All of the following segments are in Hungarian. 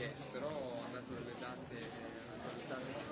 Yes, però ha dato delle date, date eh,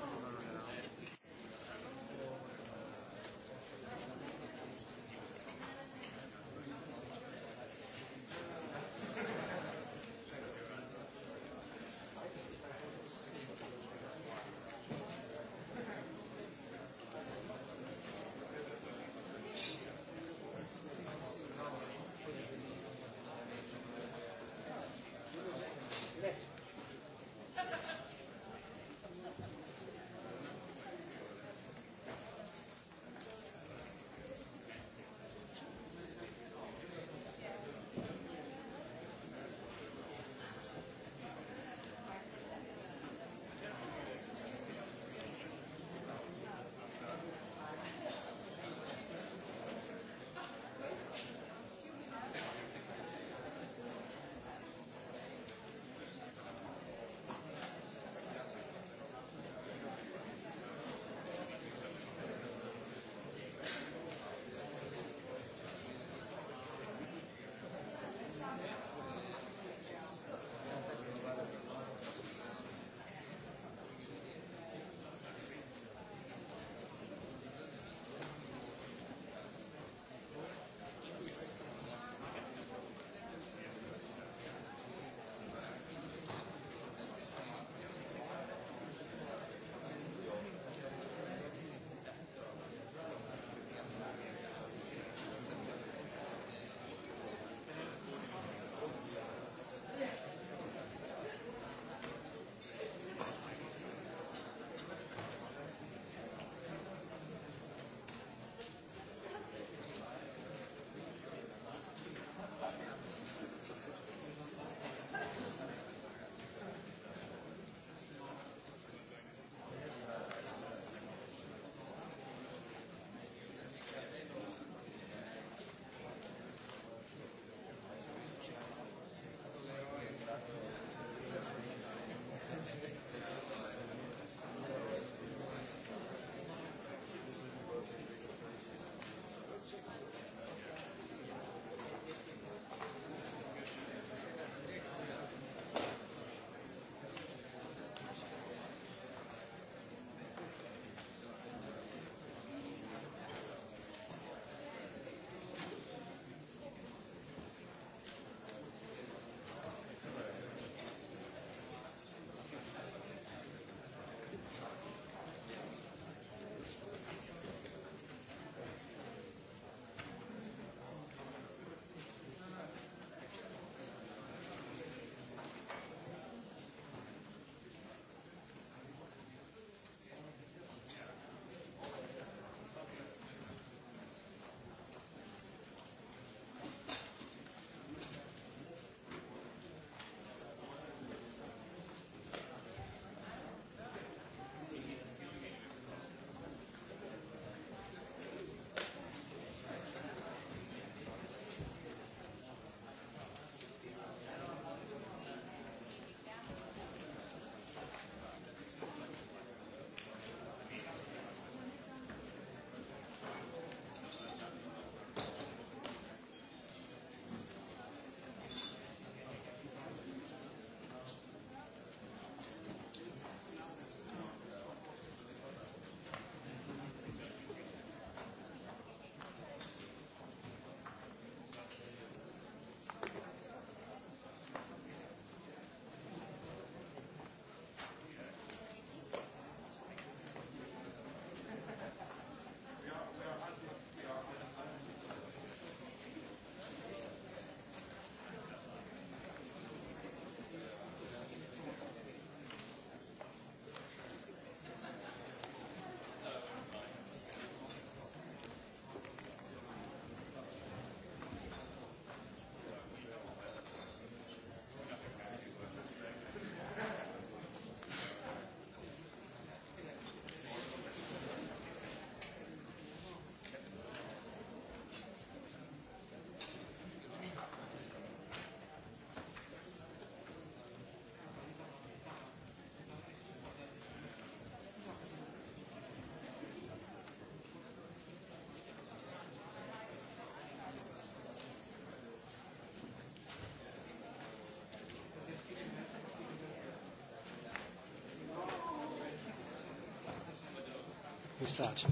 We start.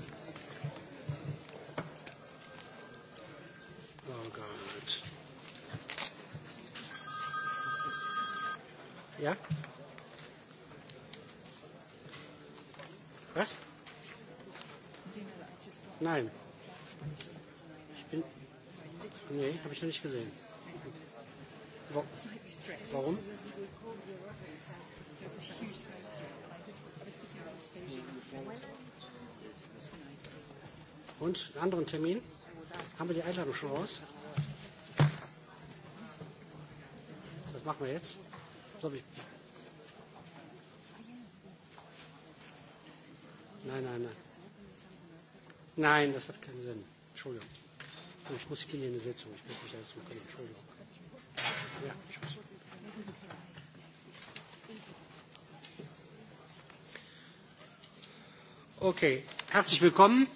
Oh, God. Ja? Was? Nein. Ich bin. Nee, habe ich noch nicht gesehen. Warum? There's Und einen anderen Termin? Haben wir die Einladung schon raus? Das machen wir jetzt. So, ich nein, nein, nein. Nein, das hat keinen Sinn. Entschuldigung. Ich muss hier in eine Sitzung. Ich muss mich dazu können. Entschuldigung. Ja, tschüss. Okay, herzlich willkommen.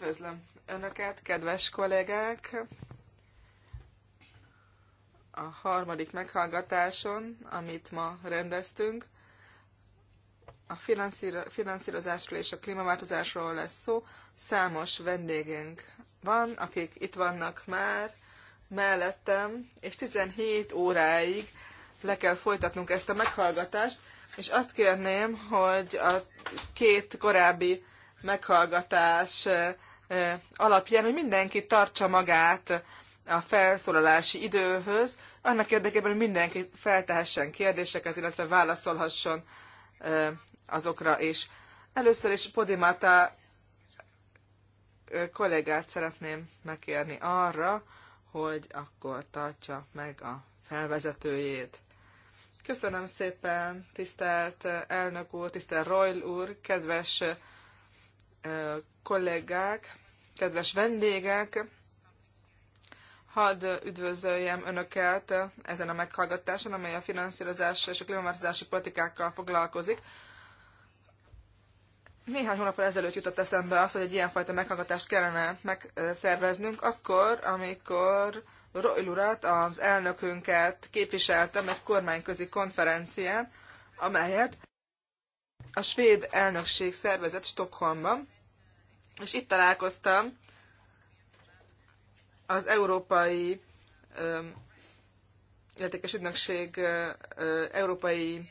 Üdvözlöm Önöket, kedves kollégák! A harmadik meghallgatáson, amit ma rendeztünk, a finanszírozásról és a klímaváltozásról lesz szó. Számos vendégünk van, akik itt vannak már mellettem, és 17 óráig le kell folytatnunk ezt a meghallgatást, és azt kérném, hogy a két korábbi meghallgatás alapján, hogy mindenki tartsa magát a felszólalási időhöz, annak érdekében, hogy mindenki feltehessen kérdéseket, illetve válaszolhasson azokra is. Először is Podimata kollégát szeretném megkérni arra, hogy akkor tartsa meg a felvezetőjét. Köszönöm szépen, tisztelt elnök úr, tisztelt Royl úr, kedves kollégák, kedves vendégek! Hadd üdvözöljem Önöket ezen a meghallgatáson, amely a finanszírozás és a klímaváltozási politikákkal foglalkozik. Néhány hónappal ezelőtt jutott eszembe az, hogy egy ilyenfajta meghallgatást kellene megszerveznünk, akkor, amikor Roy Lurat, az elnökünket képviseltem egy kormányközi konferencián, amelyet a svéd elnökség szervezett Stockholmban, és itt találkoztam az Európai Értékes Ügynökség, Európai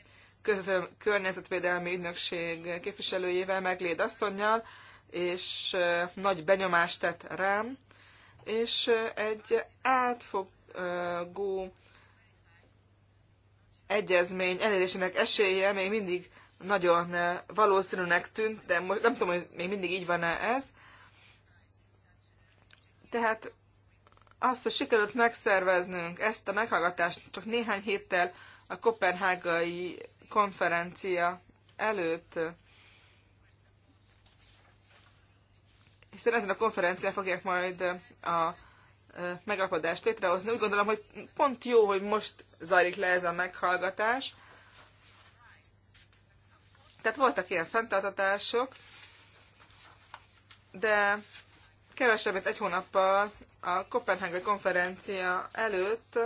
Környezetvédelmi Ügynökség képviselőjével, meg Léd asszonynal, és nagy benyomást tett rám, és egy átfogó egyezmény elérésének esélye még mindig nagyon eh, valószínűnek tűnt, de most nem tudom, hogy még mindig így van-e ez. Tehát azt hogy sikerült megszerveznünk ezt a meghallgatást csak néhány héttel a kopenhágai konferencia előtt, hiszen ezen a konferencián fogják majd a eh, megalapodást létrehozni. Úgy gondolom, hogy pont jó, hogy most zajlik le ez a meghallgatás, tehát voltak ilyen fenntartatások, de kevesebb, mint egy hónappal a Kopenhágai konferencia előtt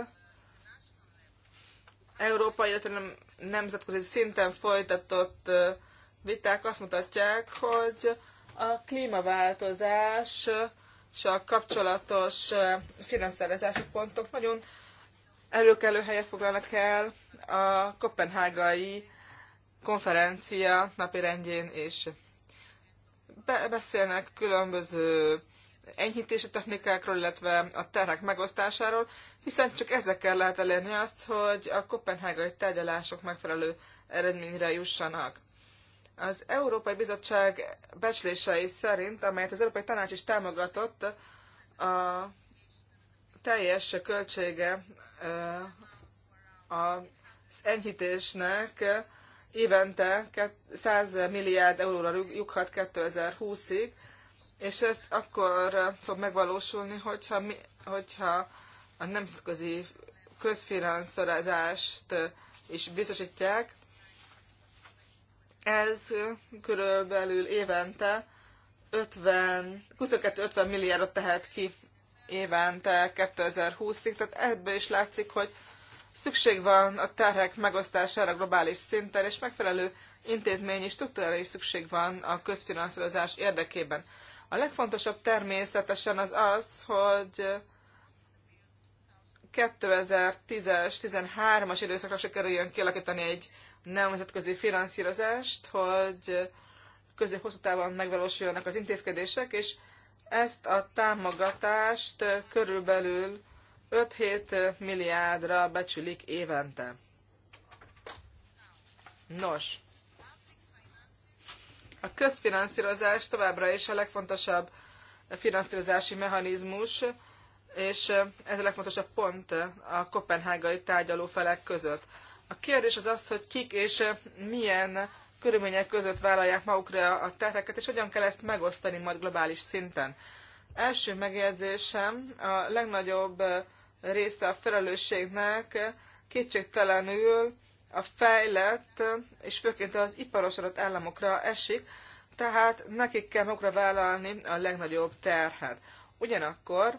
Európa, illetve nemzetközi szinten folytatott viták azt mutatják, hogy a klímaváltozás és a kapcsolatos finanszírozási pontok nagyon előkelő helyet foglalnak el a kopenhágai konferencia napirendjén és Be- beszélnek különböző enyhítési technikákról, illetve a terhek megosztásáról, hiszen csak ezekkel lehet elérni azt, hogy a kopenhágai tárgyalások megfelelő eredményre jussanak. Az Európai Bizottság becslései szerint, amelyet az Európai Tanács is támogatott, a teljes költsége az enyhítésnek évente 100 milliárd euróra lyukhat 2020-ig, és ez akkor eh, fog megvalósulni, hogyha, mi, hogyha a nemzetközi közfinanszírozást eh, is biztosítják. Ez körülbelül évente 50, 22-50 milliárdot tehet ki évente 2020-ig, tehát ebből is látszik, hogy Szükség van a terhek megosztására globális szinten, és megfelelő intézményi struktúrára is szükség van a közfinanszírozás érdekében. A legfontosabb természetesen az az, hogy 2010-es, 13-as időszakra sikerüljön kialakítani egy nemzetközi finanszírozást, hogy közép-hosszú távon megvalósuljanak az intézkedések, és ezt a támogatást körülbelül 5-7 milliárdra becsülik évente. Nos, a közfinanszírozás továbbra is a legfontosabb finanszírozási mechanizmus, és ez a legfontosabb pont a kopenhágai tárgyalófelek között. A kérdés az az, hogy kik és milyen körülmények között vállalják magukra a terheket, és hogyan kell ezt megosztani majd globális szinten. Első megjegyzésem, a legnagyobb része a felelősségnek kétségtelenül a fejlett és főként az iparosodott államokra esik, tehát nekik kell magukra vállalni a legnagyobb terhet. Ugyanakkor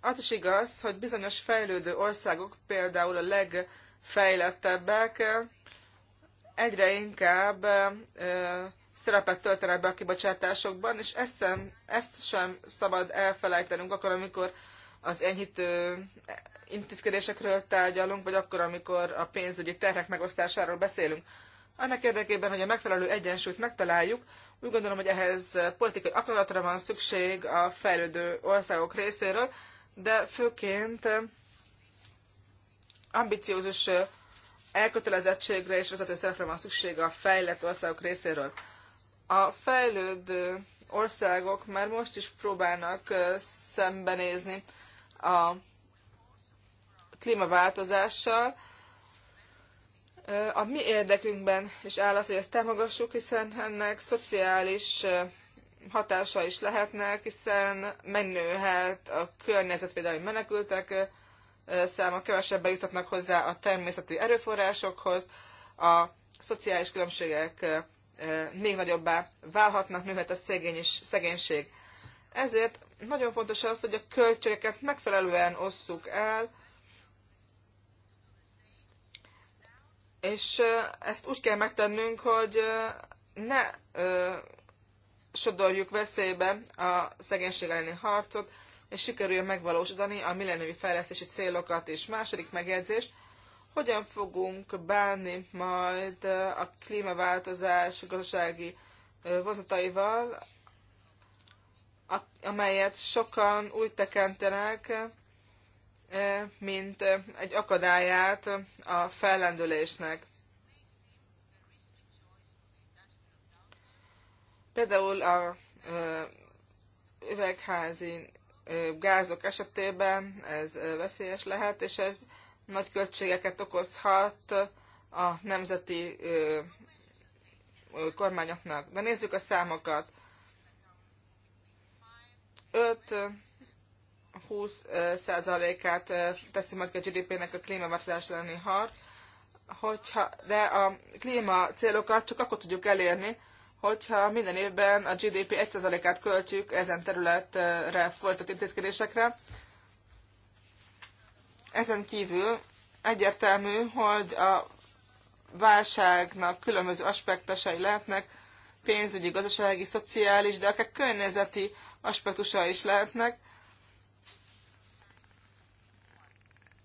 az is igaz, hogy bizonyos fejlődő országok, például a legfejlettebbek egyre inkább ö, szerepet töltenek be a kibocsátásokban, és ezt sem, ezt sem szabad elfelejtenünk akkor, amikor az enyhítő eh, intézkedésekről tárgyalunk, vagy akkor, amikor a pénzügyi terhek megosztásáról beszélünk. Annak érdekében, hogy a megfelelő egyensúlyt megtaláljuk, úgy gondolom, hogy ehhez politikai akaratra van szükség a fejlődő országok részéről, de főként eh, ambiciózus eh, elkötelezettségre és vezető szerepre van szükség a fejlett országok részéről. A fejlődő országok már most is próbálnak szembenézni a klímaváltozással. A mi érdekünkben is áll az, hogy ezt támogassuk, hiszen ennek szociális hatása is lehetnek, hiszen megnőhet a környezetvédelmi menekültek száma, kevesebben jutatnak hozzá a természeti erőforrásokhoz, a szociális különbségek még nagyobbá válhatnak, nőhet a szegény szegénység. Ezért nagyon fontos az, hogy a költségeket megfelelően osszuk el, és ezt úgy kell megtennünk, hogy ne sodorjuk veszélybe a szegénység elleni harcot, és sikerüljön megvalósítani a millenniumi fejlesztési célokat és Második megjegyzés, hogyan fogunk bánni majd a klímaváltozás gazdasági vonzataival amelyet sokan úgy tekentenek, eh, mint egy akadályát a fellendülésnek. Például a eh, üvegházi eh, gázok esetében ez veszélyes lehet, és ez nagy költségeket okozhat a nemzeti kormányoknak. De nézzük a számokat. 5-20 százalékát teszi majd a GDP-nek a klímaváltozás elleni harc, hogyha, de a klíma célokat csak akkor tudjuk elérni, hogyha minden évben a GDP 1%-át költjük ezen területre folytatott intézkedésekre. Ezen kívül egyértelmű, hogy a válságnak különböző aspektusai lehetnek, pénzügyi, gazdasági, szociális, de akár környezeti aspektusa is lehetnek,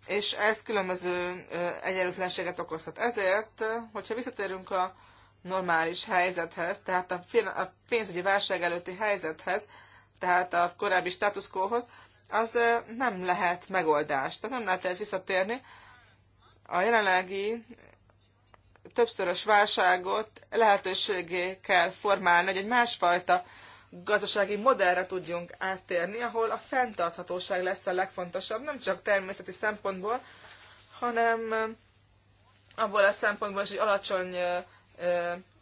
és ez különböző egyenlőtlenséget okozhat. Ezért, hogyha visszatérünk a normális helyzethez, tehát a pénzügyi válság előtti helyzethez, tehát a korábbi státuszkóhoz, az nem lehet megoldás. Tehát nem lehet ez visszatérni. A jelenlegi többszörös válságot lehetőségé kell formálni, hogy egy másfajta gazdasági modellre tudjunk áttérni, ahol a fenntarthatóság lesz a legfontosabb, nem csak természeti szempontból, hanem abból a szempontból is, hogy alacsony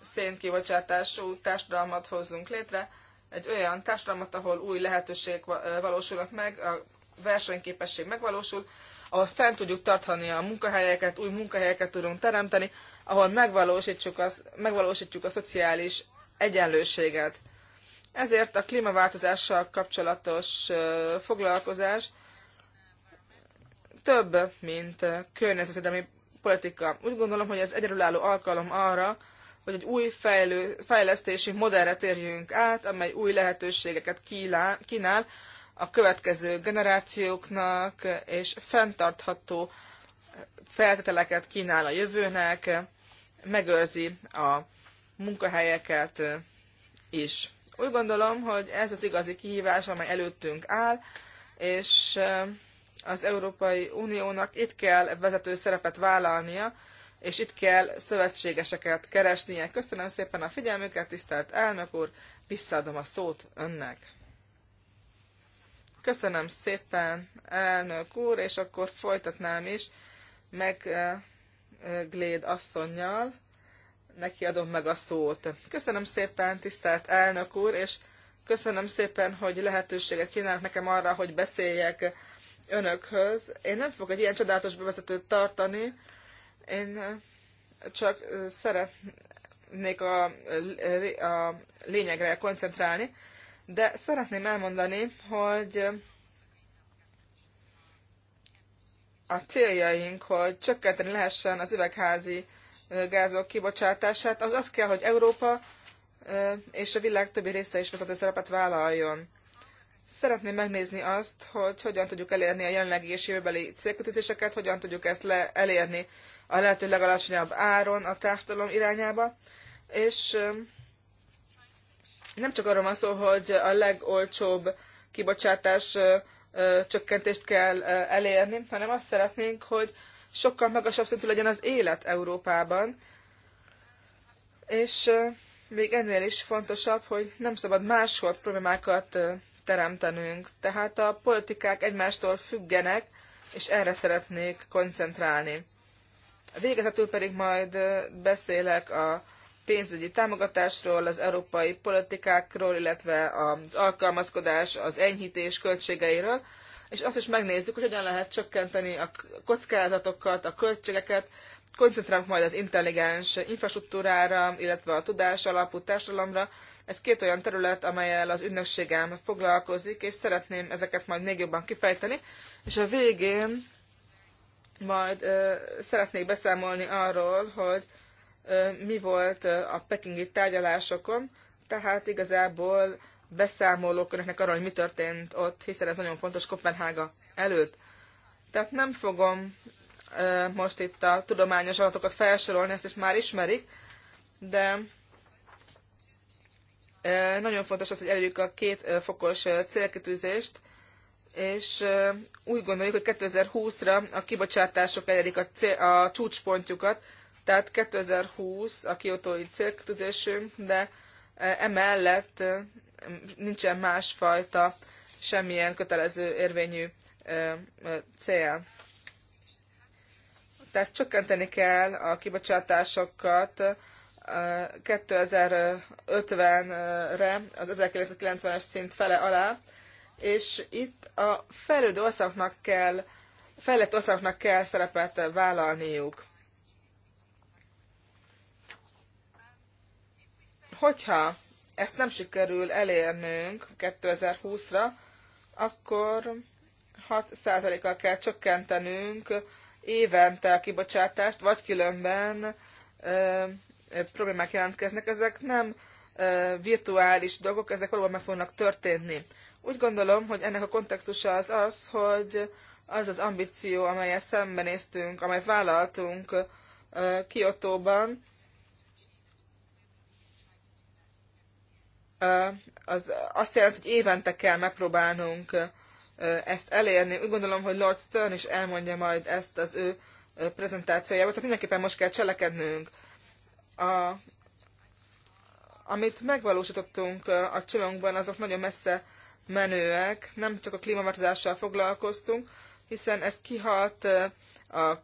szénkivocsátású társadalmat hozzunk létre, egy olyan társadalmat, ahol új lehetőségek valósulnak meg, a versenyképesség megvalósul, ahol fent tudjuk tartani a munkahelyeket, új munkahelyeket tudunk teremteni, ahol megvalósítjuk a, megvalósítjuk a szociális egyenlőséget. Ezért a klímaváltozással kapcsolatos foglalkozás több, mint környezetvédelmi politika. Úgy gondolom, hogy ez egyedülálló alkalom arra, hogy egy új fejlő, fejlesztési modellre térjünk át, amely új lehetőségeket kínál a következő generációknak, és fenntartható feltételeket kínál a jövőnek, megőrzi a munkahelyeket is. Úgy gondolom, hogy ez az igazi kihívás, amely előttünk áll, és az Európai Uniónak itt kell vezető szerepet vállalnia, és itt kell szövetségeseket keresnie. Köszönöm szépen a figyelmüket, tisztelt elnök úr, visszaadom a szót önnek. Köszönöm szépen, elnök úr, és akkor folytatnám is meg Gléd asszonynal neki adom meg a szót. Köszönöm szépen, tisztelt elnök úr, és köszönöm szépen, hogy lehetőséget kínálnak nekem arra, hogy beszéljek önökhöz. Én nem fogok egy ilyen csodálatos bevezetőt tartani, én csak szeretnék a, a lényegre koncentrálni, de szeretném elmondani, hogy a céljaink, hogy csökkenteni lehessen az üvegházi gázok kibocsátását, az az kell, hogy Európa és a világ többi része is vezető szerepet vállaljon. Szeretném megnézni azt, hogy hogyan tudjuk elérni a jelenlegi és jövőbeli célkötőzéseket, hogyan tudjuk ezt le- elérni a lehető legalacsonyabb áron a társadalom irányába, és nem csak arról van szó, hogy a legolcsóbb kibocsátás csökkentést kell elérni, hanem azt szeretnénk, hogy sokkal magasabb szintű legyen az élet Európában, és még ennél is fontosabb, hogy nem szabad máshol problémákat teremtenünk. Tehát a politikák egymástól függenek, és erre szeretnék koncentrálni. Végezetül pedig majd beszélek a pénzügyi támogatásról, az európai politikákról, illetve az alkalmazkodás, az enyhítés költségeiről, és azt is megnézzük, hogy hogyan lehet csökkenteni a kockázatokat, a költségeket, koncentrálunk majd az intelligens infrastruktúrára, illetve a tudás alapú társadalomra. Ez két olyan terület, amelyel az ünnepségem foglalkozik, és szeretném ezeket majd még jobban kifejteni. És a végén majd ö, szeretnék beszámolni arról, hogy ö, mi volt a pekingi tárgyalásokon, tehát igazából beszámolók önöknek arról, hogy mi történt ott, hiszen ez nagyon fontos Kopenhága előtt. Tehát nem fogom most itt a tudományos adatokat felsorolni, ezt is már ismerik, de nagyon fontos az, hogy elérjük a két fokos célkitűzést, és úgy gondoljuk, hogy 2020-ra a kibocsátások elérik a, cél, a csúcspontjukat, tehát 2020 a kiotói célkitűzésünk, de emellett nincsen másfajta semmilyen kötelező érvényű cél. Tehát csökkenteni kell a kibocsátásokat 2050-re az 1990-es szint fele alá, és itt a fejlődő országoknak kell, fejlett országoknak kell szerepet vállalniuk. Hogyha ezt nem sikerül elérnünk 2020-ra, akkor 6%-kal kell csökkentenünk évente a kibocsátást, vagy különben ö, problémák jelentkeznek. Ezek nem ö, virtuális dolgok, ezek valóban meg fognak történni. Úgy gondolom, hogy ennek a kontextusa az az, hogy az az ambíció, amelyet szembenéztünk, amelyet vállaltunk Kiotóban, az azt jelenti, hogy évente kell megpróbálnunk ezt elérni. Úgy gondolom, hogy Lord Stern is elmondja majd ezt az ő prezentációjában, tehát mindenképpen most kell cselekednünk. A, amit megvalósítottunk a csomagunkban, azok nagyon messze menőek. Nem csak a klímaváltozással foglalkoztunk, hiszen ez kihalt a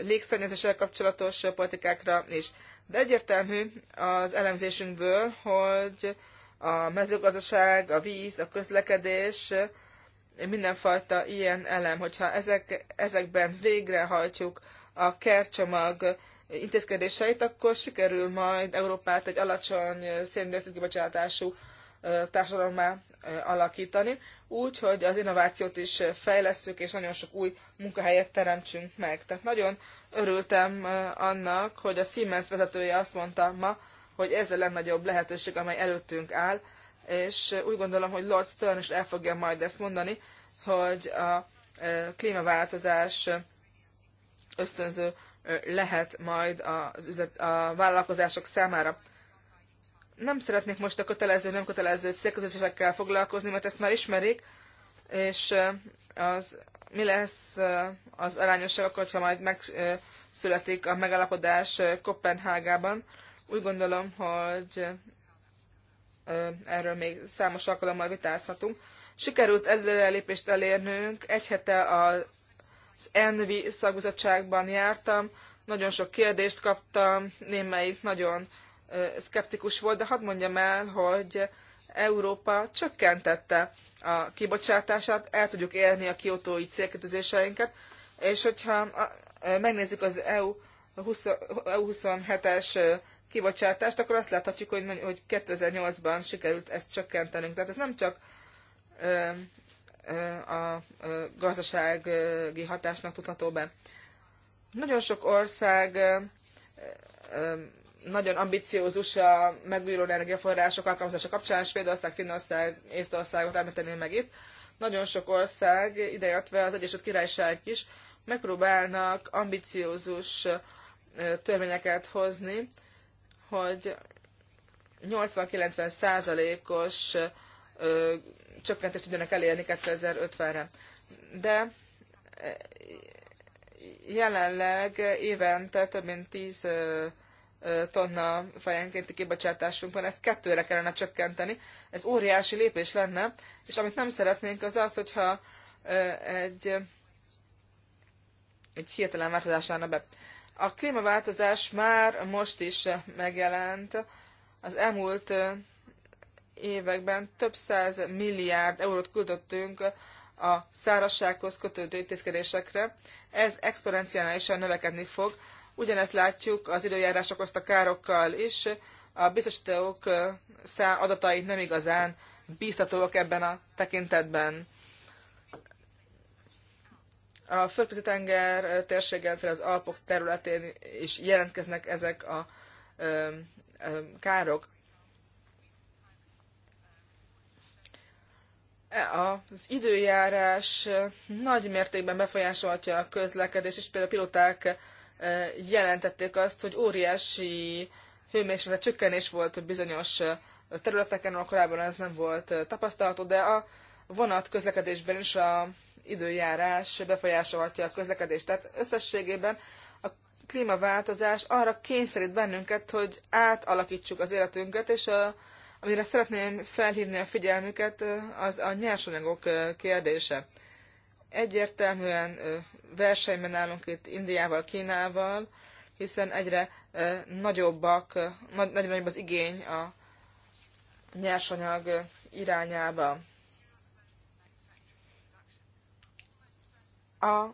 légszennyezéssel kapcsolatos politikákra is. De egyértelmű az elemzésünkből, hogy a mezőgazdaság, a víz, a közlekedés, mindenfajta ilyen elem, hogyha ezek, ezekben végrehajtjuk a kercsomag intézkedéseit, akkor sikerül majd Európát egy alacsony széndiokszid kibocsátású társadalommá alakítani, úgy, hogy az innovációt is fejlesszük, és nagyon sok új munkahelyet teremtsünk meg. Tehát nagyon örültem annak, hogy a Siemens vezetője azt mondta ma, hogy ez a legnagyobb lehetőség, amely előttünk áll, és úgy gondolom, hogy Lord Stern is el fogja majd ezt mondani, hogy a klímaváltozás ösztönző lehet majd az üzlet, a vállalkozások számára nem szeretnék most a kötelező, nem kötelező célközösségekkel foglalkozni, mert ezt már ismerik, és az, mi lesz az arányosság, akkor, ha majd megszületik a megalapodás Kopenhágában. Úgy gondolom, hogy erről még számos alkalommal vitázhatunk. Sikerült előrelépést elérnünk, egy hete az ENVI szakbizottságban jártam, nagyon sok kérdést kaptam, némelyik nagyon szkeptikus volt, de hadd mondjam el, hogy Európa csökkentette a kibocsátását, el tudjuk érni a kiotói célkötözéseinket, és hogyha megnézzük az EU 27-es e kibocsátást, akkor azt láthatjuk, hogy, hogy 2008-ban sikerült ezt csökkentenünk. Tehát ez nem csak a gazdasági hatásnak tudható be. Nagyon sok ország nagyon ambiciózus a megújuló energiaforrások alkalmazása kapcsán, Svédország, Finnország, Észtországot említeném meg itt. Nagyon sok ország, idejöttve az Egyesült Királyság is, megpróbálnak ambiciózus törvényeket hozni, hogy 80-90 százalékos csökkentést tudjanak elérni 2050-re. De jelenleg évente több mint 10 tonna fejenkénti kibocsátásunk van, ezt kettőre kellene csökkenteni. Ez óriási lépés lenne, és amit nem szeretnénk az az, hogyha egy, egy hirtelen változás állna be. A klímaváltozás már most is megjelent. Az elmúlt években több száz milliárd eurót küldöttünk a szárassághoz kötődő intézkedésekre. Ez exponenciálisan növekedni fog. Ugyanezt látjuk az időjárás okozta károkkal is. A biztosítók adatait nem igazán bíztatóak ebben a tekintetben. A földközi tenger térségen, az Alpok területén is jelentkeznek ezek a ö, ö, károk. E, az időjárás nagy mértékben befolyásolhatja a közlekedést, és például a piloták jelentették azt, hogy óriási hőmérséklet csökkenés volt bizonyos területeken, ahol korábban ez nem volt tapasztalható, de a vonat közlekedésben is a időjárás befolyásolhatja a közlekedést. Tehát összességében a klímaváltozás arra kényszerít bennünket, hogy átalakítsuk az életünket, és a, amire szeretném felhívni a figyelmüket, az a nyersanyagok kérdése. Egyértelműen versenyben állunk itt Indiával, Kínával, hiszen egyre nagyobbak, egyre nagyobb az igény a nyersanyag irányába. A,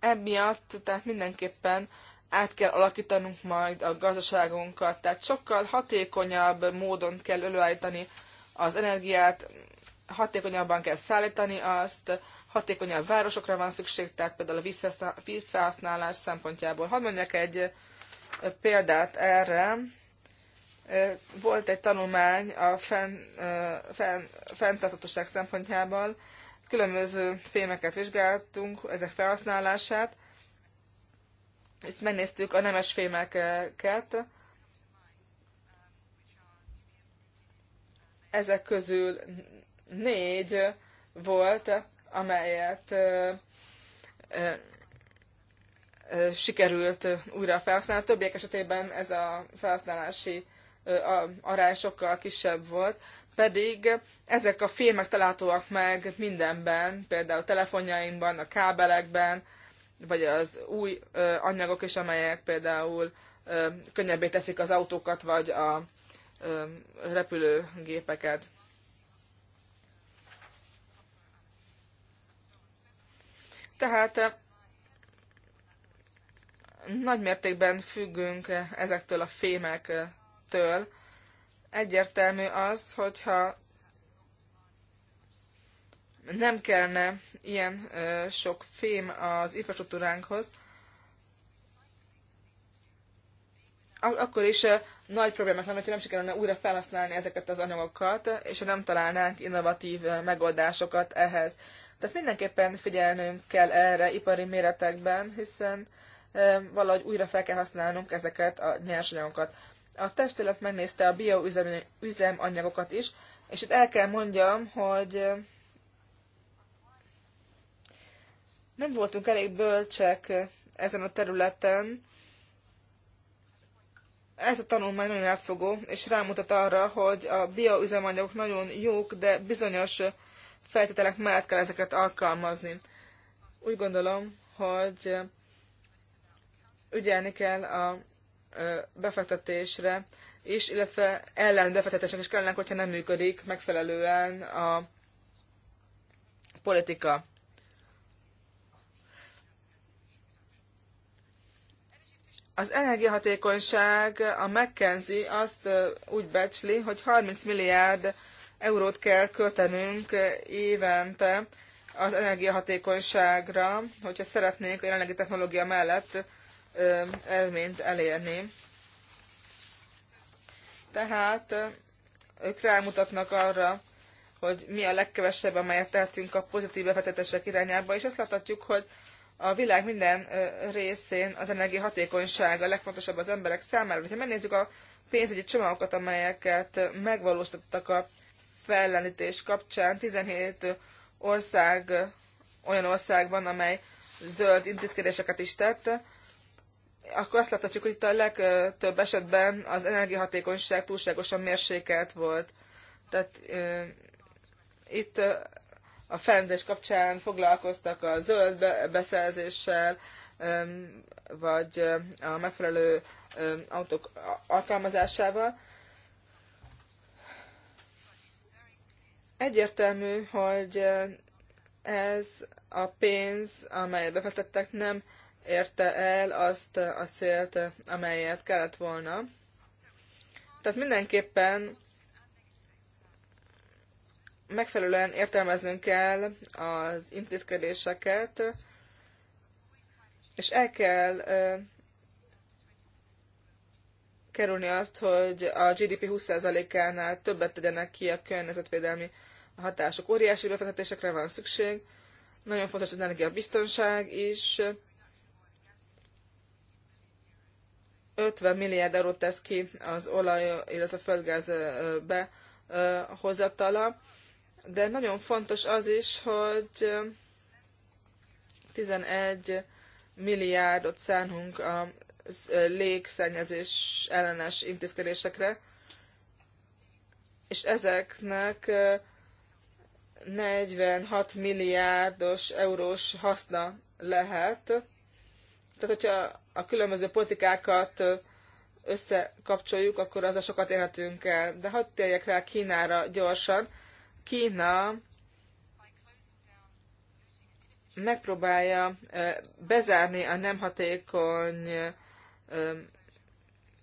emiatt, tehát mindenképpen át kell alakítanunk majd a gazdaságunkat, tehát sokkal hatékonyabb módon kell előállítani az energiát, hatékonyabban kell szállítani azt, hatékonyabb városokra van szükség, tehát például a vízfelhasználás szempontjából. Hadd mondjak egy példát erre. Volt egy tanulmány a fenn, fenn, fenntarthatóság szempontjából, különböző fémeket vizsgáltunk, ezek felhasználását, és megnéztük a nemes fémeket, ezek közül négy volt, amelyet sikerült újra felhasználni. A többiek esetében ez a felhasználási arány sokkal kisebb volt, pedig ezek a filmek találhatóak meg mindenben, például telefonjainkban, a kábelekben, vagy az új anyagok is, amelyek például könnyebbé teszik az autókat, vagy a repülőgépeket. Tehát eh, nagy mértékben függünk eh, ezektől a fémektől. Egyértelmű az, hogyha nem kellene ilyen eh, sok fém az infrastruktúránkhoz, akkor is nagy problémák lenne, hogy nem sikerülne újra felhasználni ezeket az anyagokat, és nem találnánk innovatív megoldásokat ehhez. Tehát mindenképpen figyelnünk kell erre ipari méretekben, hiszen valahogy újra fel kell használnunk ezeket a nyersanyagokat. A testület megnézte a bioüzemanyagokat is, és itt el kell mondjam, hogy nem voltunk elég bölcsek ezen a területen. Ez a tanulmány nagyon átfogó, és rámutat arra, hogy a bioüzemanyagok nagyon jók, de bizonyos feltételek mellett kell ezeket alkalmazni. Úgy gondolom, hogy ügyelni kell a befektetésre is, illetve ellen befektetések is kellene, hogyha nem működik megfelelően a politika. Az energiahatékonyság, a McKenzie azt úgy becsli, hogy 30 milliárd eurót kell költenünk évente az energiahatékonyságra, hogyha szeretnénk a jelenlegi technológia mellett elményt elérni. Tehát ők rámutatnak arra, hogy mi a legkevesebb, amelyet tehetünk a pozitív befektetések irányába, és azt láthatjuk, hogy a világ minden részén az energiahatékonyság a legfontosabb az emberek számára. Ha megnézzük a pénzügyi csomagokat, amelyeket megvalósítottak a fellenítés kapcsán 17 ország olyan ország van, amely zöld intézkedéseket is tett, akkor azt láthatjuk, hogy itt a legtöbb esetben az energiahatékonyság túlságosan mérsékelt volt. Tehát e, itt a fendés kapcsán foglalkoztak a zöld beszerzéssel, vagy a megfelelő autók alkalmazásával, Egyértelmű, hogy ez a pénz, amelyet befektettek, nem érte el azt a célt, amelyet kellett volna. Tehát mindenképpen megfelelően értelmeznünk kell az intézkedéseket, és el kell kerülni azt, hogy a GDP 20%-ánál többet tegyenek ki a környezetvédelmi a hatások. Óriási befektetésekre van szükség, nagyon fontos az energiabiztonság is. 50 milliárd eurót tesz ki az olaj, illetve a földgáz behozatala, de nagyon fontos az is, hogy 11 milliárdot szánunk a légszennyezés ellenes intézkedésekre, és ezeknek 46 milliárdos eurós haszna lehet. Tehát, hogyha a különböző politikákat összekapcsoljuk, akkor az a sokat érhetünk el. De hadd térjek rá Kínára gyorsan. Kína megpróbálja bezárni a nem hatékony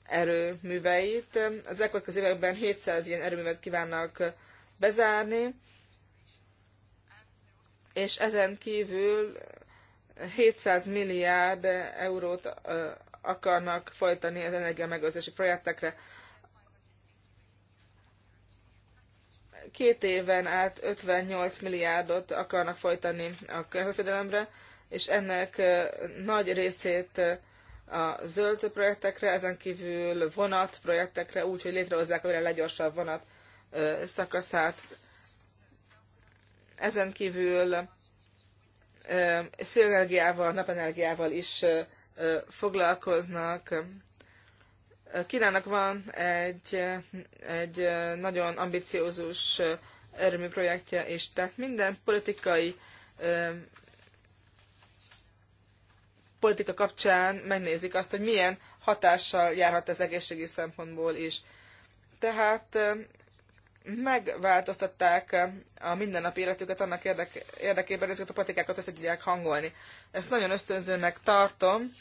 erőműveit. Az elkövetkező években 700 ilyen erőművet kívánnak bezárni, és ezen kívül 700 milliárd eurót akarnak folytani az energiamegőrzési projektekre. Két éven át 58 milliárdot akarnak folytani a környezetvédelemre, és ennek nagy részét a zöld projektekre, ezen kívül vonat projektekre, úgy, hogy létrehozzák a leggyorsabb vonat szakaszát ezen kívül szélenergiával, napenergiával is foglalkoznak. Kínának van egy, egy nagyon ambiciózus erőmű projektje is, tehát minden politikai politika kapcsán megnézik azt, hogy milyen hatással járhat ez egészségügyi szempontból is. Tehát megváltoztatták eh, a mindennapi életüket annak érdek, érdekében, hogy ezeket a patikákat össze tudják hangolni. Ezt nagyon ösztönzőnek tartom,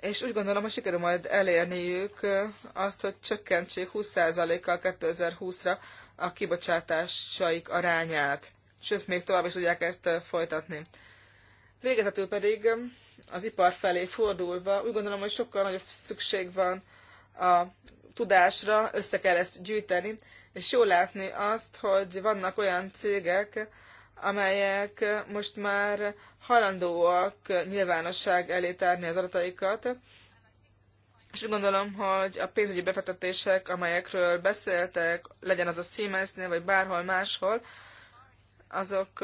és úgy gondolom, hogy sikerül majd elérniük eh, azt, hogy csökkentsék 20%-kal 2020-ra a kibocsátásaik arányát. Sőt, még tovább is tudják ezt eh, folytatni. Végezetül pedig az ipar felé fordulva, úgy gondolom, hogy sokkal nagyobb szükség van a tudásra össze kell ezt gyűjteni, és jó látni azt, hogy vannak olyan cégek, amelyek most már halandóak nyilvánosság elé tárni az adataikat, és úgy gondolom, hogy a pénzügyi befektetések, amelyekről beszéltek, legyen az a Siemensnél, vagy bárhol máshol, azok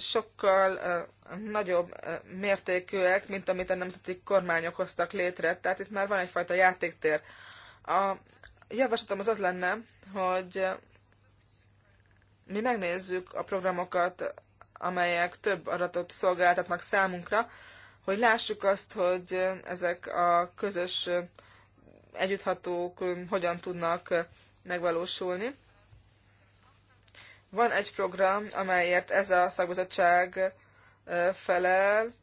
sokkal nagyobb mértékűek, mint amit a nemzeti kormányok hoztak létre, tehát itt már van egyfajta játéktér. A javaslatom az az lenne, hogy mi megnézzük a programokat, amelyek több adatot szolgáltatnak számunkra, hogy lássuk azt, hogy ezek a közös együtthatók hogyan tudnak megvalósulni. Van egy program, amelyért ez a szakbizottság felel,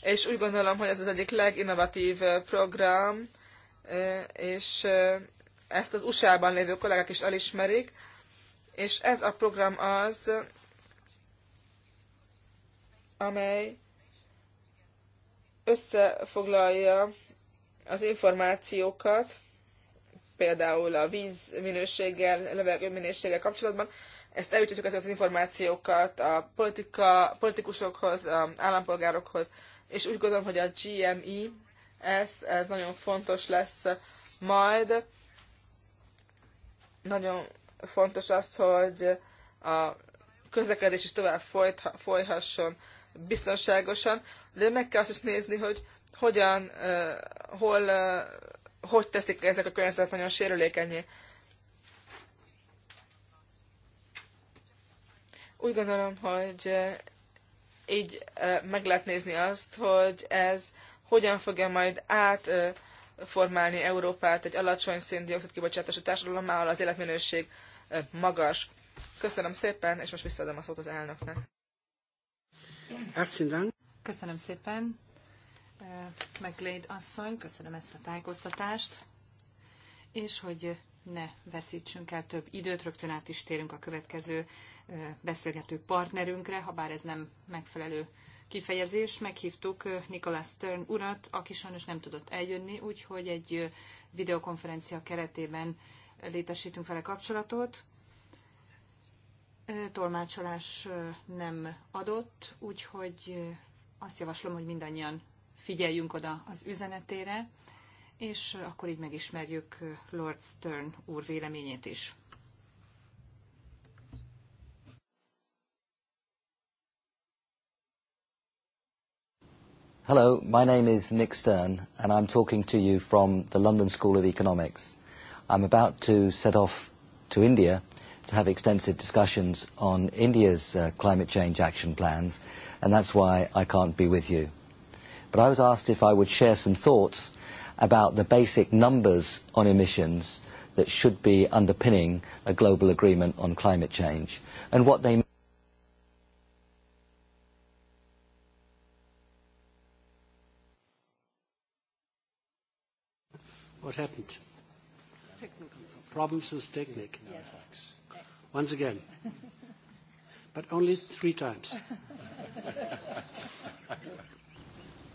és úgy gondolom, hogy ez az egyik leginnovatív program, és ezt az USA-ban lévő kollégák is elismerik, és ez a program az, amely összefoglalja az információkat, például a víz minőséggel, levegő minőséggel kapcsolatban. Ezt eljutjuk ezeket az információkat a politika, politikusokhoz, a állampolgárokhoz, és úgy gondolom, hogy a GMI, e, ez, ez nagyon fontos lesz majd. Nagyon fontos az, hogy a közlekedés is tovább folytha, folyhasson biztonságosan, de meg kell azt is nézni, hogy hogyan, hol hogy teszik ezek a környezetet nagyon sérülékenyé. Úgy gondolom, hogy eh, így eh, meg lehet nézni azt, hogy ez hogyan fogja majd átformálni eh, Európát egy alacsony széndiokszid kibocsátású társadalom, ahol az életminőség magas. Köszönöm szépen, és most visszaadom a szót az elnöknek. Köszönöm szépen. McLeod asszony, köszönöm ezt a tájékoztatást, és hogy ne veszítsünk el több időt, rögtön át is térünk a következő beszélgető partnerünkre, ha bár ez nem megfelelő kifejezés. Meghívtuk Nicholas Stern urat, aki sajnos nem tudott eljönni, úgyhogy egy videokonferencia keretében létesítünk vele kapcsolatot. Tolmácsolás nem adott, úgyhogy azt javaslom, hogy mindannyian figyeljünk oda az üzenetére, és akkor így megismerjük Lord Stern úr véleményét is. Hello, my name is Nick Stern, and I'm talking to you from the London School of Economics. I'm about to set off to India to have extensive discussions on India's uh, climate change action plans, and that's why I can't be with you. But I was asked if I would share some thoughts about the basic numbers on emissions that should be underpinning a global agreement on climate change and what they What happened? Technical problems with technique. Yeah. Once again. but only three times.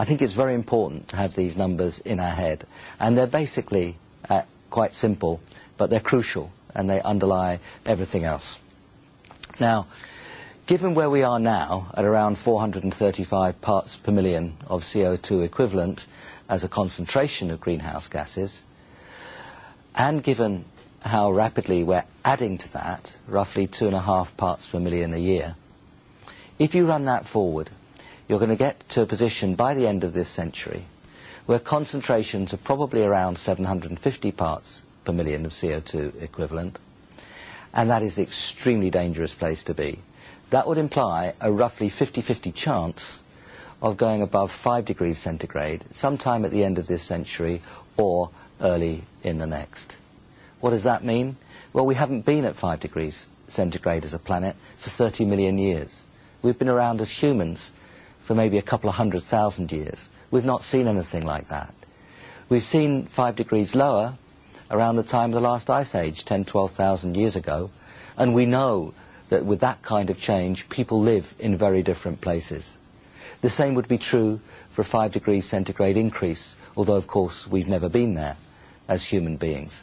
I think it's very important to have these numbers in our head. And they're basically uh, quite simple, but they're crucial and they underlie everything else. Now, given where we are now at around 435 parts per million of CO2 equivalent as a concentration of greenhouse gases, and given how rapidly we're adding to that, roughly two and a half parts per million a year, if you run that forward you're going to get to a position by the end of this century where concentrations are probably around 750 parts per million of CO2 equivalent, and that is an extremely dangerous place to be. That would imply a roughly 50-50 chance of going above 5 degrees centigrade sometime at the end of this century or early in the next. What does that mean? Well, we haven't been at 5 degrees centigrade as a planet for 30 million years. We've been around as humans for maybe a couple of hundred thousand years. We've not seen anything like that. We've seen five degrees lower around the time of the last ice age, 10, 12,000 years ago, and we know that with that kind of change, people live in very different places. The same would be true for a five degrees centigrade increase, although of course we've never been there as human beings.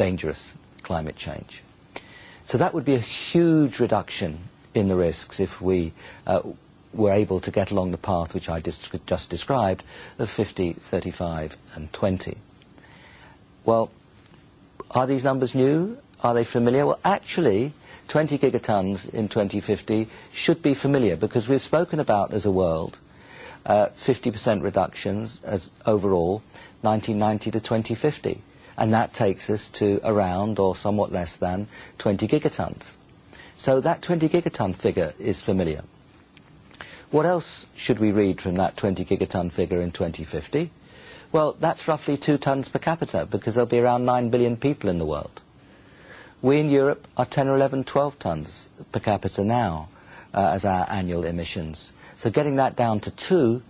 dangerous climate change. So that would be a huge reduction in the risks if we uh, were able to get along the path which I just described of 50, 35 and 20. Well, are these numbers new? Are they familiar? Well, actually, 20 gigatons in 2050 should be familiar because we've spoken about as a world uh, 50% reductions as overall 1990 to 2050 and that takes us to around or somewhat less than 20 gigatons. So that 20 gigaton figure is familiar. What else should we read from that 20 gigaton figure in 2050? Well, that's roughly two tons per capita because there'll be around 9 billion people in the world. We in Europe are 10 or 11, 12 tons per capita now uh, as our annual emissions. So getting that down to two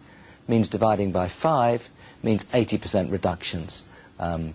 means dividing by five means 80% reductions. Um,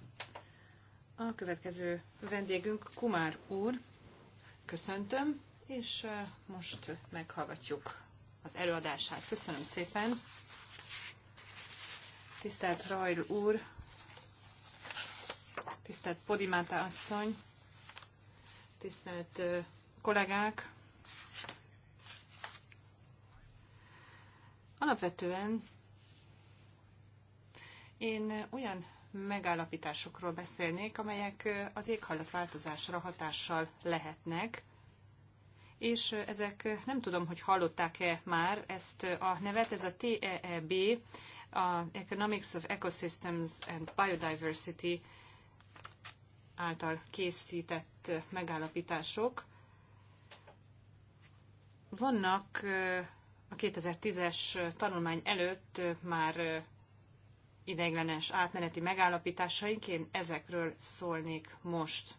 A következő vendégünk Kumár úr. Köszöntöm, és eh, most meghallgatjuk az előadását. Köszönöm szépen. Tisztelt Rajl úr, tisztelt Podimáta asszony, tisztelt eh, kollégák. Alapvetően én eh, olyan megállapításokról beszélnék, amelyek az éghajlatváltozásra hatással lehetnek, és ezek nem tudom, hogy hallották-e már ezt a nevet, ez a TEEB, a Economics of Ecosystems and Biodiversity által készített megállapítások. Vannak a 2010-es tanulmány előtt már ideiglenes átmeneti megállapításainként én ezekről szólnék most.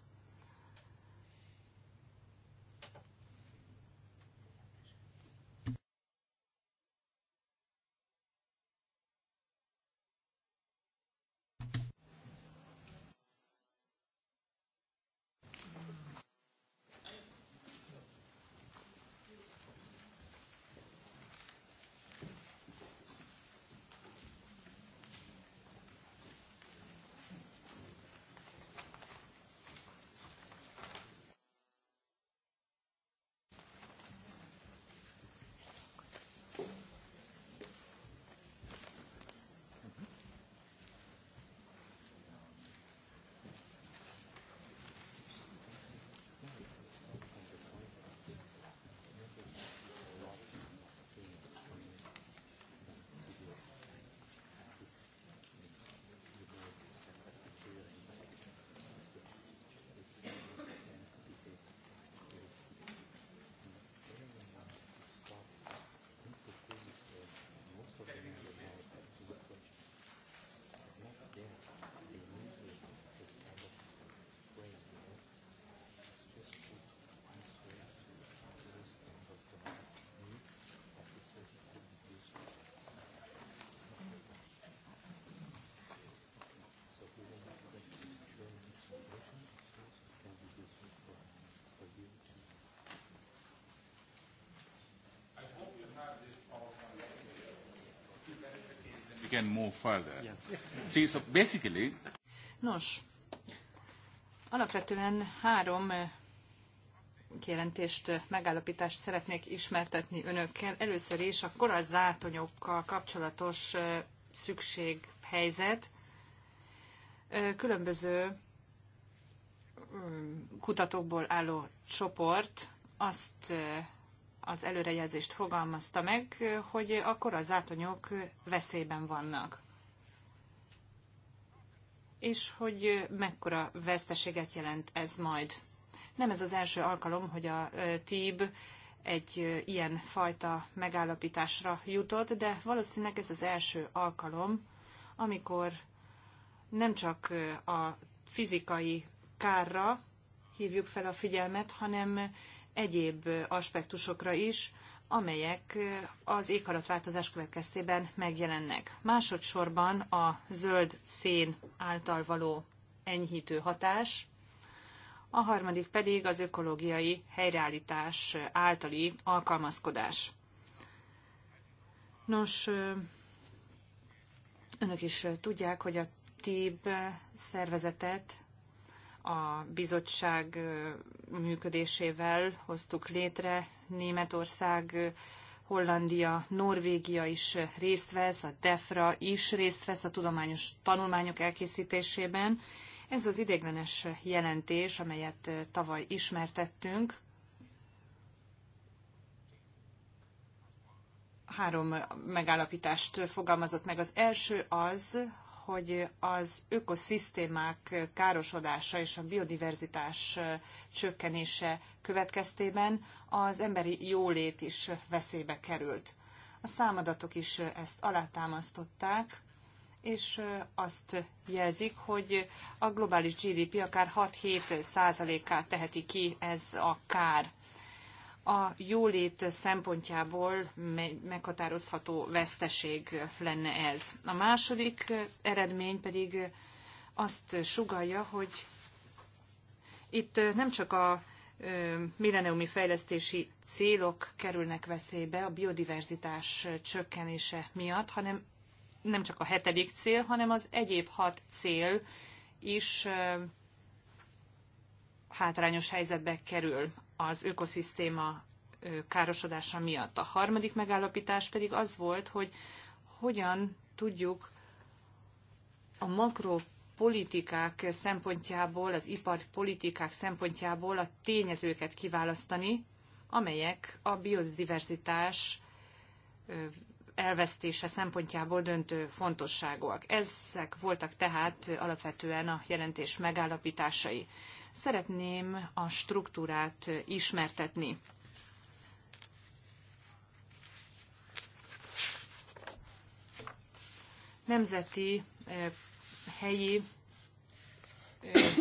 can move further. Yes. See, so basically... Nos, alapvetően három eh, kijelentést, eh, megállapítást szeretnék ismertetni önökkel. Először is a korazátonyokkal kapcsolatos eh, szükséghelyzet. Különböző mm, kutatókból álló csoport azt az előrejelzést fogalmazta meg, hogy akkor az átonyok veszélyben vannak. És hogy mekkora veszteséget jelent ez majd. Nem ez az első alkalom, hogy a TIB egy ilyen fajta megállapításra jutott, de valószínűleg ez az első alkalom, amikor nem csak a fizikai kárra hívjuk fel a figyelmet, hanem egyéb aspektusokra is, amelyek az éghajlatváltozás következtében megjelennek. Másodszorban a zöld szén által való enyhítő hatás, a harmadik pedig az ökológiai helyreállítás általi alkalmazkodás. Nos, önök is tudják, hogy a TIB szervezetet a bizottság működésével hoztuk létre. Németország, Hollandia, Norvégia is részt vesz, a DEFRA is részt vesz a tudományos tanulmányok elkészítésében. Ez az idéglenes jelentés, amelyet tavaly ismertettünk, három megállapítást fogalmazott meg. Az első az, hogy az ökoszisztémák károsodása és a biodiverzitás csökkenése következtében az emberi jólét is veszélybe került. A számadatok is ezt alátámasztották, és azt jelzik, hogy a globális GDP akár 6-7 százalékát teheti ki ez a kár a jólét szempontjából meghatározható veszteség lenne ez. A második eredmény pedig azt sugalja, hogy itt nem csak a milleniumi fejlesztési célok kerülnek veszélybe a biodiverzitás csökkenése miatt, hanem nem csak a hetedik cél, hanem az egyéb hat cél is hátrányos helyzetbe kerül az ökoszisztéma károsodása miatt. A harmadik megállapítás pedig az volt, hogy hogyan tudjuk a makropolitikák szempontjából, az iparpolitikák szempontjából a tényezőket kiválasztani, amelyek a biodiverzitás elvesztése szempontjából döntő fontosságúak. Ezek voltak tehát alapvetően a jelentés megállapításai. Szeretném a struktúrát ismertetni. Nemzeti, eh, helyi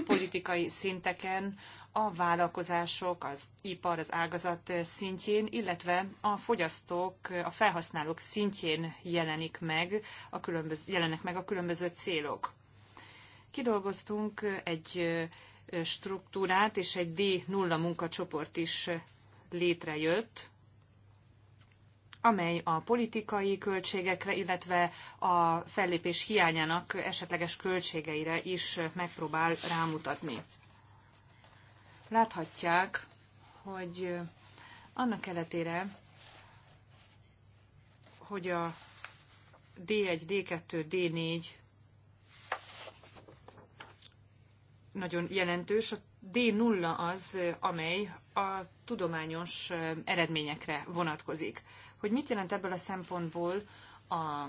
politikai szinteken, a vállalkozások, az ipar, az ágazat szintjén, illetve a fogyasztók, a felhasználók szintjén jelenik meg a különböző, jelennek meg a különböző célok. Kidolgoztunk egy struktúrát, és egy D0 munkacsoport is létrejött, amely a politikai költségekre, illetve a fellépés hiányának esetleges költségeire is megpróbál rámutatni. Láthatják, hogy annak keletére, hogy a D1, D2, D4 nagyon jelentős, a D0 az, amely a tudományos eredményekre vonatkozik hogy mit jelent ebből a szempontból a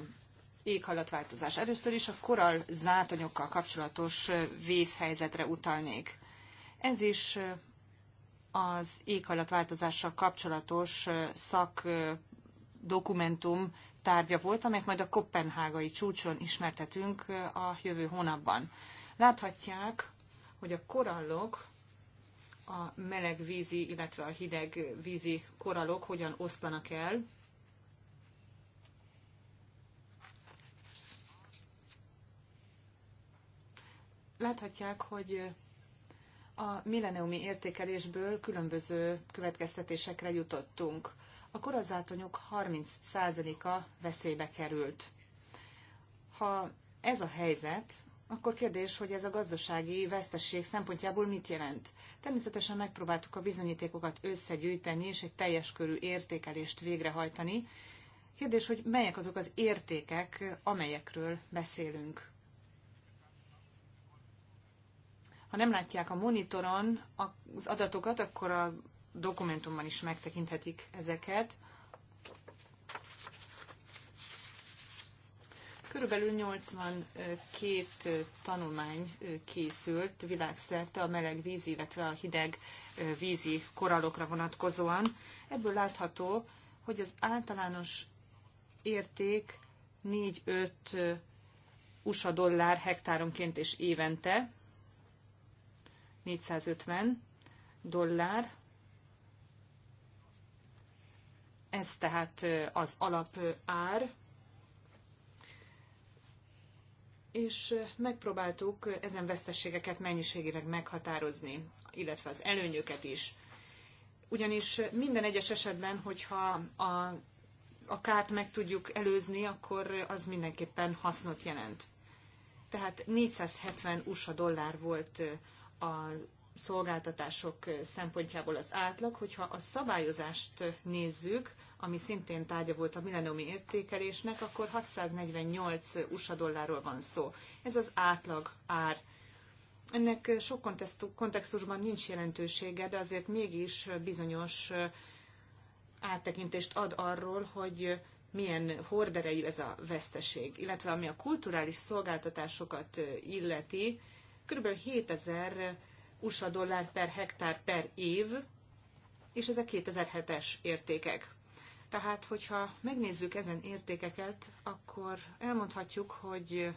éghajlatváltozás. Először is a koral zátonyokkal kapcsolatos vészhelyzetre utalnék. Ez is az éghajlatváltozással kapcsolatos szak dokumentum tárgya volt, amelyet majd a kopenhágai csúcson ismertetünk a jövő hónapban. Láthatják, hogy a korallok, a melegvízi, illetve a hidegvízi korallok hogyan oszlanak el, Láthatják, hogy a milleniumi értékelésből különböző következtetésekre jutottunk. A korazátonyok 30%-a veszélybe került. Ha ez a helyzet, akkor kérdés, hogy ez a gazdasági veszteség szempontjából mit jelent. Természetesen megpróbáltuk a bizonyítékokat összegyűjteni és egy teljes körű értékelést végrehajtani. Kérdés, hogy melyek azok az értékek, amelyekről beszélünk. Ha nem látják a monitoron az adatokat, akkor a dokumentumban is megtekinthetik ezeket. Körülbelül 82 tanulmány készült világszerte a meleg víz, illetve a hideg vízi korallokra vonatkozóan. Ebből látható, hogy az általános érték 4-5 USA dollár hektáronként és évente, 450 dollár. Ez tehát az alapár, és megpróbáltuk ezen veszteségeket mennyiségileg meghatározni, illetve az előnyöket is. Ugyanis minden egyes esetben, hogyha a, a kárt meg tudjuk előzni, akkor az mindenképpen hasznot jelent. Tehát 470 USA dollár volt a szolgáltatások szempontjából az átlag, hogyha a szabályozást nézzük, ami szintén tárgya volt a milleniumi értékelésnek, akkor 648 USA dollárról van szó. Ez az átlag ár. Ennek sok kontextusban nincs jelentősége, de azért mégis bizonyos áttekintést ad arról, hogy milyen horderejű ez a veszteség, illetve ami a kulturális szolgáltatásokat illeti, kb. 7000 USA dollár per hektár per év, és ezek 2007-es értékek. Tehát, hogyha megnézzük ezen értékeket, akkor elmondhatjuk, hogy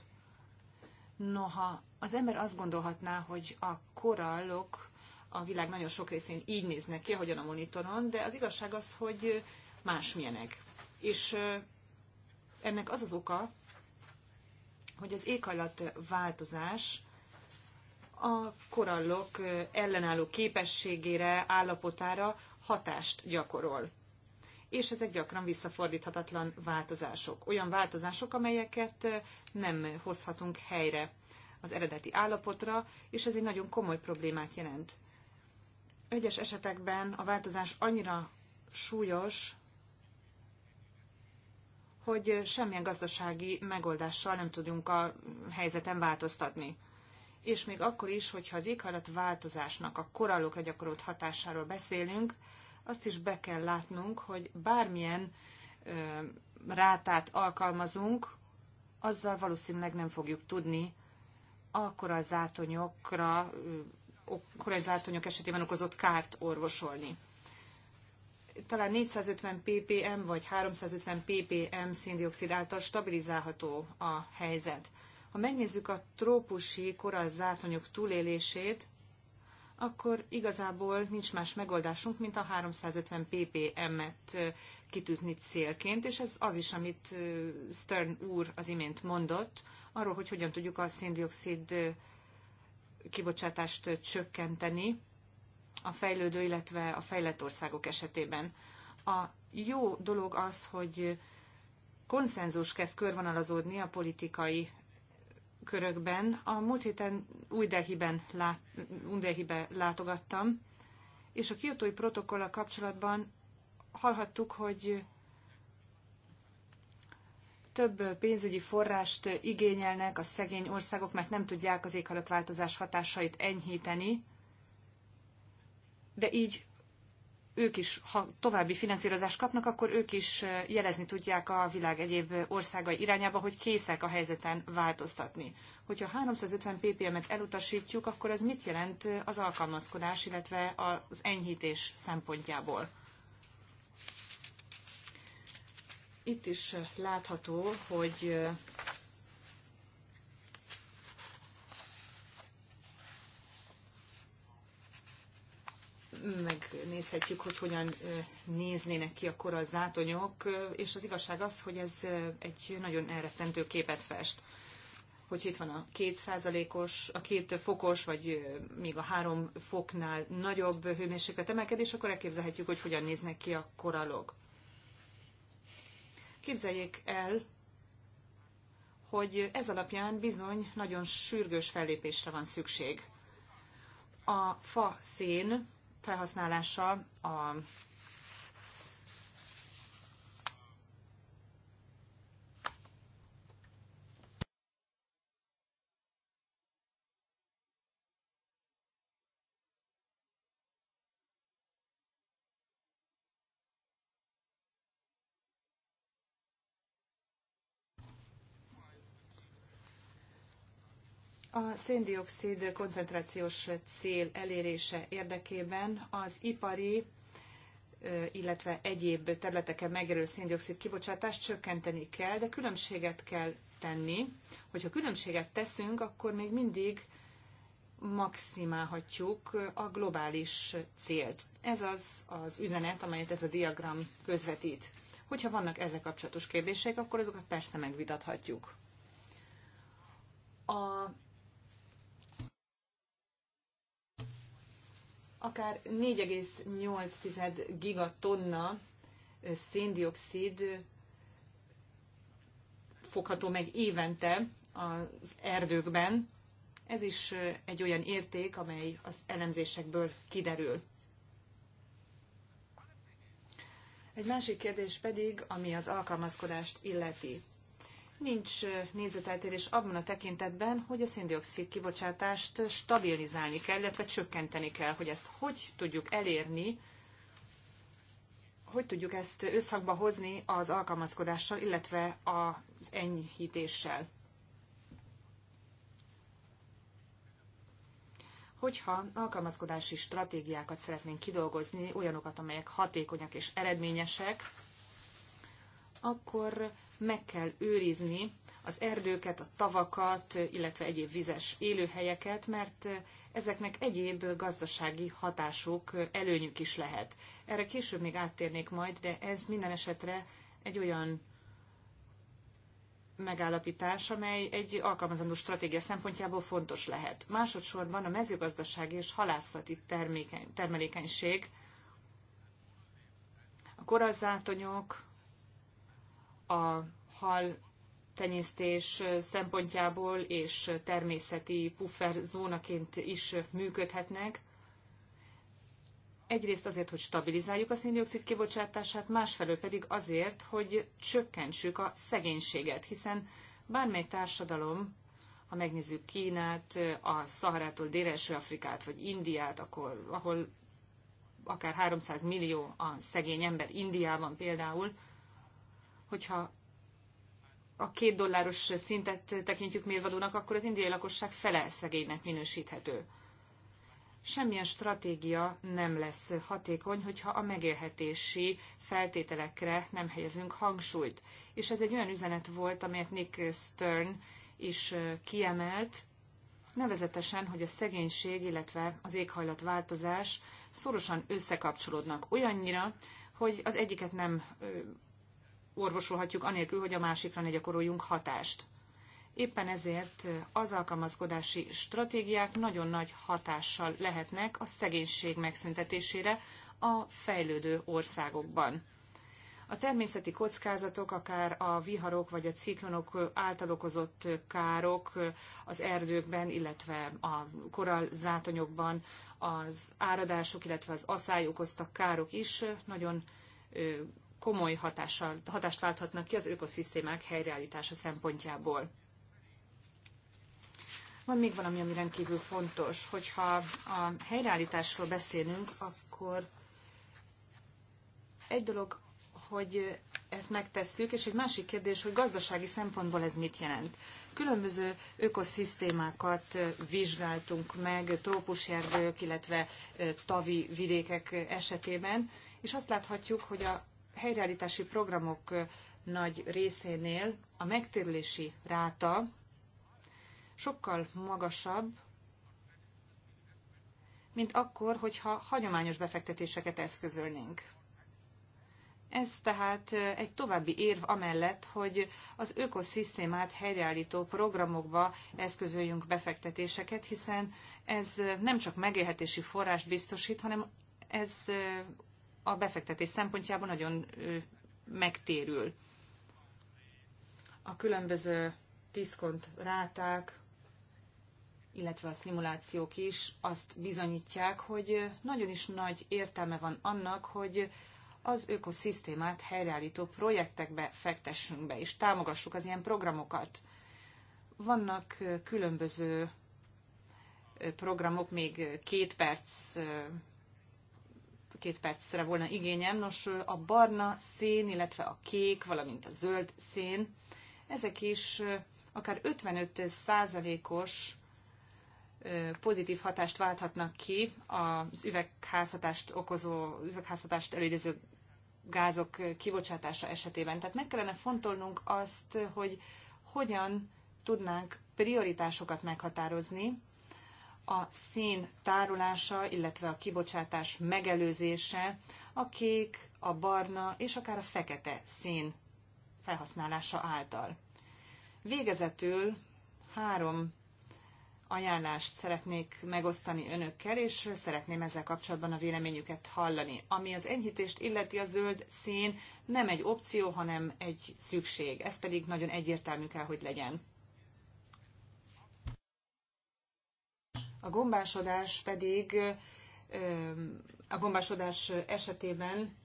noha az ember azt gondolhatná, hogy a korallok a világ nagyon sok részén így néznek ki, ahogyan a monitoron, de az igazság az, hogy másmilyenek. És ennek az az oka, hogy az éghajlat változás a korallok ellenálló képességére, állapotára hatást gyakorol. És ezek gyakran visszafordíthatatlan változások. Olyan változások, amelyeket nem hozhatunk helyre az eredeti állapotra, és ez egy nagyon komoly problémát jelent. Egyes esetekben a változás annyira súlyos, hogy semmilyen gazdasági megoldással nem tudunk a helyzeten változtatni és még akkor is, hogyha az változásnak a korallokra gyakorolt hatásáról beszélünk, azt is be kell látnunk, hogy bármilyen ö, rátát alkalmazunk, azzal valószínűleg nem fogjuk tudni akkor az átonyokra, akkor az átonyok esetében okozott kárt orvosolni. Talán 450 ppm vagy 350 ppm széndiokszid által stabilizálható a helyzet. Ha megnézzük a trópusi korallzátonyok túlélését, akkor igazából nincs más megoldásunk, mint a 350 ppm-et kitűzni célként, és ez az is, amit Stern úr az imént mondott, arról, hogy hogyan tudjuk a széndiokszid kibocsátást csökkenteni a fejlődő, illetve a fejlett országok esetében. A jó dolog az, hogy konszenzus kezd körvonalazódni a politikai körökben. A múlt héten új Delhiben lát, Delhibe látogattam, és a kiotói protokollal kapcsolatban hallhattuk, hogy több pénzügyi forrást igényelnek a szegény országok, mert nem tudják az éghajlatváltozás hatásait enyhíteni, de így ők is, ha további finanszírozást kapnak, akkor ők is eh, jelezni tudják a világ egyéb országai irányába, hogy készek a helyzeten változtatni. Hogyha 350 ppm-et elutasítjuk, akkor ez mit jelent eh, az alkalmazkodás, illetve az enyhítés szempontjából? Itt is eh, látható, hogy megnézhetjük, hogy hogyan néznének ki akkor a zátonyok, és az igazság az, hogy ez egy nagyon elrettentő képet fest. Hogy itt van a két százalékos, a két fokos, vagy még a három foknál nagyobb hőmérséklet emelkedés, akkor elképzelhetjük, hogy hogyan néznek ki a korallok. Képzeljék el, hogy ez alapján bizony nagyon sürgős fellépésre van szükség a fa szén felhasználása a A széndiokszid koncentrációs cél elérése érdekében az ipari, illetve egyéb területeken megjelölő széndiokszid kibocsátást csökkenteni kell, de különbséget kell tenni. Hogyha különbséget teszünk, akkor még mindig maximálhatjuk a globális célt. Ez az az üzenet, amelyet ez a diagram közvetít. Hogyha vannak ezzel kapcsolatos kérdések, akkor azokat persze megvitathatjuk. A akár 4,8 gigatonna széndiokszid fogható meg évente az erdőkben. Ez is egy olyan érték, amely az elemzésekből kiderül. Egy másik kérdés pedig, ami az alkalmazkodást illeti. Nincs nézeteltérés abban a tekintetben, hogy a széndiokszid kibocsátást stabilizálni kell, illetve csökkenteni kell, hogy ezt hogy tudjuk elérni, hogy tudjuk ezt összhangba hozni az alkalmazkodással, illetve az enyhítéssel. Hogyha alkalmazkodási stratégiákat szeretnénk kidolgozni, olyanokat, amelyek hatékonyak és eredményesek, akkor meg kell őrizni az erdőket, a tavakat, illetve egyéb vizes élőhelyeket, mert ezeknek egyéb gazdasági hatásuk, előnyük is lehet. Erre később még áttérnék majd, de ez minden esetre egy olyan megállapítás, amely egy alkalmazandó stratégia szempontjából fontos lehet. Másodszorban a mezőgazdaság és halászati termékeny, termelékenység, a korazátonyok a hal tenyésztés szempontjából és természeti puffer zónaként is működhetnek. Egyrészt azért, hogy stabilizáljuk a széndiokszid kibocsátását, másfelől pedig azért, hogy csökkentsük a szegénységet, hiszen bármely társadalom, ha megnézzük Kínát, a Szaharától Déleső Afrikát, vagy Indiát, akkor, ahol akár 300 millió a szegény ember Indiában például, Hogyha a két dolláros szintet tekintjük mérvadónak, akkor az indiai lakosság fele szegénynek minősíthető. Semmilyen stratégia nem lesz hatékony, hogyha a megélhetési feltételekre nem helyezünk hangsúlyt. És ez egy olyan üzenet volt, amelyet Nick Stern is kiemelt, nevezetesen, hogy a szegénység, illetve az éghajlatváltozás szorosan összekapcsolódnak olyannyira, hogy az egyiket nem orvosolhatjuk anélkül, hogy a másikra ne gyakoroljunk hatást. Éppen ezért az alkalmazkodási stratégiák nagyon nagy hatással lehetnek a szegénység megszüntetésére a fejlődő országokban. A természeti kockázatok, akár a viharok vagy a ciklonok által okozott károk az erdőkben, illetve a korallzátonyokban, az áradások, illetve az asszály okozta károk is nagyon komoly hatással, hatást válthatnak ki az ökoszisztémák helyreállítása szempontjából. Van még valami, ami rendkívül fontos, hogyha a helyreállításról beszélünk, akkor egy dolog, hogy ezt megtesszük, és egy másik kérdés, hogy gazdasági szempontból ez mit jelent. Különböző ökoszisztémákat vizsgáltunk meg trópuserdők, illetve tavi vidékek esetében, és azt láthatjuk, hogy a helyreállítási programok nagy részénél a megtérülési ráta sokkal magasabb, mint akkor, hogyha hagyományos befektetéseket eszközölnénk. Ez tehát egy további érv amellett, hogy az ökoszisztémát helyreállító programokba eszközöljünk befektetéseket, hiszen ez nem csak megélhetési forrást biztosít, hanem ez a befektetés szempontjából nagyon megtérül. A különböző diszkont ráták, illetve a szimulációk is azt bizonyítják, hogy nagyon is nagy értelme van annak, hogy az ökoszisztémát helyreállító projektekbe fektessünk be, és támogassuk az ilyen programokat. Vannak különböző programok, még két perc két percre volna igényem. Nos, a barna szén, illetve a kék, valamint a zöld szén, ezek is akár 55 os pozitív hatást válthatnak ki az üvegházhatást okozó, üvegházhatást előidéző gázok kibocsátása esetében. Tehát meg kellene fontolnunk azt, hogy hogyan tudnánk prioritásokat meghatározni, a szén tárolása, illetve a kibocsátás megelőzése, a kék, a barna és akár a fekete szén felhasználása által. Végezetül három ajánlást szeretnék megosztani önökkel, és szeretném ezzel kapcsolatban a véleményüket hallani. Ami az enyhítést illeti, a zöld szín nem egy opció, hanem egy szükség. Ez pedig nagyon egyértelmű kell, hogy legyen. A gombásodás pedig a gombásodás esetében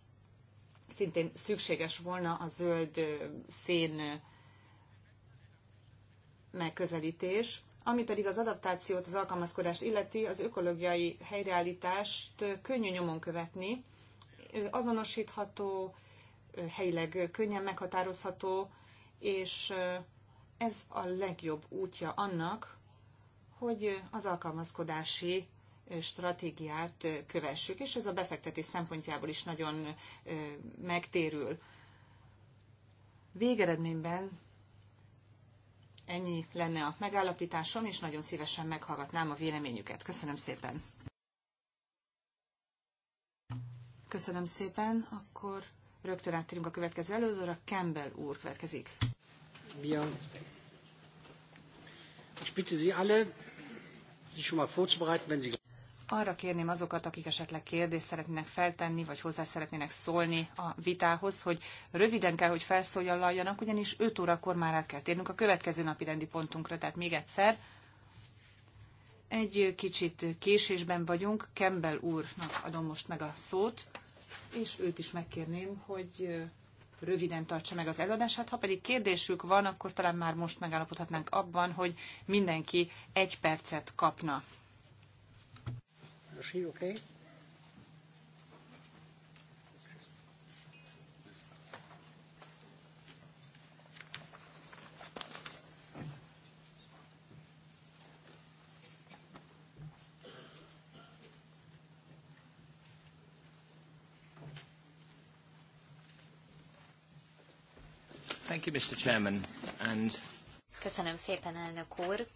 szintén szükséges volna a zöld szén megközelítés, ami pedig az adaptációt, az alkalmazkodást illeti, az ökológiai helyreállítást könnyű nyomon követni, azonosítható, helyileg könnyen meghatározható, és ez a legjobb útja annak, hogy az alkalmazkodási stratégiát kövessük, és ez a befektetés szempontjából is nagyon megtérül. Végeredményben ennyi lenne a megállapításom, és nagyon szívesen meghallgatnám a véleményüket. Köszönöm szépen! Köszönöm szépen, akkor rögtön áttérünk a következő előzőre. Campbell úr következik. Bien. Ich bitte Sie alle, arra kérném azokat, akik esetleg kérdést szeretnének feltenni, vagy hozzá szeretnének szólni a vitához, hogy röviden kell, hogy felszólaljanak, ugyanis 5 órakor már át kell térnünk a következő napi rendi pontunkra. Tehát még egyszer, egy kicsit késésben vagyunk, Campbell úrnak adom most meg a szót, és őt is megkérném, hogy röviden tartsa meg az előadását. Ha pedig kérdésük van, akkor talán már most megállapodhatnánk abban, hogy mindenki egy percet kapna. Okay. Thank you, Mr. Chairman. And... Köszönöm szépen, elnök úr.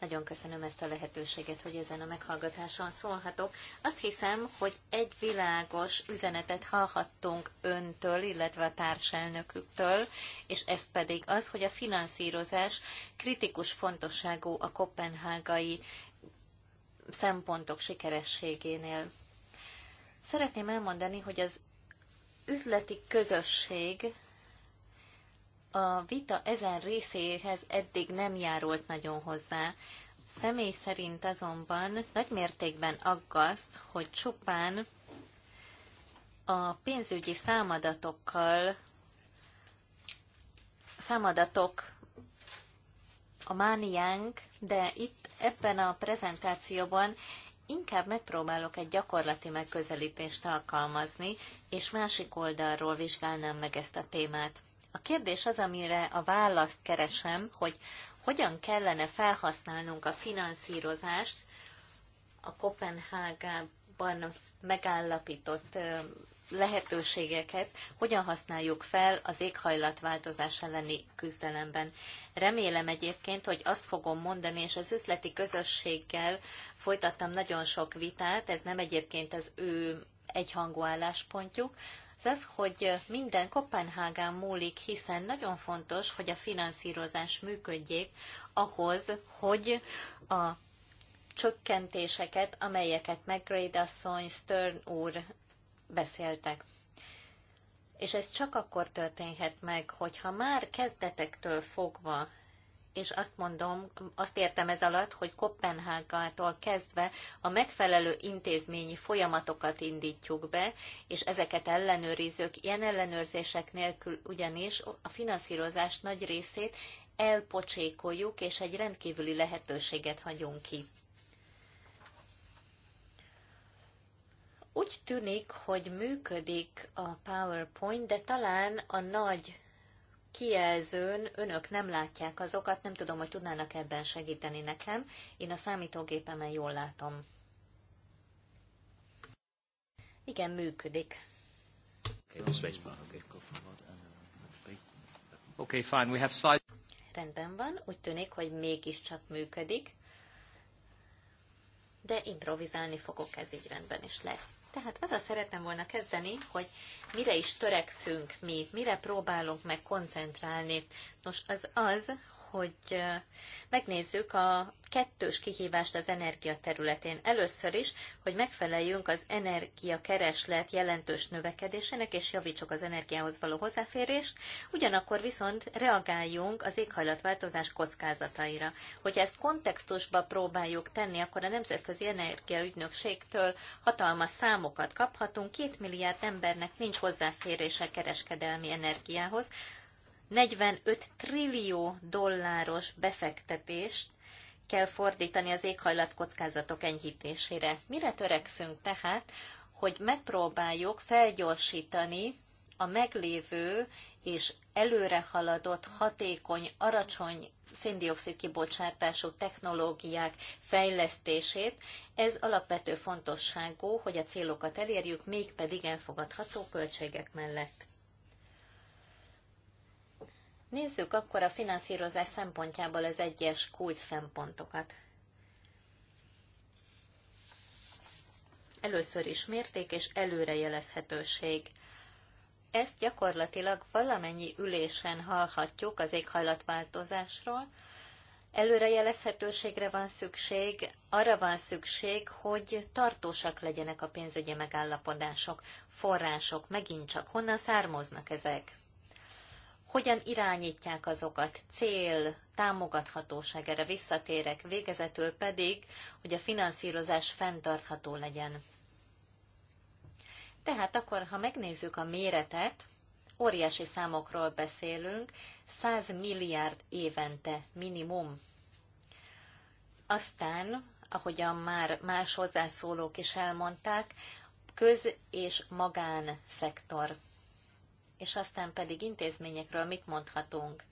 Nagyon köszönöm ezt a lehetőséget, hogy ezen a meghallgatáson szólhatok. Azt hiszem, hogy egy világos üzenetet hallhattunk öntől, illetve a társelnöküktől, és ez pedig az, hogy a finanszírozás kritikus fontosságú a kopenhágai szempontok sikerességénél. Szeretném elmondani, hogy az üzleti közösség a vita ezen részéhez eddig nem járult nagyon hozzá. Személy szerint azonban nagy mértékben aggaszt, hogy csupán a pénzügyi számadatokkal számadatok a mániánk, de itt ebben a prezentációban inkább megpróbálok egy gyakorlati megközelítést alkalmazni, és másik oldalról vizsgálnám meg ezt a témát. A kérdés az, amire a választ keresem, hogy hogyan kellene felhasználnunk a finanszírozást a Kopenhágában megállapított lehetőségeket, hogyan használjuk fel az éghajlatváltozás elleni küzdelemben. Remélem egyébként, hogy azt fogom mondani, és az üzleti közösséggel folytattam nagyon sok vitát, ez nem egyébként az ő egyhangú álláspontjuk, az az, hogy minden Kopenhágán múlik, hiszen nagyon fontos, hogy a finanszírozás működjék ahhoz, hogy a csökkentéseket, amelyeket McGrady asszony, Stern úr beszéltek. És ez csak akkor történhet meg, hogyha már kezdetektől fogva és azt mondom, azt értem ez alatt, hogy Kopenhágától kezdve a megfelelő intézményi folyamatokat indítjuk be, és ezeket ellenőrizők, Ilyen ellenőrzések nélkül ugyanis a finanszírozás nagy részét elpocsékoljuk, és egy rendkívüli lehetőséget hagyunk ki. Úgy tűnik, hogy működik a PowerPoint, de talán a nagy kijelzőn önök nem látják azokat, nem tudom, hogy tudnának ebben segíteni nekem. Én a számítógépemen jól látom. Igen, működik. Okay, fine, we have side. Rendben van, úgy tűnik, hogy mégiscsak működik, de improvizálni fogok, ez így rendben is lesz. Tehát az a szeretném volna kezdeni, hogy mire is törekszünk mi, mire próbálunk meg koncentrálni. Nos, az az, hogy megnézzük a kettős kihívást az energia területén. Először is, hogy megfeleljünk az energiakereslet jelentős növekedésének, és javítsuk az energiához való hozzáférést, ugyanakkor viszont reagáljunk az éghajlatváltozás kockázataira. Hogy ezt kontextusba próbáljuk tenni, akkor a Nemzetközi Energiaügynökségtől hatalmas számokat kaphatunk. Két milliárd embernek nincs hozzáférése kereskedelmi energiához, 45 trillió dolláros befektetést kell fordítani az éghajlat kockázatok enyhítésére. Mire törekszünk tehát, hogy megpróbáljuk felgyorsítani a meglévő és előre haladott, hatékony, aracsony széndiokszid kibocsátású technológiák fejlesztését. Ez alapvető fontosságú, hogy a célokat elérjük, mégpedig elfogadható költségek mellett. Nézzük akkor a finanszírozás szempontjából az egyes kulcs szempontokat. Először is mérték és előrejelezhetőség. Ezt gyakorlatilag valamennyi ülésen hallhatjuk az éghajlatváltozásról. Előrejelezhetőségre van szükség, arra van szükség, hogy tartósak legyenek a pénzügyi megállapodások, források, megint csak honnan származnak ezek hogyan irányítják azokat, cél, támogathatóság, erre visszatérek, végezetül pedig, hogy a finanszírozás fenntartható legyen. Tehát akkor, ha megnézzük a méretet, óriási számokról beszélünk, 100 milliárd évente minimum. Aztán, ahogyan már más hozzászólók is elmondták, köz- és magánszektor és aztán pedig intézményekről mit mondhatunk,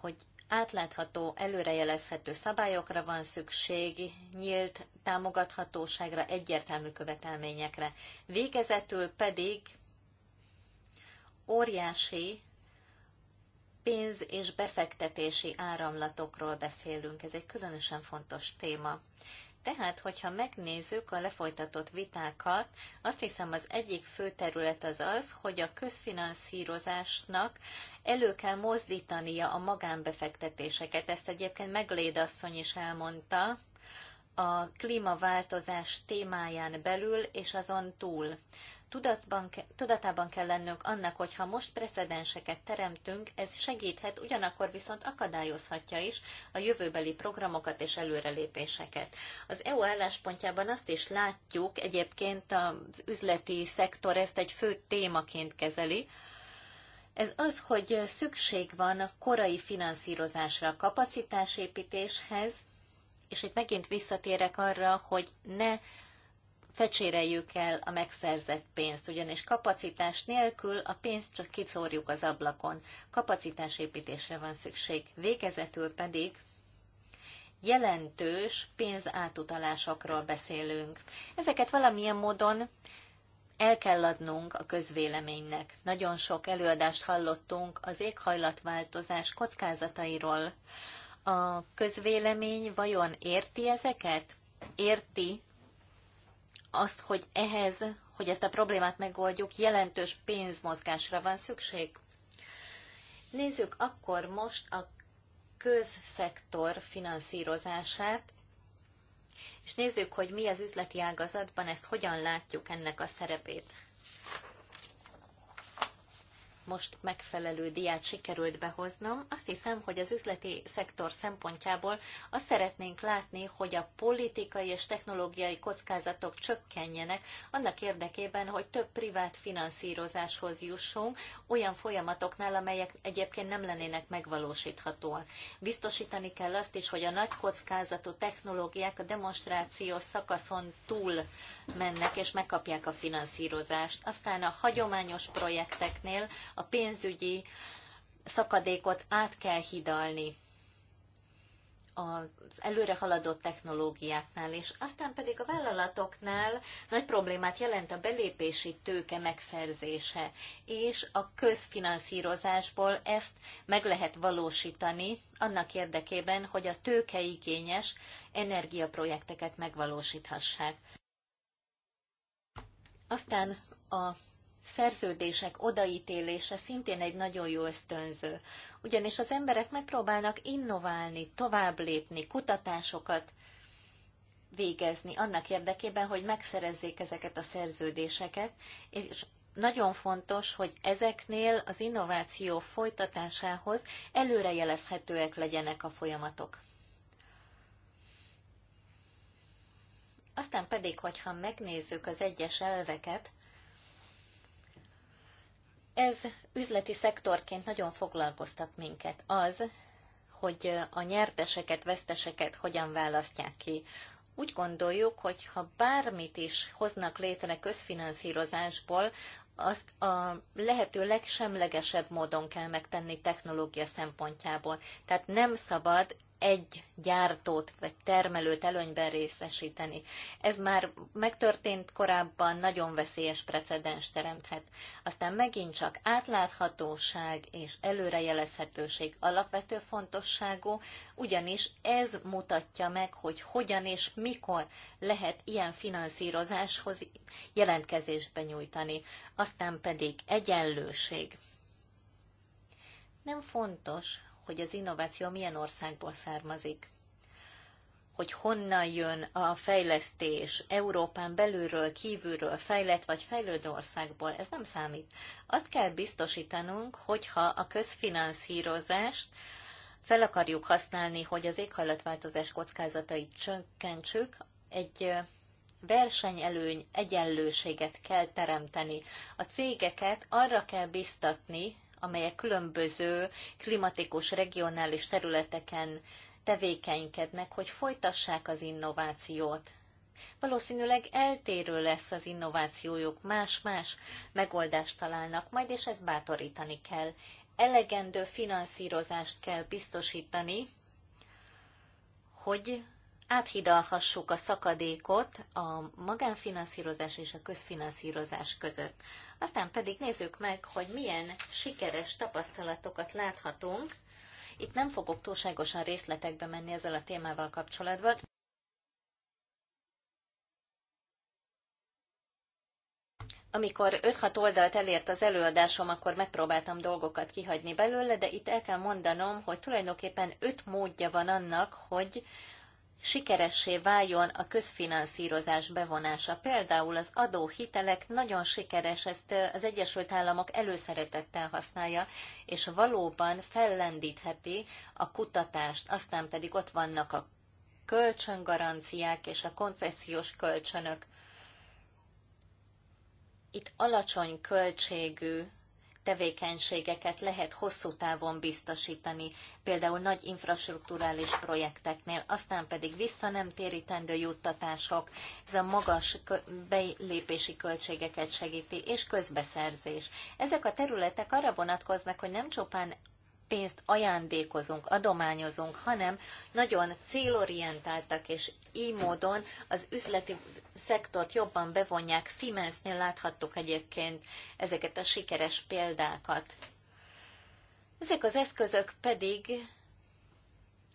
hogy átlátható, előrejelezhető szabályokra van szükség, nyílt támogathatóságra, egyértelmű követelményekre. Végezetül pedig óriási pénz- és befektetési áramlatokról beszélünk. Ez egy különösen fontos téma. Tehát, hogyha megnézzük a lefolytatott vitákat, azt hiszem az egyik fő terület az az, hogy a közfinanszírozásnak elő kell mozdítania a magánbefektetéseket. Ezt egyébként Megléd asszony is elmondta a klímaváltozás témáján belül és azon túl tudatban, tudatában kell lennünk annak, hogy ha most precedenseket teremtünk, ez segíthet, ugyanakkor viszont akadályozhatja is a jövőbeli programokat és előrelépéseket. Az EU álláspontjában azt is látjuk, egyébként az üzleti szektor ezt egy fő témaként kezeli, ez az, hogy szükség van a korai finanszírozásra, a kapacitásépítéshez, és itt megint visszatérek arra, hogy ne fecséreljük el a megszerzett pénzt, ugyanis kapacitás nélkül a pénzt csak kiszórjuk az ablakon. Kapacitásépítésre van szükség. Végezetül pedig jelentős pénzátutalásokról beszélünk. Ezeket valamilyen módon el kell adnunk a közvéleménynek. Nagyon sok előadást hallottunk az éghajlatváltozás kockázatairól. A közvélemény vajon érti ezeket? Érti, azt, hogy ehhez, hogy ezt a problémát megoldjuk, jelentős pénzmozgásra van szükség. Nézzük akkor most a közszektor finanszírozását, és nézzük, hogy mi az üzleti ágazatban ezt hogyan látjuk ennek a szerepét most megfelelő diát sikerült behoznom. Azt hiszem, hogy az üzleti szektor szempontjából azt szeretnénk látni, hogy a politikai és technológiai kockázatok csökkenjenek, annak érdekében, hogy több privát finanszírozáshoz jussunk olyan folyamatoknál, amelyek egyébként nem lennének megvalósíthatóak. Biztosítani kell azt is, hogy a nagy kockázatú technológiák a demonstráció szakaszon túl mennek és megkapják a finanszírozást. Aztán a hagyományos projekteknél a pénzügyi szakadékot át kell hidalni az előre haladott technológiáknál, és aztán pedig a vállalatoknál nagy problémát jelent a belépési tőke megszerzése, és a közfinanszírozásból ezt meg lehet valósítani annak érdekében, hogy a tőkeigényes energiaprojekteket megvalósíthassák. Aztán a szerződések odaítélése szintén egy nagyon jó ösztönző. Ugyanis az emberek megpróbálnak innoválni, tovább lépni, kutatásokat végezni annak érdekében, hogy megszerezzék ezeket a szerződéseket, és nagyon fontos, hogy ezeknél az innováció folytatásához előrejelezhetőek legyenek a folyamatok. Aztán pedig, hogyha megnézzük az egyes elveket, ez üzleti szektorként nagyon foglalkoztat minket az, hogy a nyerteseket, veszteseket hogyan választják ki. Úgy gondoljuk, hogy ha bármit is hoznak létre közfinanszírozásból, azt a lehető legsemlegesebb módon kell megtenni technológia szempontjából. Tehát nem szabad egy gyártót vagy termelőt előnyben részesíteni. Ez már megtörtént korábban, nagyon veszélyes precedens teremthet. Aztán megint csak átláthatóság és előrejelezhetőség alapvető fontosságú, ugyanis ez mutatja meg, hogy hogyan és mikor lehet ilyen finanszírozáshoz jelentkezést benyújtani. Aztán pedig egyenlőség. Nem fontos, hogy az innováció milyen országból származik hogy honnan jön a fejlesztés Európán belülről, kívülről, fejlett vagy fejlődő országból, ez nem számít. Azt kell biztosítanunk, hogyha a közfinanszírozást fel akarjuk használni, hogy az éghajlatváltozás kockázatait csökkentsük, egy versenyelőny egyenlőséget kell teremteni. A cégeket arra kell biztatni, amelyek különböző klimatikus, regionális területeken tevékenykednek, hogy folytassák az innovációt. Valószínűleg eltérő lesz az innovációjuk, más-más megoldást találnak majd, és ezt bátorítani kell. Elegendő finanszírozást kell biztosítani, hogy áthidalhassuk a szakadékot a magánfinanszírozás és a közfinanszírozás között. Aztán pedig nézzük meg, hogy milyen sikeres tapasztalatokat láthatunk. Itt nem fogok túlságosan részletekbe menni ezzel a témával kapcsolatban. amikor 5-6 oldalt elért az előadásom, akkor megpróbáltam dolgokat kihagyni belőle, de itt el kell mondanom, hogy tulajdonképpen 5 módja van annak, hogy sikeressé váljon a közfinanszírozás bevonása. Például az adóhitelek nagyon sikeres, ezt az Egyesült Államok előszeretettel használja, és valóban fellendítheti a kutatást. Aztán pedig ott vannak a kölcsöngaranciák és a koncesziós kölcsönök. Itt alacsony költségű tevékenységeket lehet hosszú távon biztosítani, például nagy infrastruktúrális projekteknél, aztán pedig vissza nem térítendő juttatások, ez a magas belépési költségeket segíti, és közbeszerzés. Ezek a területek arra vonatkoznak, hogy nem csupán pénzt ajándékozunk, adományozunk, hanem nagyon célorientáltak, és így módon az üzleti szektort jobban bevonják. Siemensnél láthattuk egyébként ezeket a sikeres példákat. Ezek az eszközök pedig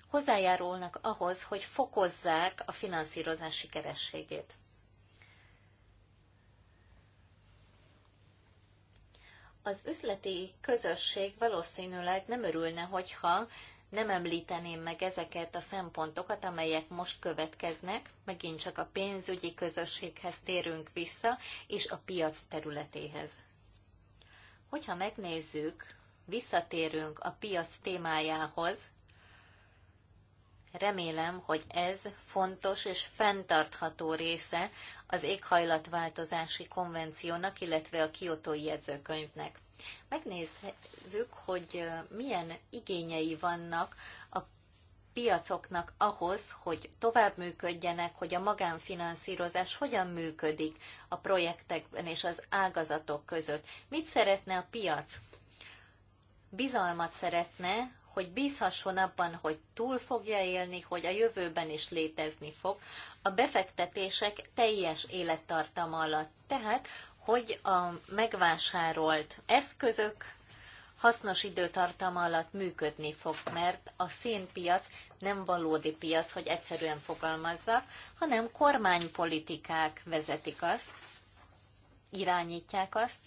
hozzájárulnak ahhoz, hogy fokozzák a finanszírozás sikerességét. az üzleti közösség valószínűleg nem örülne, hogyha nem említeném meg ezeket a szempontokat, amelyek most következnek, megint csak a pénzügyi közösséghez térünk vissza, és a piac területéhez. Hogyha megnézzük, visszatérünk a piac témájához, Remélem, hogy ez fontos és fenntartható része az éghajlatváltozási konvenciónak, illetve a kiotói jegyzőkönyvnek. Megnézzük, hogy milyen igényei vannak a piacoknak ahhoz, hogy tovább működjenek, hogy a magánfinanszírozás hogyan működik a projektekben és az ágazatok között. Mit szeretne a piac? Bizalmat szeretne hogy bízhasson abban, hogy túl fogja élni, hogy a jövőben is létezni fog, a befektetések teljes élettartama alatt. Tehát, hogy a megvásárolt eszközök hasznos időtartama alatt működni fog, mert a szénpiac nem valódi piac, hogy egyszerűen fogalmazzak, hanem kormánypolitikák vezetik azt, irányítják azt,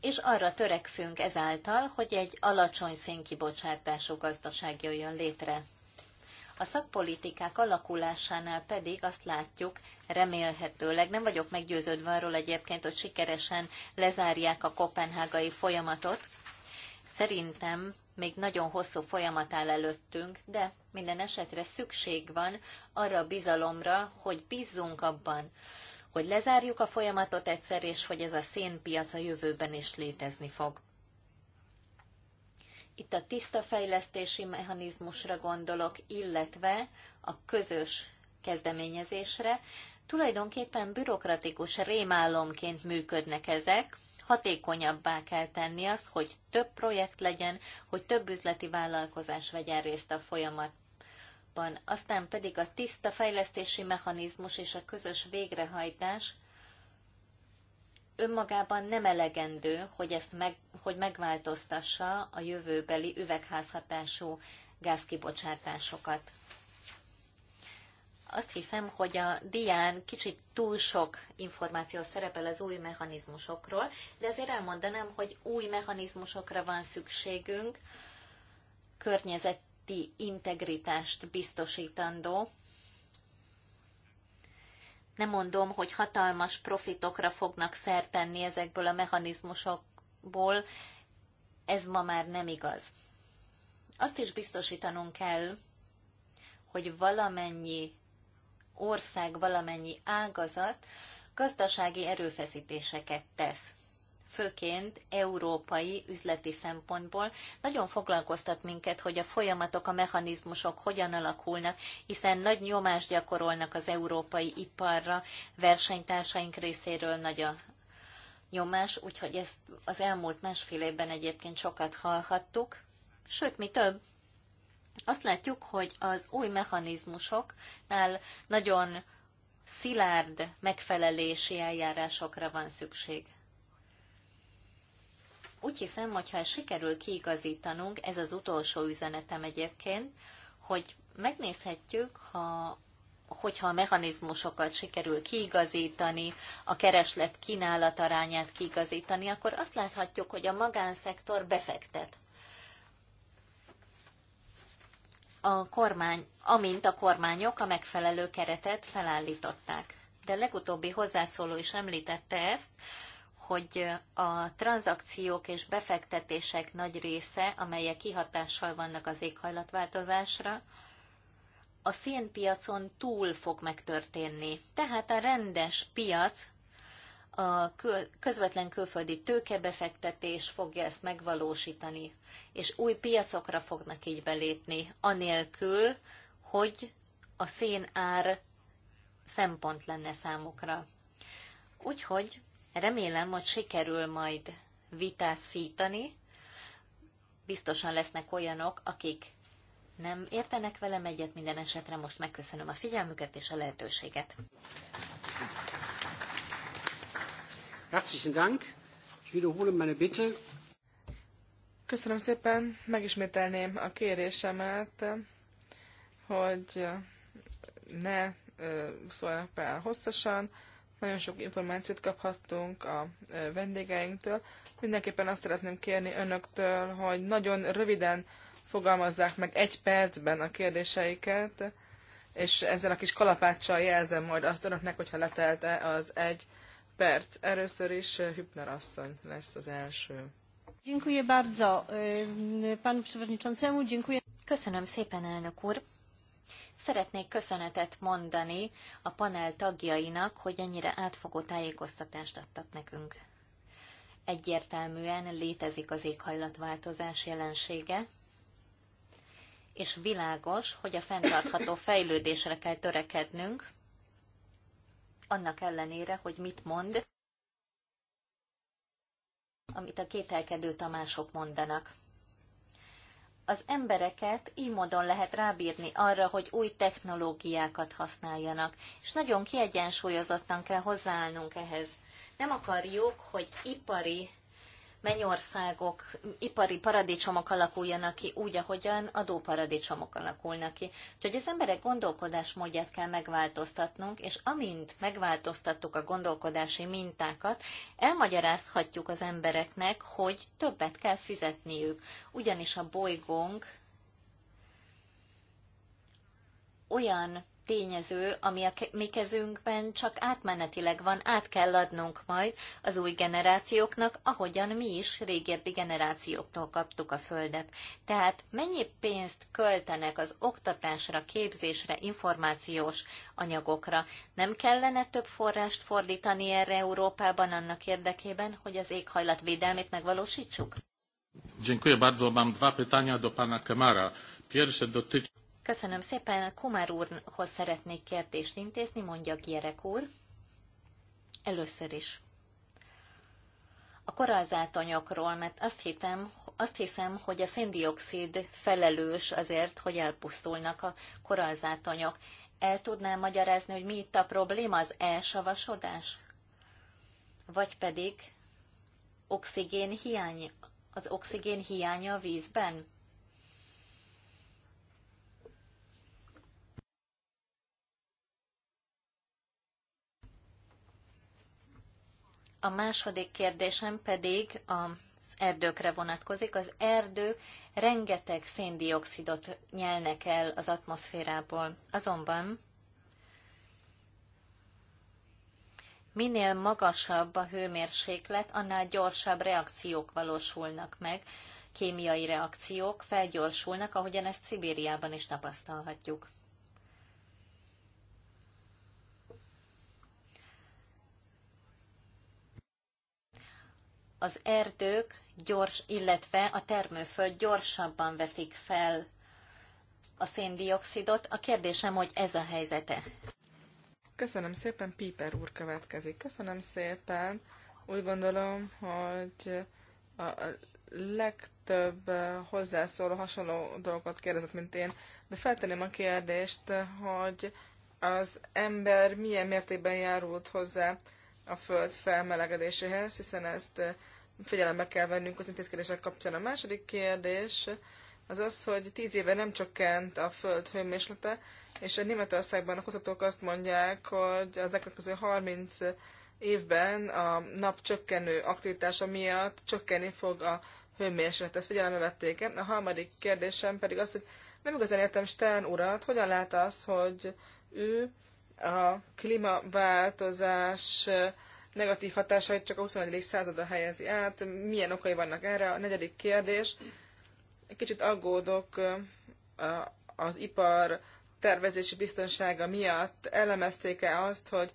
és arra törekszünk ezáltal, hogy egy alacsony szénkibocsátású gazdaság jöjjön létre. A szakpolitikák alakulásánál pedig azt látjuk, remélhetőleg, nem vagyok meggyőződve arról egyébként, hogy sikeresen lezárják a kopenhágai folyamatot. Szerintem még nagyon hosszú folyamat áll előttünk, de minden esetre szükség van arra a bizalomra, hogy bízzunk abban, hogy lezárjuk a folyamatot egyszer, és hogy ez a szénpiac a jövőben is létezni fog. Itt a tiszta fejlesztési mechanizmusra gondolok, illetve a közös kezdeményezésre. Tulajdonképpen bürokratikus rémálomként működnek ezek, hatékonyabbá kell tenni azt, hogy több projekt legyen, hogy több üzleti vállalkozás vegyen részt a folyamat kapban. Aztán pedig a tiszta fejlesztési mechanizmus és a közös végrehajtás önmagában nem elegendő, hogy ezt meg, hogy megváltoztassa a jövőbeli üvegházhatású gázkibocsátásokat. Azt hiszem, hogy a dián kicsit túl sok információ szerepel az új mechanizmusokról, de azért elmondanám, hogy új mechanizmusokra van szükségünk, környezet közötti integritást biztosítandó. Nem mondom, hogy hatalmas profitokra fognak szertenni ezekből a mechanizmusokból, ez ma már nem igaz. Azt is biztosítanunk kell, hogy valamennyi ország, valamennyi ágazat gazdasági erőfeszítéseket tesz főként európai üzleti szempontból. Nagyon foglalkoztat minket, hogy a folyamatok, a mechanizmusok hogyan alakulnak, hiszen nagy nyomást gyakorolnak az európai iparra, versenytársaink részéről nagy a nyomás, úgyhogy ezt az elmúlt másfél évben egyébként sokat hallhattuk. Sőt, mi több, azt látjuk, hogy az új mechanizmusoknál nagyon szilárd megfelelési eljárásokra van szükség. Úgy hiszem, hogyha ezt sikerül kiigazítanunk, ez az utolsó üzenetem egyébként, hogy megnézhetjük, ha hogyha a mechanizmusokat sikerül kiigazítani, a kereslet kínálat arányát kiigazítani, akkor azt láthatjuk, hogy a magánszektor befektet. A kormány, amint a kormányok a megfelelő keretet felállították. De legutóbbi hozzászóló is említette ezt, hogy a tranzakciók és befektetések nagy része, amelyek kihatással vannak az éghajlatváltozásra, a szénpiacon túl fog megtörténni. Tehát a rendes piac, a közvetlen külföldi tőkebefektetés fogja ezt megvalósítani, és új piacokra fognak így belépni, anélkül, hogy a szén ár szempont lenne számukra. Úgyhogy Remélem, hogy sikerül majd szítani. Biztosan lesznek olyanok, akik nem értenek velem egyet, minden esetre most megköszönöm a figyelmüket és a lehetőséget. Herzlichen Dank. Ich wiederhole meine Bitte. Köszönöm szépen, megismételném a kérésemet, hogy ne szólnak fel hosszasan, nagyon sok információt kaphattunk a vendégeinktől. Mindenképpen azt szeretném kérni önöktől, hogy nagyon röviden fogalmazzák meg egy percben a kérdéseiket, és ezzel a kis kalapáccsal jelzem majd azt önöknek, hogyha letelte az egy perc. Először is Hübner asszony lesz az első. Dziękuję bardzo panu przewodniczącemu, dziękuję. Köszönöm szépen, elnök úr. Szeretnék köszönetet mondani a panel tagjainak, hogy ennyire átfogó tájékoztatást adtak nekünk. Egyértelműen létezik az éghajlatváltozás jelensége, és világos, hogy a fenntartható fejlődésre kell törekednünk, annak ellenére, hogy mit mond, amit a kételkedő Tamások mondanak az embereket így módon lehet rábírni arra, hogy új technológiákat használjanak, és nagyon kiegyensúlyozottan kell hozzáállnunk ehhez. Nem akarjuk, hogy ipari mennyországok, ipari paradicsomok alakuljanak ki úgy, ahogyan adóparadicsomok alakulnak ki. Úgyhogy az emberek gondolkodásmódját kell megváltoztatnunk, és amint megváltoztattuk a gondolkodási mintákat, elmagyarázhatjuk az embereknek, hogy többet kell fizetniük. Ugyanis a bolygónk olyan tényező, ami a mi kezünkben csak átmenetileg van, át kell adnunk majd az új generációknak, ahogyan mi is régebbi generációktól kaptuk a Földet. Tehát mennyi pénzt költenek az oktatásra, képzésre, információs anyagokra? Nem kellene több forrást fordítani erre Európában annak érdekében, hogy az éghajlatvédelmét megvalósítsuk? Dziękuję bardzo. Mam dwa pytania do pana Kemara. Pierwsze dotyczy... Köszönöm szépen. Kumár úrhoz szeretnék kérdést intézni, mondja Gyerek úr. Először is. A anyagról, mert azt, hitem, azt hiszem, hogy a széndiokszid felelős azért, hogy elpusztulnak a anyag. El tudnám magyarázni, hogy mi itt a probléma, az elsavasodás? Vagy pedig oxigén hiány, az oxigén hiánya a vízben? A második kérdésem pedig az erdőkre vonatkozik. Az erdők rengeteg széndiokszidot nyelnek el az atmoszférából. Azonban minél magasabb a hőmérséklet, annál gyorsabb reakciók valósulnak meg, kémiai reakciók felgyorsulnak, ahogyan ezt Szibériában is tapasztalhatjuk. az erdők gyors, illetve a termőföld gyorsabban veszik fel a széndiokszidot. A kérdésem, hogy ez a helyzete. Köszönöm szépen, Piper úr következik. Köszönöm szépen. Úgy gondolom, hogy a legtöbb hozzászóló hasonló dolgot kérdezett, mint én, de feltenném a kérdést, hogy az ember milyen mértékben járult hozzá a föld felmelegedéséhez, hiszen ezt figyelembe kell vennünk az intézkedések kapcsán. A második kérdés az az, hogy tíz éve nem csökkent a föld hőmérséklete, és a Németországban a kutatók azt mondják, hogy az elkövetkező 30 évben a nap csökkenő aktivitása miatt csökkenni fog a hőmérséklet. Ezt figyelembe vették. A harmadik kérdésem pedig az, hogy nem igazán értem Stern urat, hogyan lát az, hogy ő a klímaváltozás negatív hatásait csak a 21. századra helyezi át. Milyen okai vannak erre? A negyedik kérdés. Kicsit aggódok az ipar tervezési biztonsága miatt. Elemezték-e azt, hogy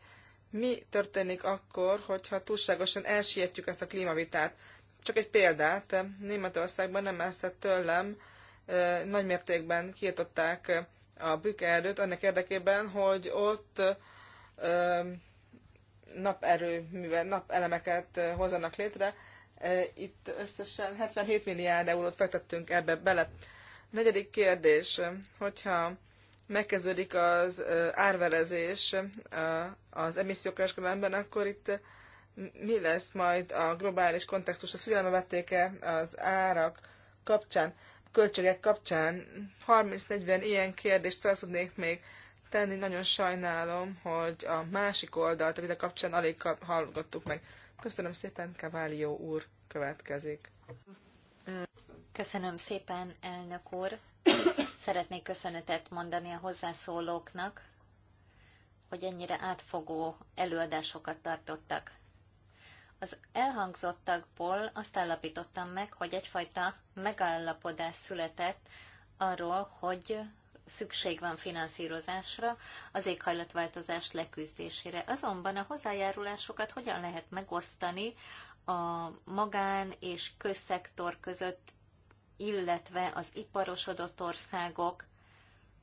mi történik akkor, hogyha túlságosan elsietjük ezt a klímavitát? Csak egy példát, Németországban nem messze tőlem nagymértékben kiirtották a bükerőt annak érdekében, hogy ott naperőművel, napelemeket hozzanak létre. Itt összesen 77 milliárd eurót fektettünk ebbe bele. A negyedik kérdés, hogyha megkezdődik az árverezés az emissziókereskedelemben, akkor itt mi lesz majd a globális kontextus? Ezt figyelembe vették-e az árak kapcsán, költségek kapcsán? 30-40 ilyen kérdést fel tudnék még tenni. Nagyon sajnálom, hogy a másik oldalt, amit a kapcsán alig hallgattuk meg. Köszönöm szépen, Kaválió úr következik. Köszönöm szépen, elnök úr. Szeretnék köszönetet mondani a hozzászólóknak, hogy ennyire átfogó előadásokat tartottak. Az elhangzottakból azt állapítottam meg, hogy egyfajta megállapodás született arról, hogy szükség van finanszírozásra az éghajlatváltozás leküzdésére. Azonban a hozzájárulásokat hogyan lehet megosztani a magán és közszektor között, illetve az iparosodott országok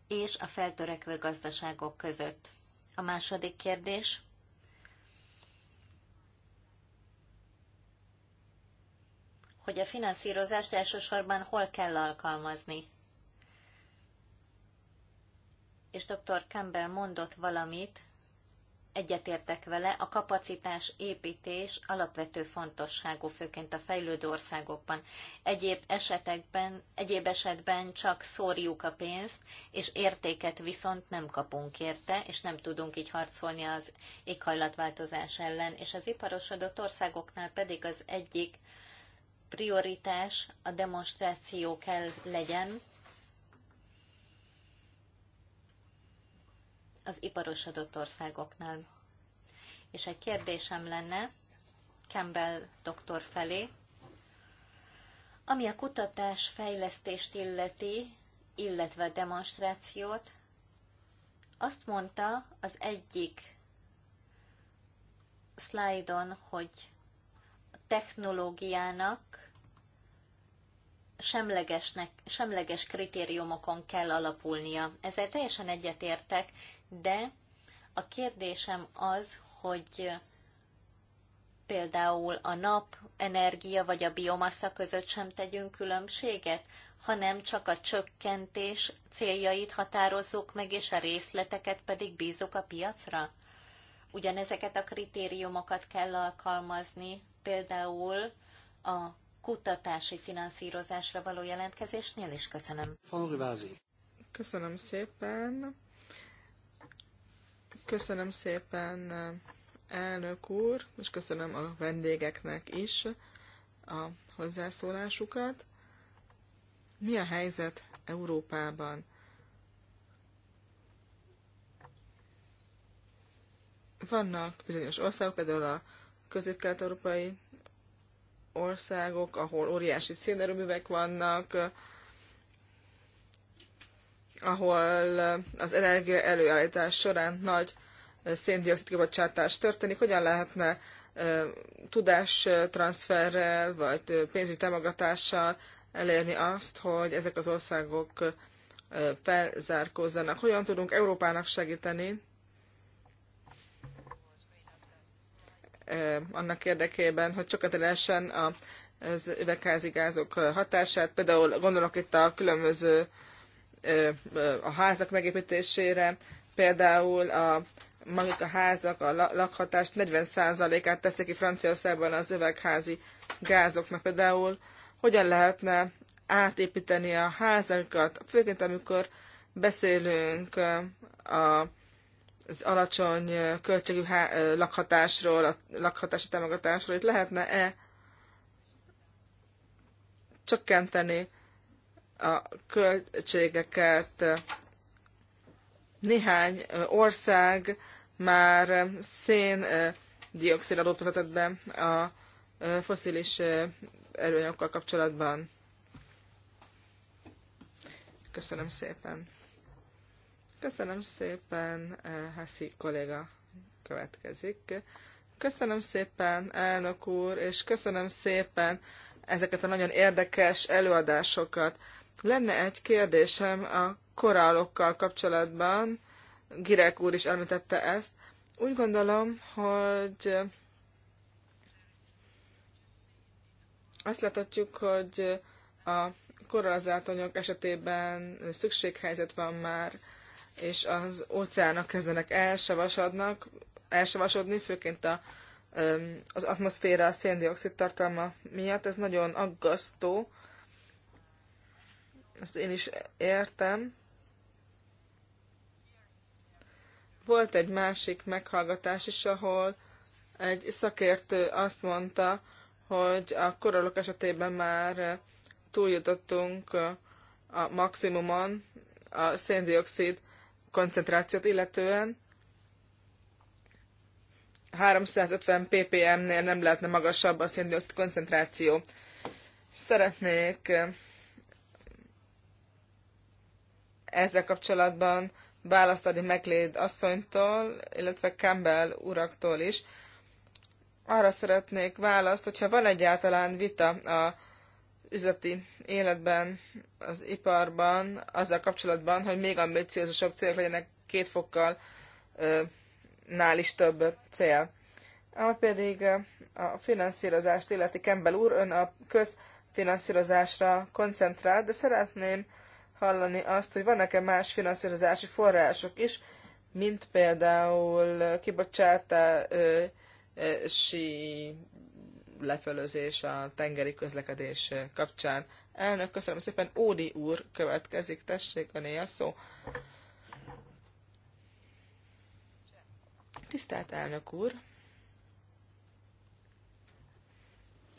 és a feltörekvő gazdaságok között. A második kérdés. hogy a finanszírozást elsősorban hol kell alkalmazni és dr. Campbell mondott valamit, egyetértek vele, a kapacitás építés alapvető fontosságú, főként a fejlődő országokban. Egyéb esetekben, egyéb esetben csak szórjuk a pénzt, és értéket viszont nem kapunk érte, és nem tudunk így harcolni az éghajlatváltozás ellen. És az iparosodott országoknál pedig az egyik prioritás a demonstráció kell legyen, az iparosodott országoknál. És egy kérdésem lenne Campbell doktor felé, ami a kutatás fejlesztést illeti, illetve a demonstrációt, azt mondta az egyik szlájdon, hogy a technológiának semlegesnek, semleges kritériumokon kell alapulnia. Ezzel teljesen egyetértek, de a kérdésem az, hogy például a nap energia vagy a biomassa között sem tegyünk különbséget, hanem csak a csökkentés céljait határozzuk meg, és a részleteket pedig bízok a piacra? Ugyanezeket a kritériumokat kell alkalmazni, például a kutatási finanszírozásra való jelentkezésnél is köszönöm. Köszönöm szépen. Köszönöm szépen, elnök úr, és köszönöm a vendégeknek is a hozzászólásukat. Mi a helyzet Európában? Vannak bizonyos országok, például a közép-kelet-európai országok, ahol óriási szénerőművek vannak, ahol az energia előállítás során nagy széndiokszid kibocsátás történik, hogyan lehetne tudástranszferrel vagy pénzügyi támogatással elérni azt, hogy ezek az országok felzárkózzanak. Hogyan tudunk Európának segíteni annak érdekében, hogy sokat lehessen az üvegházi gázok hatását. Például gondolok itt a különböző a házak megépítésére, például a maguk a házak, a lakhatást 40%-át teszik ki Franciaországban az övegházi gázoknak például, hogyan lehetne átépíteni a házakat, főként amikor beszélünk a az alacsony költségű lakhatásról, a lakhatási támogatásról, itt lehetne-e csökkenteni a költségeket. Néhány ország már szén dioxid adót vezetett be a foszilis erőanyagokkal kapcsolatban. Köszönöm szépen. Köszönöm szépen, Haszi kolléga következik. Köszönöm szépen, elnök úr, és köszönöm szépen ezeket a nagyon érdekes előadásokat. Lenne egy kérdésem a korálokkal kapcsolatban, Girek úr is említette ezt. Úgy gondolom, hogy azt láthatjuk, hogy a korallzátonyok esetében szükséghelyzet van már, és az óceánok kezdenek elsavasodnak, elsavasodni, főként a, az atmoszféra a széndiokszid tartalma miatt. Ez nagyon aggasztó, ezt én is értem. Volt egy másik meghallgatás is, ahol egy szakértő azt mondta, hogy a korolok esetében már túljutottunk a maximumon a széndiokszid koncentrációt illetően. 350 ppm-nél nem lehetne magasabb a széndiokszid koncentráció. Szeretnék ezzel kapcsolatban választ adni McLeod asszonytól, illetve Campbell uraktól is. Arra szeretnék választ, hogyha van egyáltalán vita a üzleti életben, az iparban, azzal kapcsolatban, hogy még ambiciózusabb célok legyenek két fokkal nál is több cél. Ami pedig a finanszírozást illeti Campbell úr, ön a közfinanszírozásra koncentrál, de szeretném hallani azt, hogy vannak-e más finanszírozási források is, mint például kibocsátási lefelőzés a tengeri közlekedés kapcsán. Elnök, köszönöm szépen. Ódi úr következik. Tessék, a a szó. Tisztelt elnök úr!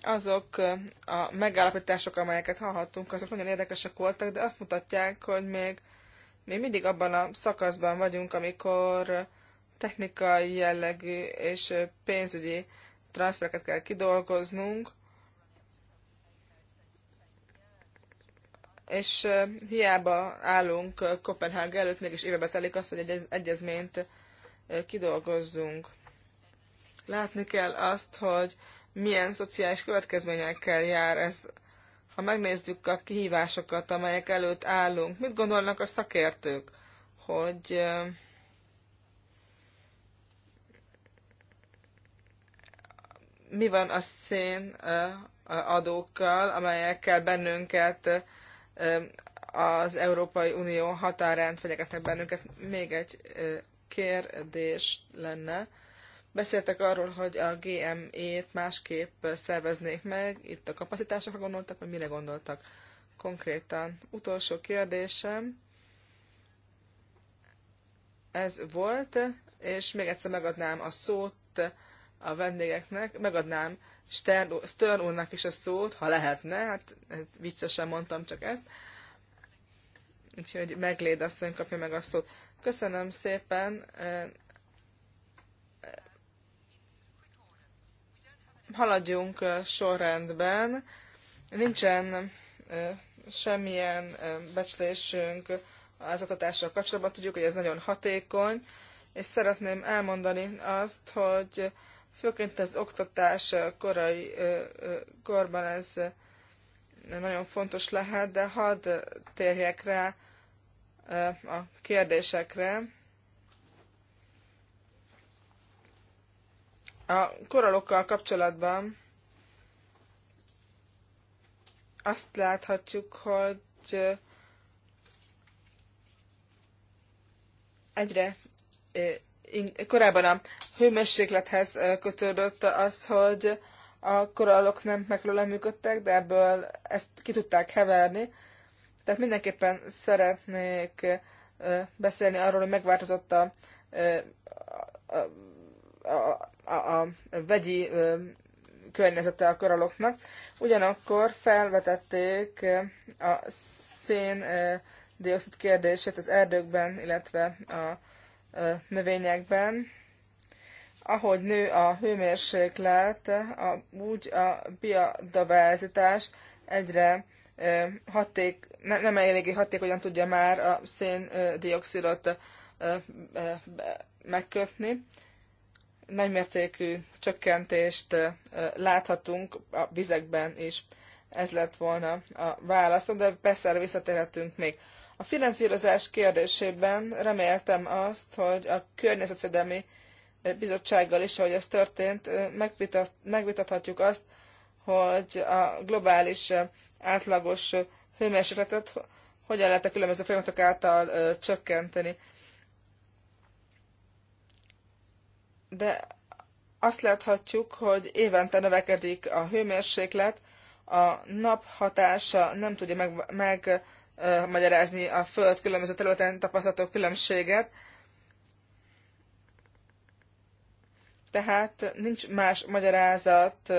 azok a megállapítások, amelyeket hallhattunk, azok nagyon érdekesek voltak, de azt mutatják, hogy még, még mindig abban a szakaszban vagyunk, amikor technikai jellegű és pénzügyi transzfereket kell kidolgoznunk, és hiába állunk Kopenhága előtt, mégis évebe telik az, hogy egy egyezményt kidolgozzunk. Látni kell azt, hogy milyen szociális következményekkel jár ez. Ha megnézzük a kihívásokat, amelyek előtt állunk, mit gondolnak a szakértők, hogy mi van a szén adókkal, amelyekkel bennünket az Európai Unió határán fenyegetnek bennünket. Még egy kérdés lenne Beszéltek arról, hogy a GME-t másképp szerveznék meg, itt a kapacitásokra gondoltak, vagy mire gondoltak konkrétan. Utolsó kérdésem, ez volt, és még egyszer megadnám a szót a vendégeknek, megadnám Stern úrnak is a szót, ha lehetne, hát ez viccesen mondtam csak ezt. Úgyhogy Megléd asszony kapja meg a szót. Köszönöm szépen, haladjunk sorrendben. Nincsen semmilyen becslésünk az oktatással kapcsolatban. Tudjuk, hogy ez nagyon hatékony, és szeretném elmondani azt, hogy főként az oktatás korai korban ez nagyon fontos lehet, de hadd térjek rá a kérdésekre. A koralokkal kapcsolatban azt láthatjuk, hogy egyre eh, korábban a hőmérséklethez eh, kötődött az, hogy a korallok nem megfelelően működtek, de ebből ezt ki tudták heverni. Tehát mindenképpen szeretnék eh, beszélni arról, hogy megváltozott a, a, a, a a, a vegyi környezete a karaloknak. Ugyanakkor felvetették a szén dioxid kérdését az erdőkben, illetve a növényekben. Ahogy nő a hőmérséklet, a, úgy a biodiverzitás egyre haték, ne, nem eléggé hatékonyan tudja már a szén széndiokszidot megkötni nagymértékű csökkentést láthatunk a vizekben is. Ez lett volna a válaszom, de persze erre visszatérhetünk még. A finanszírozás kérdésében reméltem azt, hogy a környezetvédelmi bizottsággal is, ahogy ez történt, megvitathatjuk azt, hogy a globális átlagos hőmérsékletet hogyan lehet a különböző folyamatok által csökkenteni. de azt láthatjuk, hogy évente növekedik a hőmérséklet, a nap hatása nem tudja megmagyarázni meg, a Föld különböző területen tapasztalható különbséget, tehát nincs más magyarázat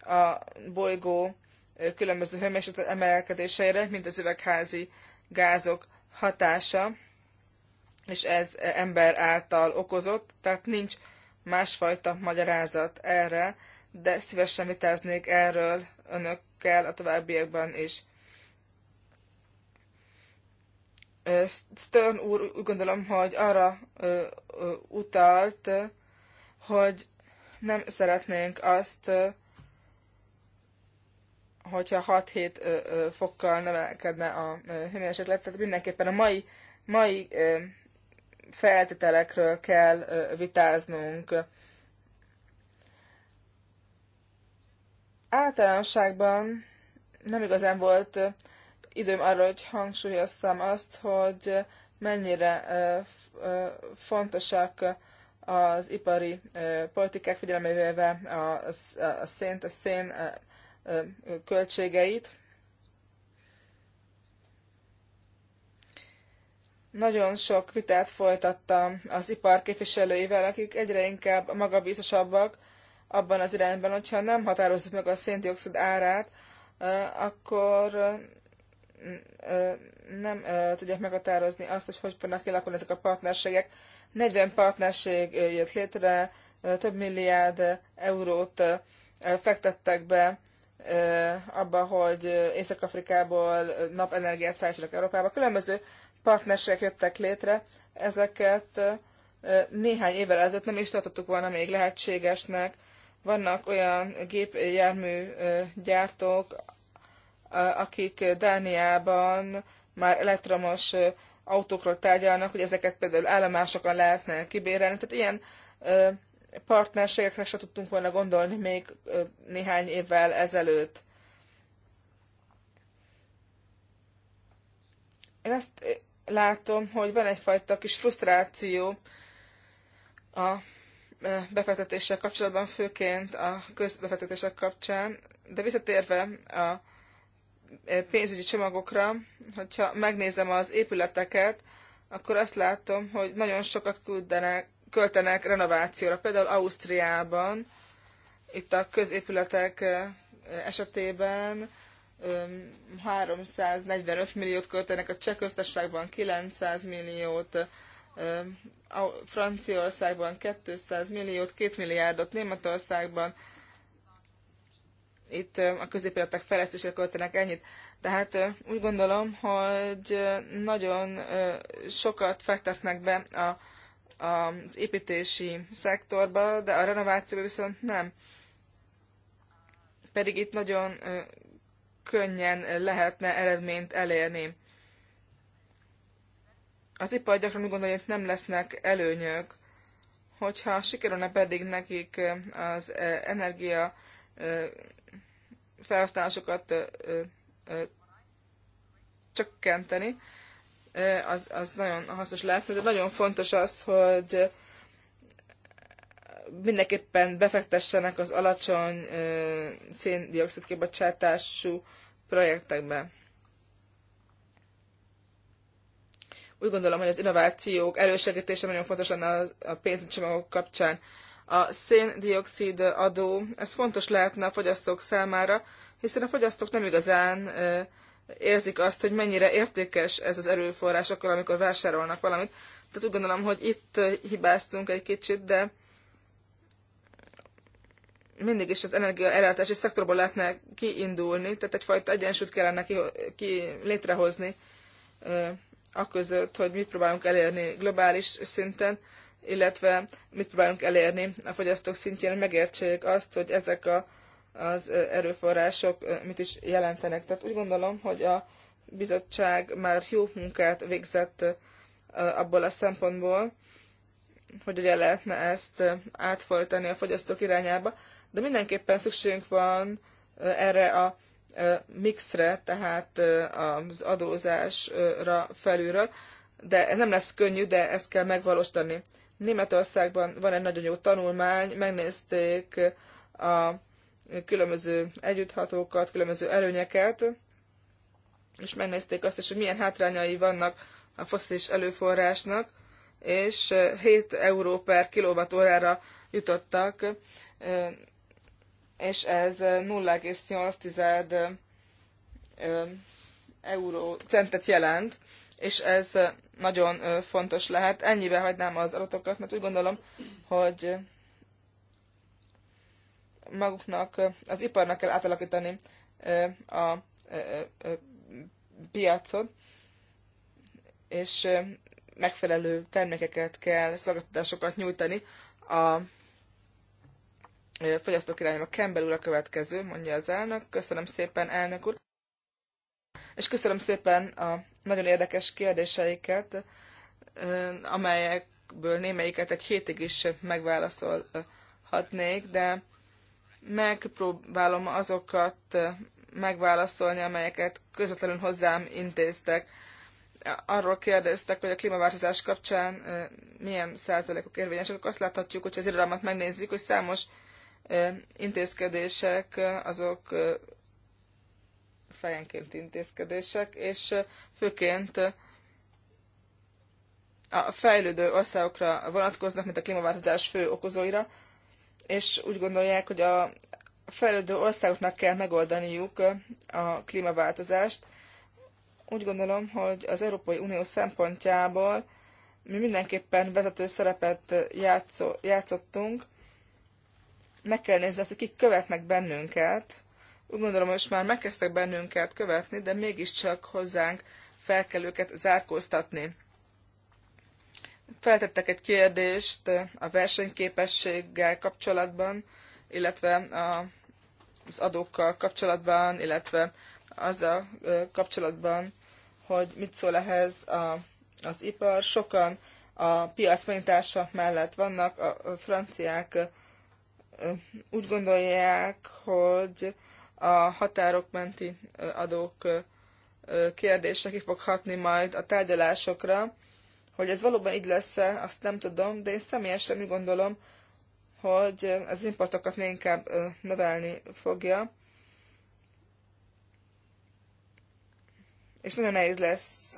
a bolygó különböző hőmérséklet emelkedéseire, mint az üvegházi gázok hatása, és ez ember által okozott, tehát nincs másfajta magyarázat erre, de szívesen vitáznék erről önökkel a továbbiakban is. Stern úr úgy gondolom, hogy arra utalt, hogy nem szeretnénk azt, hogyha 6-7 fokkal növekedne a hőmérséklet, tehát mindenképpen a mai, mai feltételekről kell vitáznunk. Általánosságban nem igazán volt időm arra, hogy hangsúlyoztam azt, hogy mennyire fontosak az ipari politikák figyelembe véve a szént, a szén költségeit. Nagyon sok vitát folytattam az ipar képviselőivel, akik egyre inkább magabiztosabbak abban az irányban, hogyha nem határozzuk meg a széndiokszid árát, akkor nem tudják meghatározni azt, hogy hogy fognak kialakulni ezek a partnerségek. 40 partnerség jött létre, több milliárd eurót fektettek be abba, hogy Észak-Afrikából napenergiát szállítsanak Európába. Különböző partnerségek jöttek létre, ezeket néhány évvel ezelőtt nem is tartottuk volna még lehetségesnek. Vannak olyan gépjármű gyártók, akik Dániában már elektromos autókról tárgyalnak, hogy ezeket például állomásokon lehetne kibérelni. Tehát ilyen partnerségekre se tudtunk volna gondolni még néhány évvel ezelőtt. Én azt látom, hogy van egyfajta kis frusztráció a e, befektetéssel kapcsolatban, főként a közbefektetések kapcsán, de visszatérve a e, pénzügyi csomagokra, hogyha megnézem az épületeket, akkor azt látom, hogy nagyon sokat küldenek, költenek renovációra. Például Ausztriában, itt a középületek e, esetében 345 milliót költenek a cseh köztársaságban, 900 milliót, a Franciaországban 200 milliót, 2 milliárdot Németországban, itt a középületek fejlesztésre költenek ennyit. Tehát úgy gondolom, hogy nagyon sokat fektetnek be a, a, az építési szektorba, de a renovációba viszont nem. Pedig itt nagyon könnyen lehetne eredményt elérni. Az ipar gyakran úgy gondolja, hogy nem lesznek előnyök, hogyha sikerülne pedig nekik az energia felhasználásokat csökkenteni, az, az nagyon hasznos lehetne, de nagyon fontos az, hogy mindenképpen befektessenek az alacsony széndiokszid kibocsátású projektekbe. Úgy gondolom, hogy az innovációk elősegítése nagyon fontos lenne a pénzcsomagok kapcsán. A széndiokszid adó, ez fontos lehetne a fogyasztók számára, hiszen a fogyasztók nem igazán érzik azt, hogy mennyire értékes ez az erőforrás akkor, amikor vásárolnak valamit. Tehát úgy gondolom, hogy itt hibáztunk egy kicsit, de mindig is az energiaellátási szektorból lehetne kiindulni, tehát egyfajta egyensúlyt kellene ki, ki létrehozni a között, hogy mit próbálunk elérni globális szinten, illetve mit próbálunk elérni a fogyasztók szintjén, hogy megértsék azt, hogy ezek a, az erőforrások mit is jelentenek. Tehát úgy gondolom, hogy a bizottság már jó munkát végzett abból a szempontból, hogy ugye lehetne ezt átfordítani a fogyasztók irányába, de mindenképpen szükségünk van erre a mixre, tehát az adózásra felülről, de nem lesz könnyű, de ezt kell megvalósítani. Németországban van egy nagyon jó tanulmány, megnézték a különböző együtthatókat, különböző előnyeket, és megnézték azt is, hogy milyen hátrányai vannak a foszilis előforrásnak, és 7 euró per kilovatórára jutottak és ez 0,8 euró centet jelent, és ez nagyon fontos lehet. Ennyibe hagynám az adatokat, mert úgy gondolom, hogy maguknak, az iparnak kell átalakítani a piacot, és megfelelő termékeket kell, szolgáltatásokat nyújtani a fogyasztók irányába. Campbell úr a következő, mondja az elnök. Köszönöm szépen, elnök úr. És köszönöm szépen a nagyon érdekes kérdéseiket, amelyekből némelyiket egy hétig is megválaszolhatnék, de megpróbálom azokat megválaszolni, amelyeket közvetlenül hozzám intéztek. Arról kérdeztek, hogy a klímaváltozás kapcsán milyen százalékok érvényesek. Azt láthatjuk, hogy az irodalmat megnézzük, hogy számos intézkedések azok fejenként intézkedések, és főként a fejlődő országokra vonatkoznak, mint a klímaváltozás fő okozóira, és úgy gondolják, hogy a fejlődő országoknak kell megoldaniuk a klímaváltozást. Úgy gondolom, hogy az Európai Unió szempontjából mi mindenképpen vezető szerepet játszottunk, meg kell nézni azt, hogy kik követnek bennünket. Úgy gondolom, most már megkezdtek bennünket követni, de mégiscsak hozzánk fel kell őket zárkóztatni. Feltettek egy kérdést a versenyképességgel kapcsolatban, illetve az adókkal kapcsolatban, illetve azzal kapcsolatban, hogy mit szól ehhez a, az ipar. Sokan a piac mellett vannak, a franciák úgy gondolják, hogy a határok menti adók kérdése ki fog hatni majd a tárgyalásokra. Hogy ez valóban így lesz-e, azt nem tudom, de én személyesen úgy gondolom, hogy az importokat még inkább növelni fogja. És nagyon nehéz lesz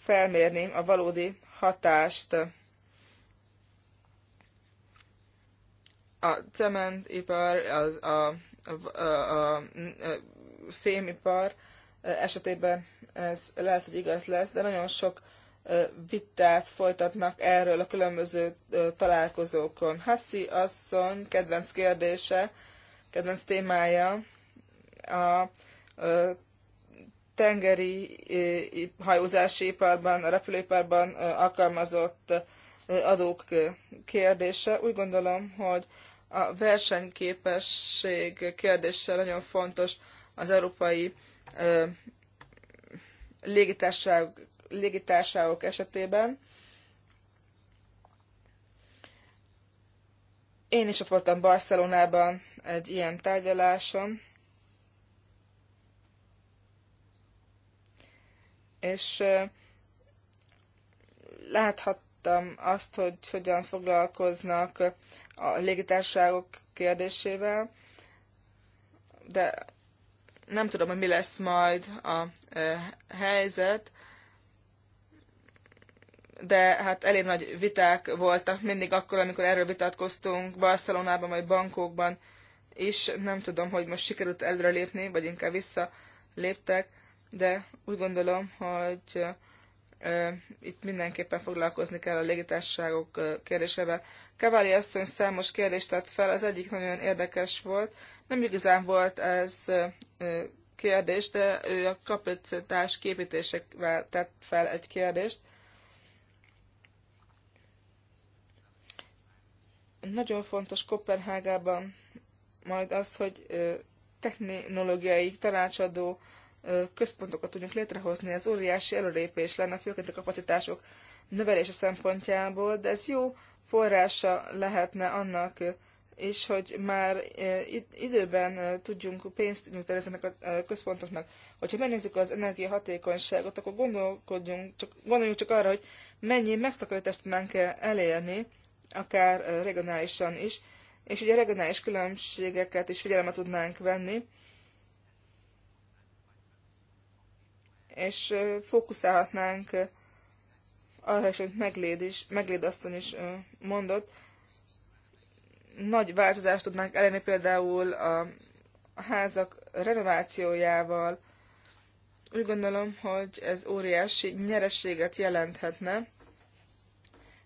felmérni a valódi hatást a cementipar, az, a, a, a, a fémipar esetében ez lehet, hogy igaz lesz, de nagyon sok vitát folytatnak erről a különböző találkozókon. Hassi asszon kedvenc kérdése, kedvenc témája a tengeri hajózási iparban, a repülőiparban alkalmazott adók kérdése. Úgy gondolom, hogy a versenyképesség kérdése nagyon fontos az európai ö, légitársaság, légitársaságok esetében. Én is ott voltam Barcelonában egy ilyen tárgyaláson, és láthattam azt, hogy hogyan foglalkoznak a légitárságok kérdésével, de nem tudom, hogy mi lesz majd a helyzet, de hát elég nagy viták voltak mindig akkor, amikor erről vitatkoztunk Barcelonában vagy bankokban, és nem tudom, hogy most sikerült előre lépni, vagy inkább vissza léptek, de úgy gondolom, hogy itt mindenképpen foglalkozni kell a légitársaságok kérdésével. Kavári asszony számos kérdést tett fel, az egyik nagyon érdekes volt. Nem igazán volt ez kérdés, de ő a kapacitás képítésekvel tett fel egy kérdést. Nagyon fontos Kopenhágában majd az, hogy technológiai tanácsadó központokat tudjunk létrehozni, ez óriási előrépés lenne, főként a kapacitások növelése szempontjából, de ez jó forrása lehetne annak is, hogy már időben tudjunk pénzt nyújtani ezeknek a központoknak. Hogyha megnézzük az energiahatékonyságot, akkor gondolkodjunk, csak, gondoljunk csak arra, hogy mennyi megtakarítást tudnánk elérni, akár regionálisan is, és ugye regionális különbségeket is figyelembe tudnánk venni, és fókuszálhatnánk arra is, amit Megléd, is, Megléd asszony is mondott. Nagy változást tudnánk elérni például a házak renovációjával. Úgy gondolom, hogy ez óriási nyereséget jelenthetne.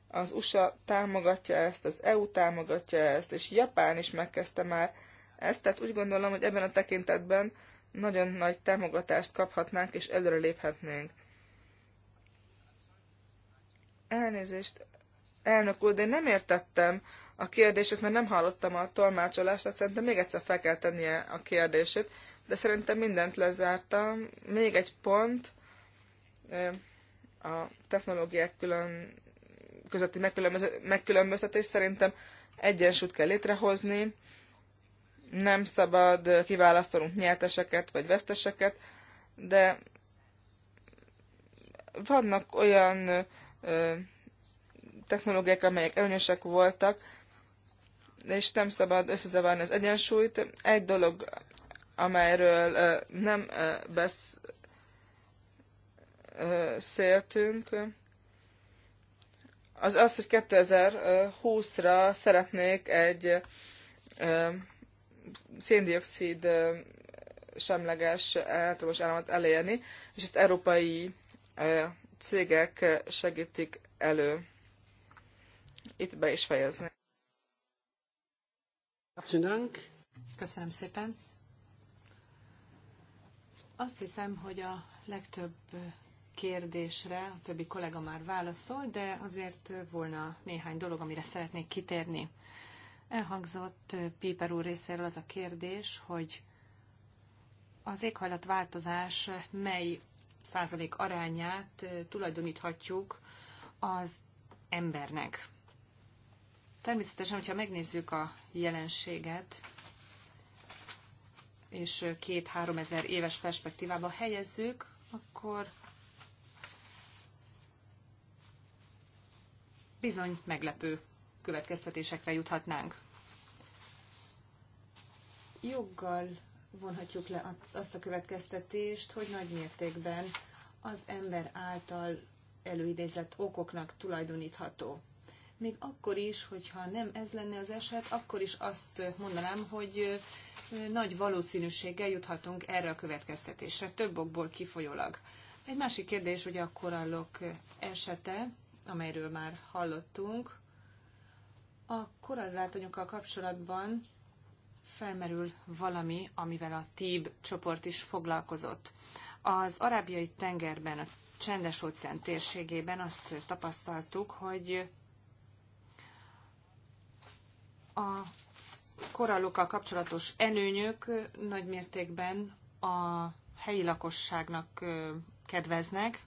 Az USA támogatja ezt, az EU támogatja ezt, és Japán is megkezdte már ezt, tehát úgy gondolom, hogy ebben a tekintetben nagyon nagy támogatást kaphatnánk és előre léphetnénk. Elnézést, elnök úr, de én nem értettem a kérdését, mert nem hallottam a tolmácsolást, tehát szerintem még egyszer fel kell tennie a kérdését, de szerintem mindent lezártam. Még egy pont, a technológiák külön, közötti megkülönböztetés szerintem egyensúlyt kell létrehozni, nem szabad kiválasztanunk nyerteseket vagy veszteseket, de vannak olyan ö, technológiák, amelyek előnyösek voltak, és nem szabad összezavarni az egyensúlyt. Egy dolog, amelyről ö, nem beszéltünk, az az, hogy 2020-ra szeretnék egy ö, széndiokszid semleges elektromos áramot elérni, és ezt európai cégek segítik elő. Itt be is fejezni. Köszönöm szépen. Azt hiszem, hogy a legtöbb kérdésre a többi kollega már válaszol, de azért volna néhány dolog, amire szeretnék kitérni. Elhangzott Piper úr részéről az a kérdés, hogy az éghajlatváltozás mely százalék arányát tulajdoníthatjuk az embernek. Természetesen, hogyha megnézzük a jelenséget, és két-három ezer éves perspektívába helyezzük, akkor bizony meglepő következtetésekre juthatnánk. Joggal vonhatjuk le azt a következtetést, hogy nagy mértékben az ember által előidézett okoknak tulajdonítható. Még akkor is, hogyha nem ez lenne az eset, akkor is azt mondanám, hogy nagy valószínűséggel juthatunk erre a következtetésre, több okból kifolyólag. Egy másik kérdés ugye a korallok esete, amelyről már hallottunk. A korazlátonyokkal kapcsolatban felmerül valami, amivel a TIB csoport is foglalkozott. Az arábiai tengerben, a csendes óceán térségében azt tapasztaltuk, hogy a korallokkal kapcsolatos előnyök nagy mértékben a helyi lakosságnak kedveznek,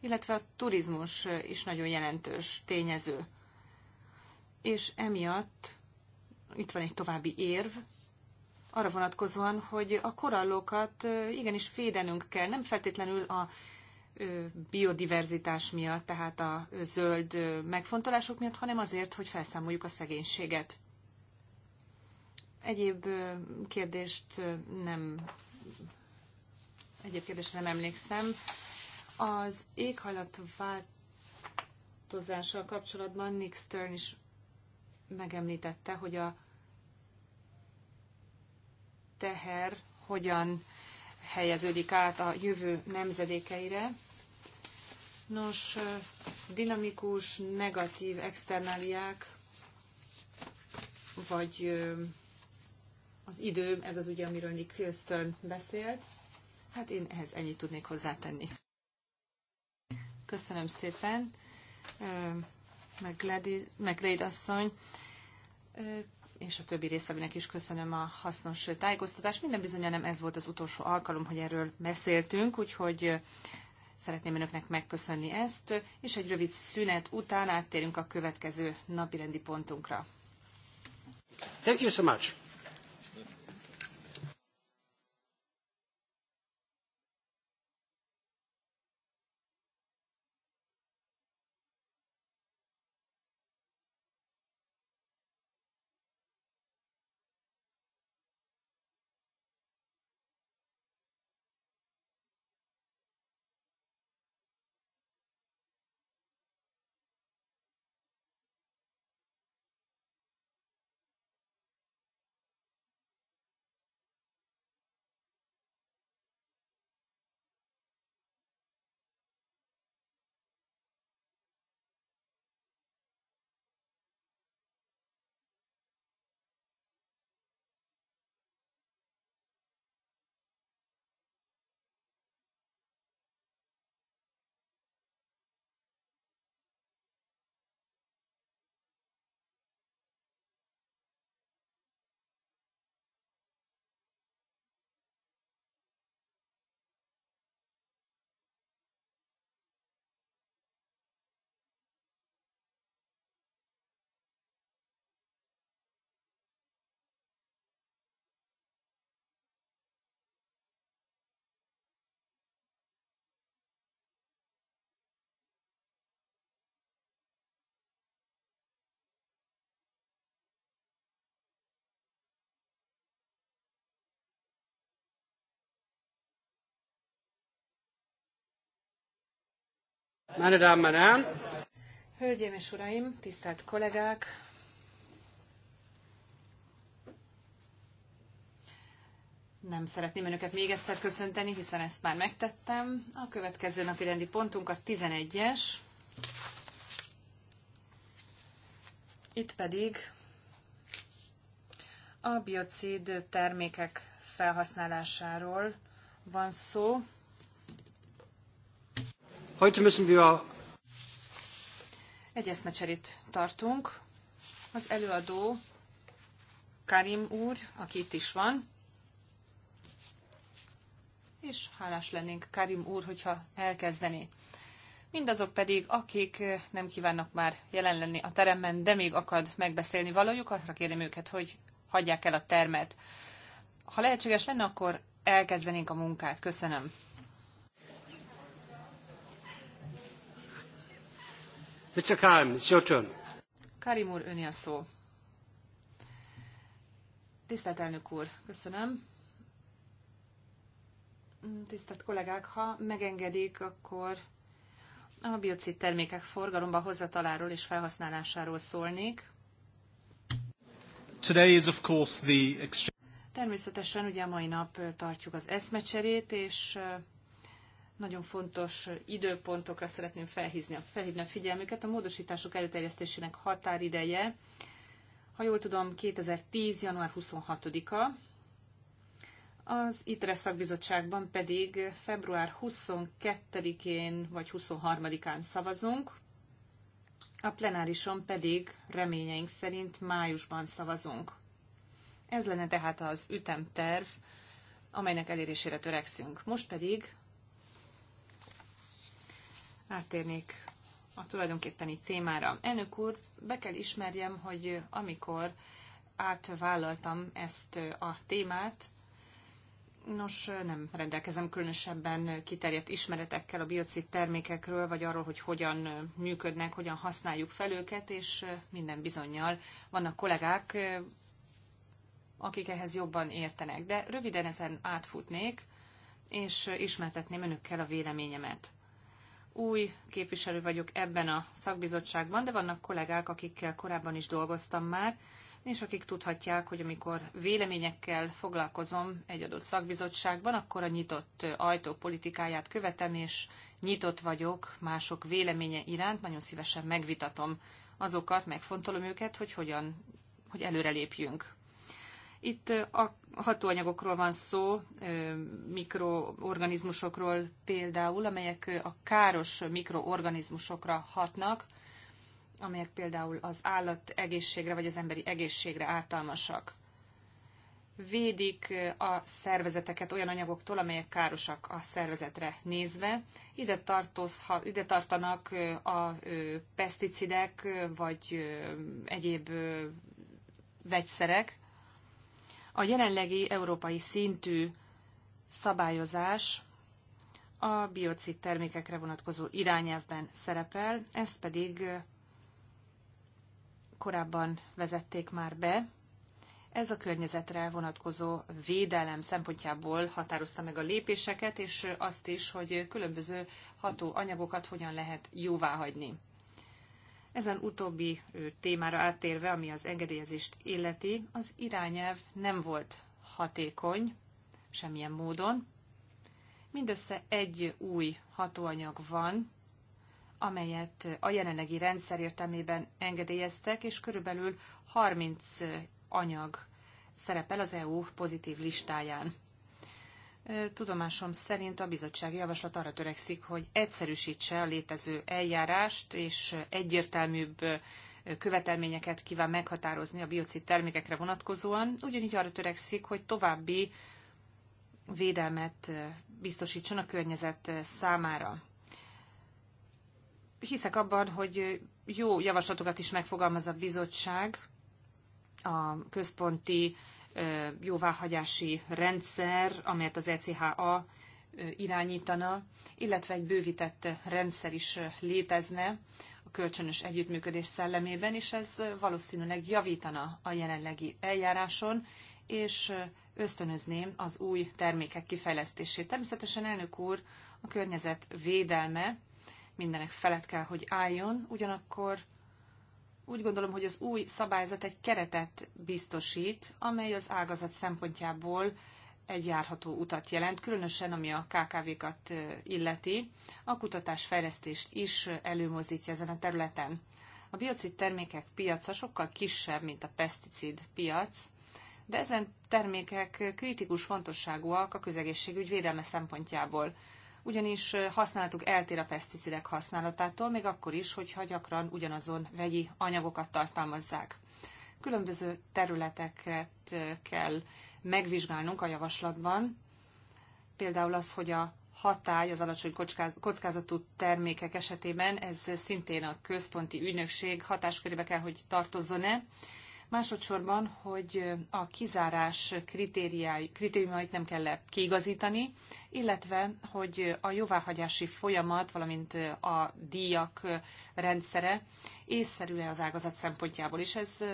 illetve a turizmus is nagyon jelentős tényező és emiatt itt van egy további érv, arra vonatkozóan, hogy a korallókat igenis védenünk kell, nem feltétlenül a biodiverzitás miatt, tehát a zöld megfontolások miatt, hanem azért, hogy felszámoljuk a szegénységet. Egyéb kérdést nem, egyéb kérdést nem emlékszem. Az éghajlatváltozással kapcsolatban Nick Stern is megemlítette, hogy a teher hogyan helyeződik át a jövő nemzedékeire. Nos, dinamikus, negatív externáliák, vagy az idő, ez az ugye, amiről Nick Stern beszélt. Hát én ehhez ennyit tudnék hozzátenni. Köszönöm szépen meg Glade asszony, és a többi részvevőnek is köszönöm a hasznos tájékoztatást. Minden bizony nem ez volt az utolsó alkalom, hogy erről beszéltünk, úgyhogy szeretném önöknek megköszönni ezt, és egy rövid szünet után áttérünk a következő napirendi pontunkra. Thank you so much. Meine Damen und Herren! Hölgyeim és Uraim, tisztelt kollégák! Nem szeretném önöket még egyszer köszönteni, hiszen ezt már megtettem. A következő napi rendi pontunk a 11-es. Itt pedig a biocid termékek felhasználásáról van szó. Heute müssen wir egy eszmecserét tartunk. Az előadó Karim úr, aki itt is van, és hálás lennénk Karim úr, hogyha elkezdené. Mindazok pedig, akik nem kívánnak már jelen lenni a teremben, de még akad megbeszélni valójuk, arra kérem őket, hogy hagyják el a termet. Ha lehetséges lenne, akkor elkezdenénk a munkát. Köszönöm. Mr. Karim, it's your turn. Karim úr, öné a szó. Tisztelt elnök úr, köszönöm. Tisztelt kollégák, ha megengedik, akkor a biocid termékek forgalomba hozataláról és felhasználásáról szólnék. Today is of course the Természetesen ugye a mai nap tartjuk az eszmecserét, és nagyon fontos időpontokra szeretném felhívni, felhívni a figyelmüket. A módosítások előterjesztésének határideje, ha jól tudom, 2010. január 26-a, az ITRE szakbizottságban pedig február 22-én vagy 23-án szavazunk, a plenárison pedig reményeink szerint májusban szavazunk. Ez lenne tehát az ütemterv, amelynek elérésére törekszünk. Most pedig áttérnék a tulajdonképpeni témára. Elnök úr, be kell ismerjem, hogy amikor átvállaltam ezt a témát, Nos, nem rendelkezem különösebben kiterjedt ismeretekkel a biocid termékekről, vagy arról, hogy hogyan működnek, hogyan használjuk fel őket, és minden bizonyal vannak kollégák, akik ehhez jobban értenek. De röviden ezen átfutnék, és ismertetném önökkel a véleményemet új képviselő vagyok ebben a szakbizottságban, de vannak kollégák, akikkel korábban is dolgoztam már, és akik tudhatják, hogy amikor véleményekkel foglalkozom egy adott szakbizottságban, akkor a nyitott ajtók politikáját követem, és nyitott vagyok mások véleménye iránt, nagyon szívesen megvitatom azokat, megfontolom őket, hogy hogyan, hogy előrelépjünk. Itt a hatóanyagokról van szó, mikroorganizmusokról például, amelyek a káros mikroorganizmusokra hatnak, amelyek például az állat egészségre vagy az emberi egészségre ártalmasak. Védik a szervezeteket olyan anyagoktól, amelyek károsak a szervezetre nézve. Ide, ha ide tartanak a pesticidek vagy egyéb vegyszerek, a jelenlegi európai szintű szabályozás a biocid termékekre vonatkozó irányelvben szerepel, ezt pedig korábban vezették már be. Ez a környezetre vonatkozó védelem szempontjából határozta meg a lépéseket, és azt is, hogy különböző ható anyagokat hogyan lehet jóvá hagyni. Ezen utóbbi témára áttérve, ami az engedélyezést illeti, az irányelv nem volt hatékony semmilyen módon. Mindössze egy új hatóanyag van, amelyet a jelenlegi rendszer értelmében engedélyeztek, és körülbelül 30 anyag szerepel az EU pozitív listáján. Tudomásom szerint a bizottsági javaslat arra törekszik, hogy egyszerűsítse a létező eljárást, és egyértelműbb követelményeket kíván meghatározni a biocid termékekre vonatkozóan. Ugyanígy arra törekszik, hogy további védelmet biztosítson a környezet számára. Hiszek abban, hogy jó javaslatokat is megfogalmaz a bizottság a központi jóváhagyási rendszer, amelyet az ECHA irányítana, illetve egy bővített rendszer is létezne a kölcsönös együttműködés szellemében, és ez valószínűleg javítana a jelenlegi eljáráson, és ösztönözném az új termékek kifejlesztését. Természetesen, elnök úr, a környezet védelme mindenek felett kell, hogy álljon, ugyanakkor úgy gondolom, hogy az új szabályzat egy keretet biztosít, amely az ágazat szempontjából egy járható utat jelent, különösen ami a KKV-kat illeti. A kutatásfejlesztést is előmozdítja ezen a területen. A biocid termékek piaca sokkal kisebb, mint a peszticid piac, de ezen termékek kritikus fontosságúak a közegészségügy védelme szempontjából ugyanis használtuk eltér a peszticidek használatától, még akkor is, hogyha gyakran ugyanazon vegyi anyagokat tartalmazzák. Különböző területeket kell megvizsgálnunk a javaslatban, például az, hogy a hatály az alacsony kockázatú termékek esetében, ez szintén a központi ügynökség hatáskörébe kell, hogy tartozzon-e, Másodszorban, hogy a kizárás kritériumait nem kell kiigazítani, illetve, hogy a jóváhagyási folyamat, valamint a díjak rendszere észszerű-e az ágazat szempontjából, és ez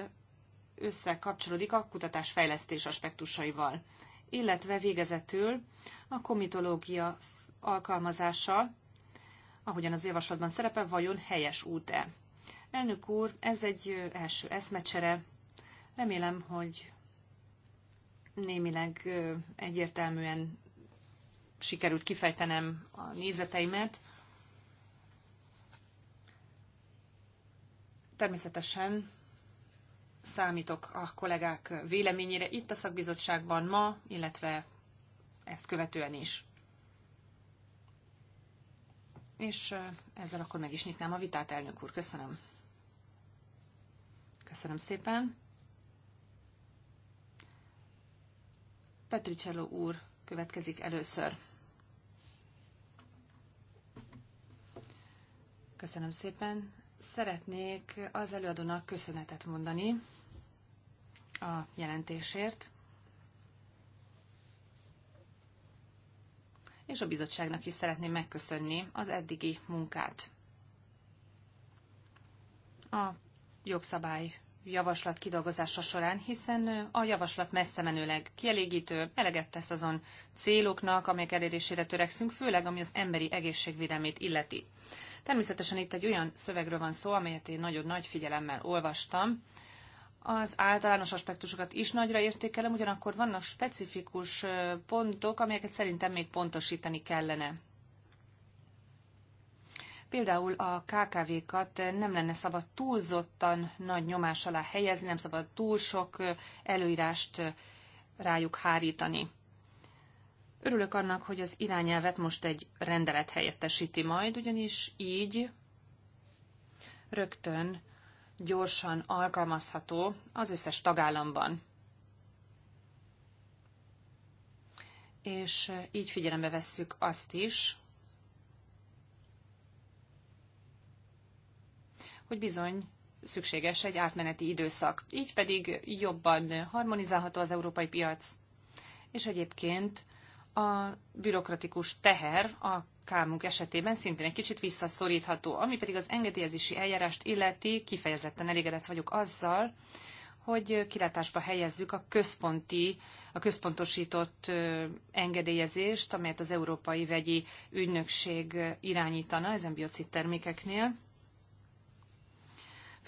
összekapcsolódik a kutatásfejlesztés aspektusaival. Illetve végezetül a komitológia alkalmazása, ahogyan az javaslatban szerepel, vajon helyes út-e? Elnök úr, ez egy első eszmecsere, Remélem, hogy némileg egyértelműen sikerült kifejtenem a nézeteimet. Természetesen számítok a kollégák véleményére itt a szakbizottságban ma, illetve ezt követően is. És ezzel akkor meg is nyitnám a vitát, elnök úr. Köszönöm. Köszönöm szépen. Petricello úr következik először. Köszönöm szépen. Szeretnék az előadónak köszönetet mondani a jelentésért, és a bizottságnak is szeretném megköszönni az eddigi munkát. A jogszabály javaslat kidolgozása során, hiszen a javaslat messze menőleg kielégítő, eleget tesz azon céloknak, amelyek elérésére törekszünk, főleg ami az emberi egészségvédelmét illeti. Természetesen itt egy olyan szövegről van szó, amelyet én nagyon nagy figyelemmel olvastam. Az általános aspektusokat is nagyra értékelem, ugyanakkor vannak specifikus pontok, amelyeket szerintem még pontosítani kellene. Például a KKV-kat nem lenne szabad túlzottan nagy nyomás alá helyezni, nem szabad túl sok előírást rájuk hárítani. Örülök annak, hogy az irányelvet most egy rendelet helyettesíti majd, ugyanis így rögtön gyorsan alkalmazható az összes tagállamban. És így figyelembe vesszük azt is, hogy bizony szükséges egy átmeneti időszak. Így pedig jobban harmonizálható az európai piac. És egyébként a bürokratikus teher a kámunk esetében szintén egy kicsit visszaszorítható, ami pedig az engedélyezési eljárást illeti, kifejezetten elégedett vagyok azzal, hogy kilátásba helyezzük a központi, a központosított engedélyezést, amelyet az Európai Vegyi Ügynökség irányítana ezen biocid termékeknél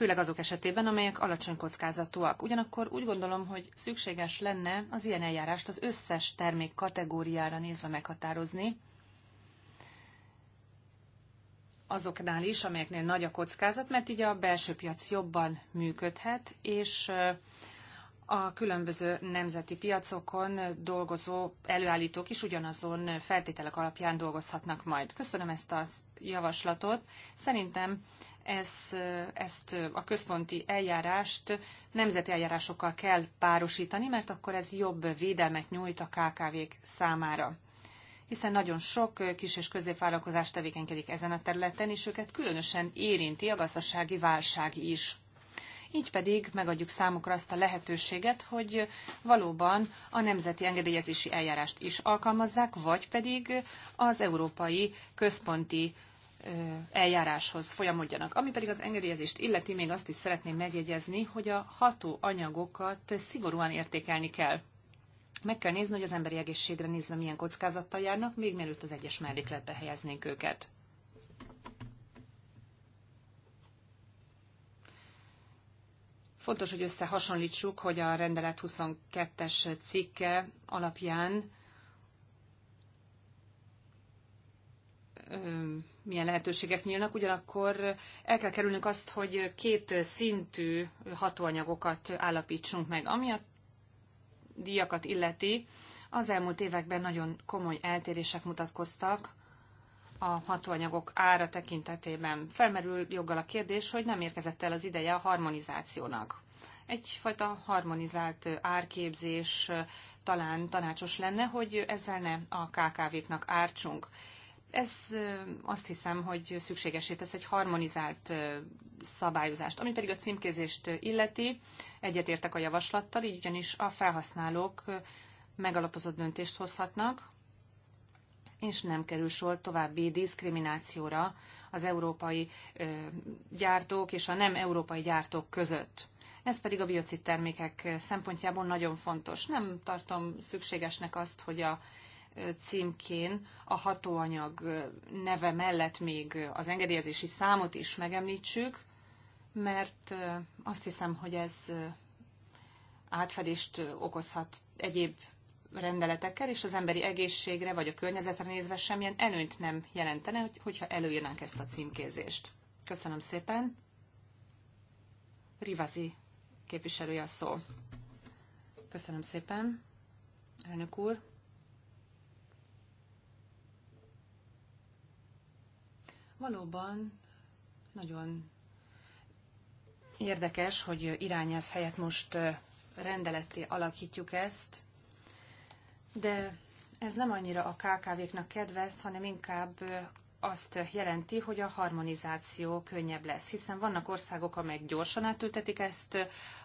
főleg azok esetében, amelyek alacsony kockázatúak. Ugyanakkor úgy gondolom, hogy szükséges lenne az ilyen eljárást az összes termék kategóriára nézve meghatározni, azoknál is, amelyeknél nagy a kockázat, mert így a belső piac jobban működhet, és a különböző nemzeti piacokon dolgozó előállítók is ugyanazon feltételek alapján dolgozhatnak majd. Köszönöm ezt a javaslatot. Szerintem ez, ezt a központi eljárást nemzeti eljárásokkal kell párosítani, mert akkor ez jobb védelmet nyújt a KKV-k számára hiszen nagyon sok kis és középvállalkozás tevékenykedik ezen a területen, és őket különösen érinti a gazdasági válság is. Így pedig megadjuk számukra azt a lehetőséget, hogy valóban a nemzeti engedélyezési eljárást is alkalmazzák, vagy pedig az Európai Központi eljáráshoz folyamodjanak. Ami pedig az engedélyezést illeti, még azt is szeretném megjegyezni, hogy a ható anyagokat szigorúan értékelni kell. Meg kell nézni, hogy az emberi egészségre nézve milyen kockázattal járnak, még mielőtt az egyes mellékletbe helyeznénk őket. Fontos, hogy összehasonlítsuk, hogy a rendelet 22-es cikke alapján milyen lehetőségek nyílnak, ugyanakkor el kell kerülnünk azt, hogy két szintű hatóanyagokat állapítsunk meg. Ami a díjakat illeti, az elmúlt években nagyon komoly eltérések mutatkoztak a hatóanyagok ára tekintetében. Felmerül joggal a kérdés, hogy nem érkezett el az ideje a harmonizációnak. Egyfajta harmonizált árképzés talán tanácsos lenne, hogy ezzel ne a KKV-knak ártsunk ez azt hiszem, hogy szükségesé tesz egy harmonizált szabályozást. Ami pedig a címkézést illeti, egyetértek a javaslattal, így ugyanis a felhasználók megalapozott döntést hozhatnak, és nem kerül sor további diszkriminációra az európai gyártók és a nem európai gyártók között. Ez pedig a biocid termékek szempontjából nagyon fontos. Nem tartom szükségesnek azt, hogy a címkén a hatóanyag neve mellett még az engedélyezési számot is megemlítsük, mert azt hiszem, hogy ez átfedést okozhat egyéb rendeletekkel, és az emberi egészségre vagy a környezetre nézve semmilyen előnyt nem jelentene, hogyha előírnánk ezt a címkézést. Köszönöm szépen. Rivazi képviselője a szó. Köszönöm szépen, elnök úr. Valóban nagyon érdekes, hogy irányelv helyett most rendeletté alakítjuk ezt, de ez nem annyira a KKV-knak kedvez, hanem inkább azt jelenti, hogy a harmonizáció könnyebb lesz, hiszen vannak országok, amelyek gyorsan átültetik ezt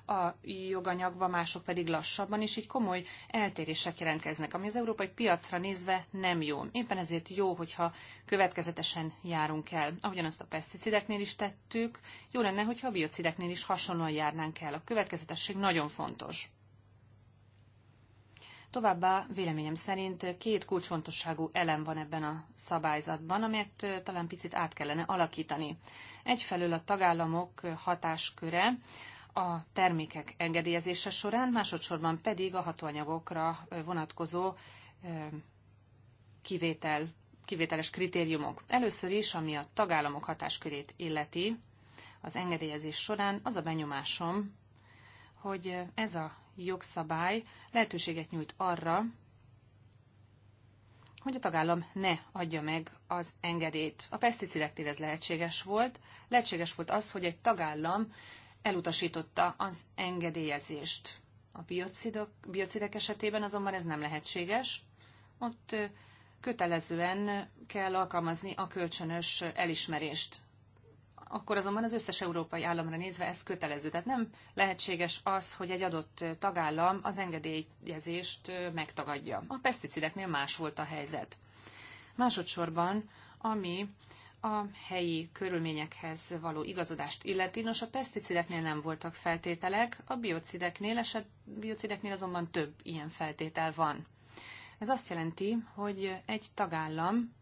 a joganyagba, mások pedig lassabban, és így komoly eltérések jelentkeznek, ami az európai piacra nézve nem jó. Éppen ezért jó, hogyha következetesen járunk el. Ahogyan azt a peszticideknél is tettük, jó lenne, hogyha a biocideknél is hasonlóan járnánk el. A következetesség nagyon fontos. Továbbá véleményem szerint két kulcsfontosságú elem van ebben a szabályzatban, amelyet talán picit át kellene alakítani. Egyfelől a tagállamok hatásköre a termékek engedélyezése során, másodszorban pedig a hatóanyagokra vonatkozó kivétel, kivételes kritériumok. Először is, ami a tagállamok hatáskörét illeti az engedélyezés során, az a benyomásom, hogy ez a jogszabály lehetőséget nyújt arra, hogy a tagállam ne adja meg az engedélyt. A peszticideknél ez lehetséges volt. Lehetséges volt az, hogy egy tagállam elutasította az engedélyezést. A biocidok, biocidek esetében azonban ez nem lehetséges. Ott kötelezően kell alkalmazni a kölcsönös elismerést akkor azonban az összes európai államra nézve ez kötelező. Tehát nem lehetséges az, hogy egy adott tagállam az engedélyezést megtagadja. A peszticideknél más volt a helyzet. Másodszorban, ami a helyi körülményekhez való igazodást illeti, nos a peszticideknél nem voltak feltételek, a biocideknél, eset, biocideknél azonban több ilyen feltétel van. Ez azt jelenti, hogy egy tagállam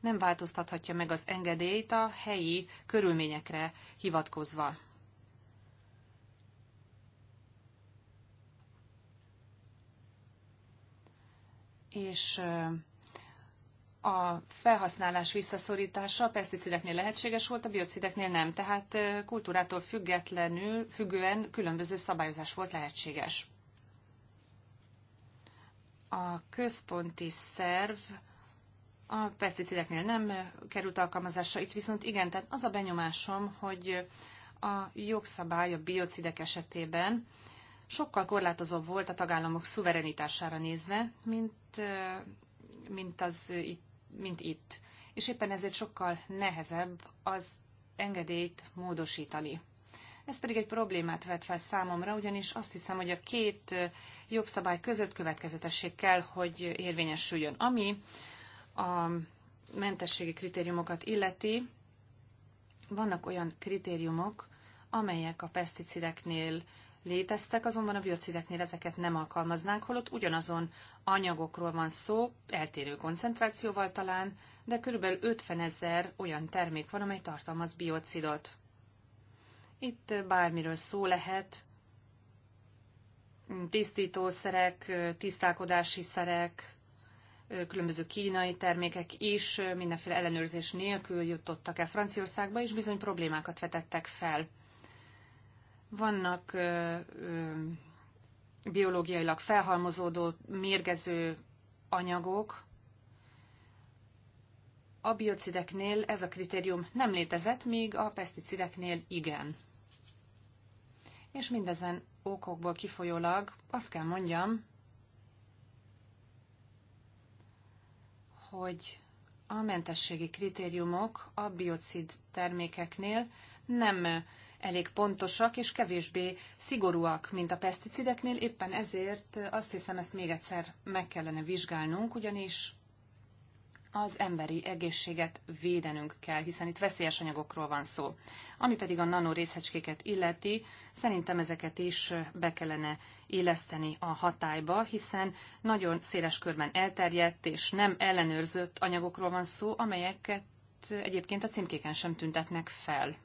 nem változtathatja meg az engedélyt a helyi körülményekre hivatkozva. És a felhasználás visszaszorítása a peszticideknél lehetséges volt, a biocideknél nem, tehát kultúrától függetlenül, függően különböző szabályozás volt lehetséges. A központi szerv a peszticideknél nem került alkalmazásra, itt viszont igen, tehát az a benyomásom, hogy a jogszabály a biocidek esetében sokkal korlátozóbb volt a tagállamok szuverenitására nézve, mint, mint, az, mint itt. És éppen ezért sokkal nehezebb az engedélyt módosítani. Ez pedig egy problémát vet fel számomra, ugyanis azt hiszem, hogy a két jogszabály között következetesség kell, hogy érvényesüljön. Ami a mentességi kritériumokat illeti, vannak olyan kritériumok, amelyek a peszticideknél léteztek, azonban a biocideknél ezeket nem alkalmaznánk, holott ugyanazon anyagokról van szó, eltérő koncentrációval talán, de körülbelül 50 ezer olyan termék van, amely tartalmaz biocidot. Itt bármiről szó lehet, tisztítószerek, tisztálkodási szerek, különböző kínai termékek is mindenféle ellenőrzés nélkül jutottak el Franciaországba, és bizony problémákat vetettek fel. Vannak ö, ö, biológiailag felhalmozódó, mérgező anyagok. A biocideknél ez a kritérium nem létezett, míg a peszticideknél igen. És mindezen okokból kifolyólag azt kell mondjam, hogy a mentességi kritériumok a biocid termékeknél nem elég pontosak és kevésbé szigorúak, mint a peszticideknél. Éppen ezért azt hiszem, ezt még egyszer meg kellene vizsgálnunk, ugyanis az emberi egészséget védenünk kell, hiszen itt veszélyes anyagokról van szó. Ami pedig a nano részecskéket illeti, szerintem ezeket is be kellene éleszteni a hatályba, hiszen nagyon széles körben elterjedt és nem ellenőrzött anyagokról van szó, amelyeket egyébként a címkéken sem tüntetnek fel.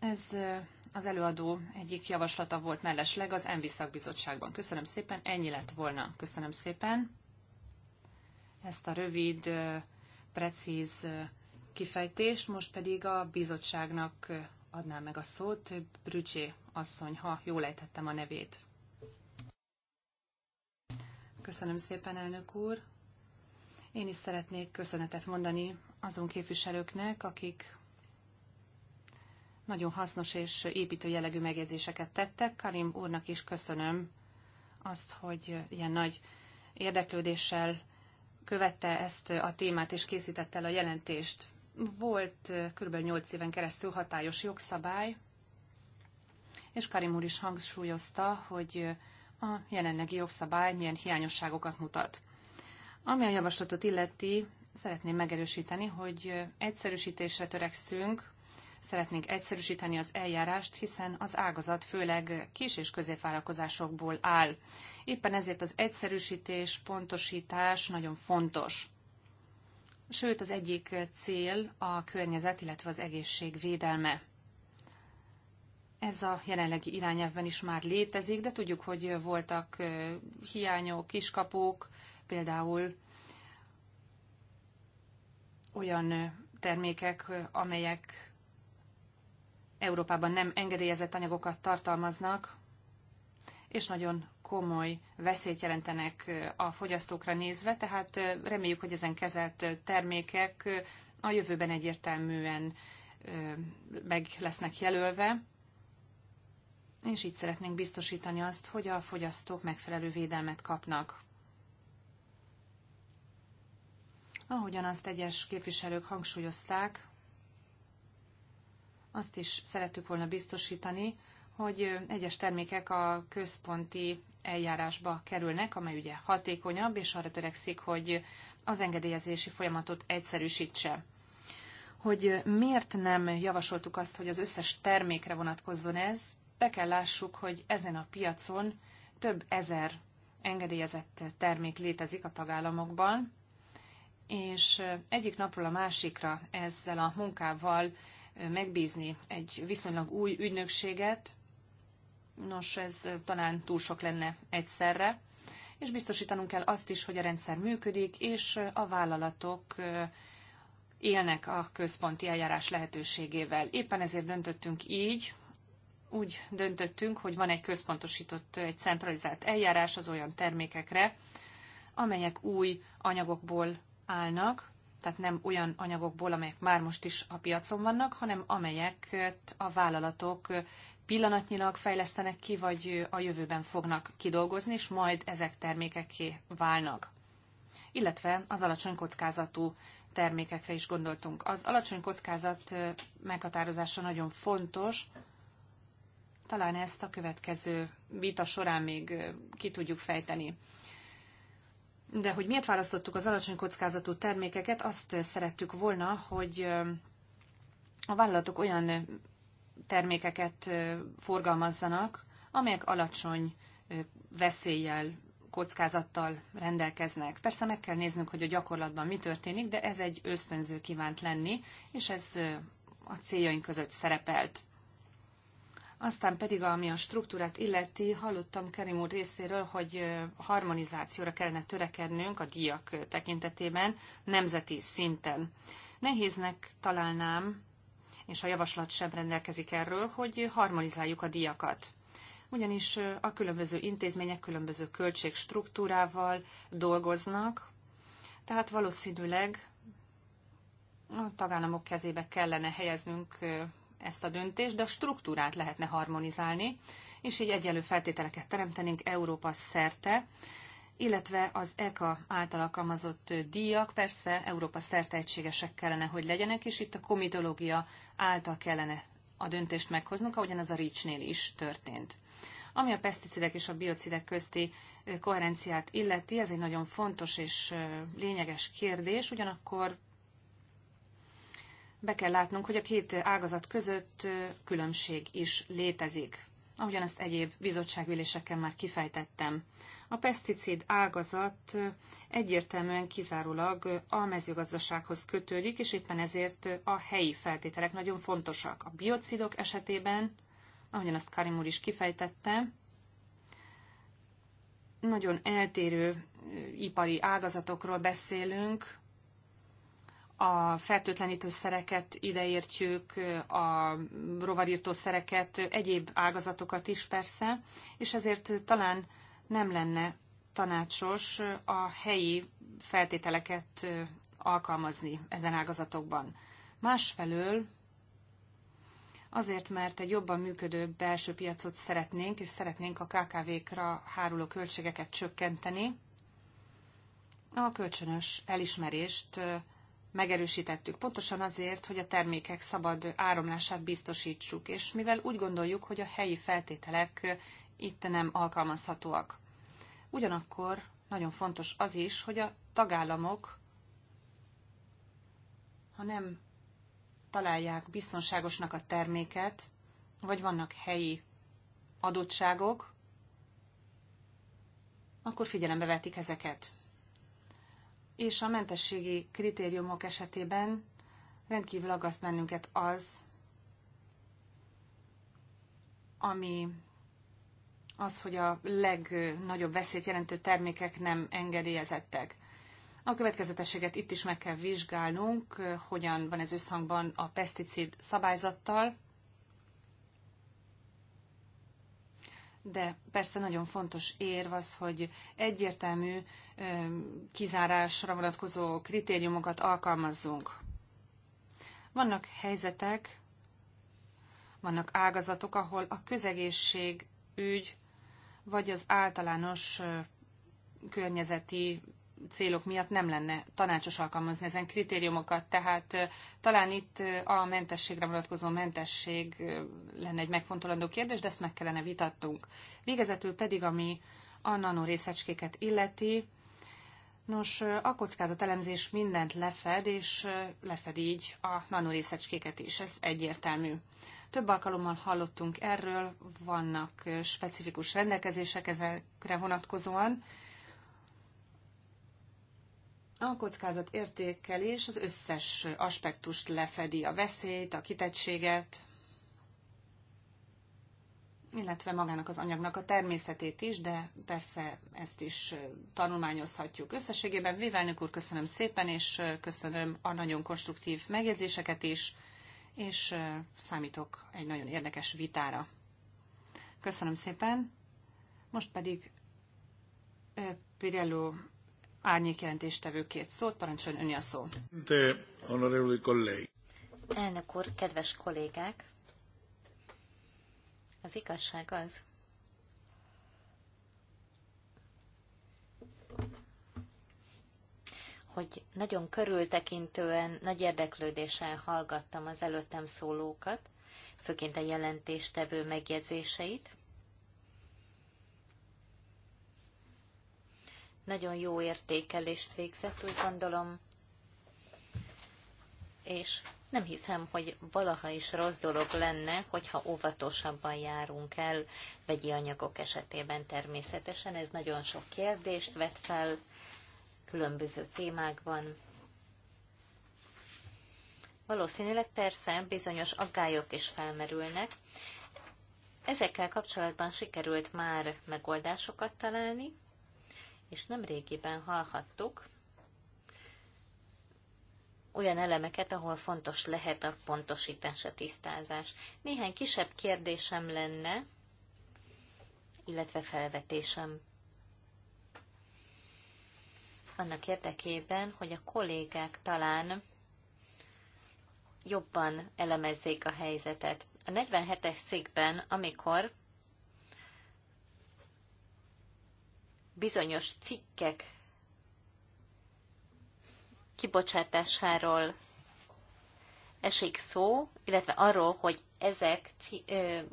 Ez az előadó egyik javaslata volt mellesleg az ENVI szakbizottságban. Köszönöm szépen, ennyi lett volna. Köszönöm szépen ezt a rövid, precíz kifejtést, most pedig a bizottságnak adnám meg a szót, Brücsé asszony, ha jól ejtettem a nevét. Köszönöm szépen, elnök úr. Én is szeretnék köszönetet mondani azon képviselőknek, akik nagyon hasznos és építő jellegű megjegyzéseket tettek. Karim úrnak is köszönöm azt, hogy ilyen nagy érdeklődéssel követte ezt a témát és készítette el a jelentést. Volt eh, kb. 8 éven keresztül hatályos jogszabály, és Karim úr is hangsúlyozta, hogy eh, a jelenlegi jogszabály milyen hiányosságokat mutat. Ami a javaslatot illeti, szeretném megerősíteni, hogy eh, egyszerűsítésre törekszünk, Szeretnénk egyszerűsíteni az eljárást, hiszen az ágazat főleg kis- és középvállalkozásokból áll. Éppen ezért az egyszerűsítés, pontosítás nagyon fontos. Sőt, az egyik cél a környezet, illetve az egészség védelme. Ez a jelenlegi irányelvben is már létezik, de tudjuk, hogy voltak hiányok, kiskapók, például olyan termékek, amelyek Európában nem engedélyezett anyagokat tartalmaznak, és nagyon komoly veszélyt jelentenek a fogyasztókra nézve, tehát reméljük, hogy ezen kezelt termékek a jövőben egyértelműen meg lesznek jelölve, és így szeretnénk biztosítani azt, hogy a fogyasztók megfelelő védelmet kapnak. Ahogyan azt egyes képviselők hangsúlyozták, azt is szerettük volna biztosítani, hogy egyes termékek a központi eljárásba kerülnek, amely ugye hatékonyabb, és arra törekszik, hogy az engedélyezési folyamatot egyszerűsítse. Hogy miért nem javasoltuk azt, hogy az összes termékre vonatkozzon ez, be kell lássuk, hogy ezen a piacon több ezer engedélyezett termék létezik a tagállamokban, és egyik napról a másikra ezzel a munkával megbízni egy viszonylag új ügynökséget. Nos, ez talán túl sok lenne egyszerre, és biztosítanunk kell azt is, hogy a rendszer működik, és a vállalatok élnek a központi eljárás lehetőségével. Éppen ezért döntöttünk így, úgy döntöttünk, hogy van egy központosított, egy centralizált eljárás az olyan termékekre, amelyek új anyagokból állnak, tehát nem olyan anyagokból, amelyek már most is a piacon vannak, hanem amelyeket a vállalatok pillanatnyilag fejlesztenek ki, vagy a jövőben fognak kidolgozni, és majd ezek termékeké válnak. Illetve az alacsony kockázatú termékekre is gondoltunk. Az alacsony kockázat meghatározása nagyon fontos, talán ezt a következő vita során még ki tudjuk fejteni. De hogy miért választottuk az alacsony kockázatú termékeket, azt szerettük volna, hogy a vállalatok olyan termékeket forgalmazzanak, amelyek alacsony veszéllyel, kockázattal rendelkeznek. Persze meg kell néznünk, hogy a gyakorlatban mi történik, de ez egy ösztönző kívánt lenni, és ez a céljaink között szerepelt. Aztán pedig, ami a struktúrát illeti, hallottam Kerim úr részéről, hogy harmonizációra kellene törekednünk a díjak tekintetében nemzeti szinten. Nehéznek találnám, és a javaslat sem rendelkezik erről, hogy harmonizáljuk a díjakat ugyanis a különböző intézmények különböző költségstruktúrával dolgoznak, tehát valószínűleg a tagállamok kezébe kellene helyeznünk ezt a döntést, de a struktúrát lehetne harmonizálni, és így egyenlő feltételeket teremtenénk Európa szerte, illetve az ECA által alkalmazott díjak persze Európa szerte egységesek kellene, hogy legyenek, és itt a komitológia által kellene a döntést meghoznunk, ahogyan az a Ricsnél is történt. Ami a peszticidek és a biocidek közti koherenciát illeti, ez egy nagyon fontos és lényeges kérdés, ugyanakkor be kell látnunk, hogy a két ágazat között különbség is létezik. Ahogyan ezt egyéb bizottságüléseken már kifejtettem. A peszticid ágazat egyértelműen kizárólag a mezőgazdasághoz kötődik, és éppen ezért a helyi feltételek nagyon fontosak. A biocidok esetében, ahogyan azt Karim úr is kifejtette, nagyon eltérő ipari ágazatokról beszélünk, a fertőtlenítőszereket ideértjük, a rovarírtószereket, egyéb ágazatokat is persze, és ezért talán nem lenne tanácsos a helyi feltételeket alkalmazni ezen ágazatokban. Másfelől azért, mert egy jobban működő belső piacot szeretnénk, és szeretnénk a KKV-kra háruló költségeket csökkenteni, a kölcsönös elismerést megerősítettük, pontosan azért, hogy a termékek szabad áramlását biztosítsuk, és mivel úgy gondoljuk, hogy a helyi feltételek itt nem alkalmazhatóak. Ugyanakkor nagyon fontos az is, hogy a tagállamok, ha nem találják biztonságosnak a terméket, vagy vannak helyi adottságok, akkor figyelembe vetik ezeket és a mentességi kritériumok esetében rendkívül aggaszt bennünket az, ami az, hogy a legnagyobb veszélyt jelentő termékek nem engedélyezettek. A következetességet itt is meg kell vizsgálnunk, hogyan van ez összhangban a peszticid szabályzattal, de persze nagyon fontos érv az, hogy egyértelmű kizárásra vonatkozó kritériumokat alkalmazzunk. Vannak helyzetek, vannak ágazatok, ahol a közegészség ügy, vagy az általános környezeti célok miatt nem lenne tanácsos alkalmazni ezen kritériumokat, tehát talán itt a mentességre vonatkozó mentesség lenne egy megfontolandó kérdés, de ezt meg kellene vitatnunk. Végezetül pedig, ami a nanorészecskéket illeti, Nos, a kockázatelemzés mindent lefed, és lefed így a nanorészecskéket is, ez egyértelmű. Több alkalommal hallottunk erről, vannak specifikus rendelkezések ezekre vonatkozóan, a kockázat értékelés az összes aspektust lefedi, a veszélyt, a kitettséget, illetve magának az anyagnak a természetét is, de persze ezt is tanulmányozhatjuk. Összességében Vévelnök úr, köszönöm szépen, és köszönöm a nagyon konstruktív megjegyzéseket is, és számítok egy nagyon érdekes vitára. Köszönöm szépen. Most pedig Pirello árnyék jelentéstevő két szót. Parancsoljon önni a szó. De, honorevoli kollég. Elnök úr, kedves kollégák! Az igazság az, hogy nagyon körültekintően, nagy érdeklődéssel hallgattam az előttem szólókat, főként a jelentéstevő megjegyzéseit, nagyon jó értékelést végzett, úgy gondolom, és nem hiszem, hogy valaha is rossz dolog lenne, hogyha óvatosabban járunk el vegyi anyagok esetében természetesen. Ez nagyon sok kérdést vet fel különböző témákban. Valószínűleg persze bizonyos aggályok is felmerülnek. Ezekkel kapcsolatban sikerült már megoldásokat találni, és nem régiben hallhattuk olyan elemeket, ahol fontos lehet a pontosítás, a tisztázás. Néhány kisebb kérdésem lenne, illetve felvetésem. Annak érdekében, hogy a kollégák talán jobban elemezzék a helyzetet. A 47-es cikkben, amikor bizonyos cikkek kibocsátásáról esik szó, illetve arról, hogy ezek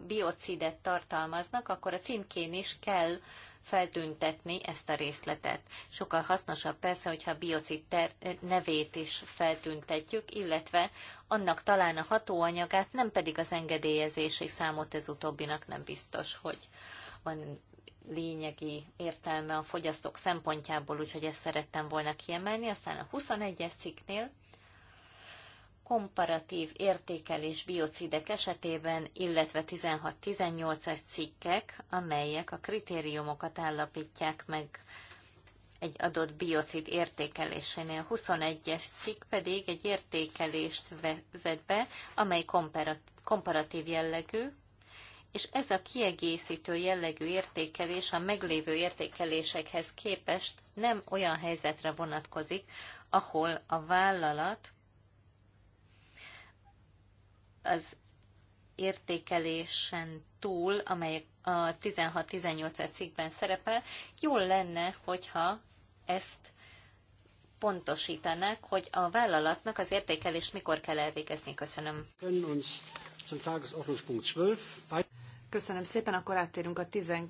biocidet tartalmaznak, akkor a címkén is kell feltüntetni ezt a részletet. Sokkal hasznosabb persze, hogyha a biocid nevét is feltüntetjük, illetve annak talán a hatóanyagát, nem pedig az engedélyezési számot ez utóbbinak nem biztos, hogy van lényegi értelme a fogyasztók szempontjából, úgyhogy ezt szerettem volna kiemelni. Aztán a 21-es cikknél komparatív értékelés biocidek esetében, illetve 16 18 es cikkek, amelyek a kritériumokat állapítják meg egy adott biocid értékelésénél. 21-es cikk pedig egy értékelést vezet be, amely komparatív jellegű, és ez a kiegészítő jellegű értékelés a meglévő értékelésekhez képest nem olyan helyzetre vonatkozik, ahol a vállalat az értékelésen túl, amely a 16-18 cikkben szerepel, jól lenne, hogyha ezt pontosítanák, hogy a vállalatnak az értékelés mikor kell elvégezni. Köszönöm. Köszönöm szépen, akkor áttérünk a 12.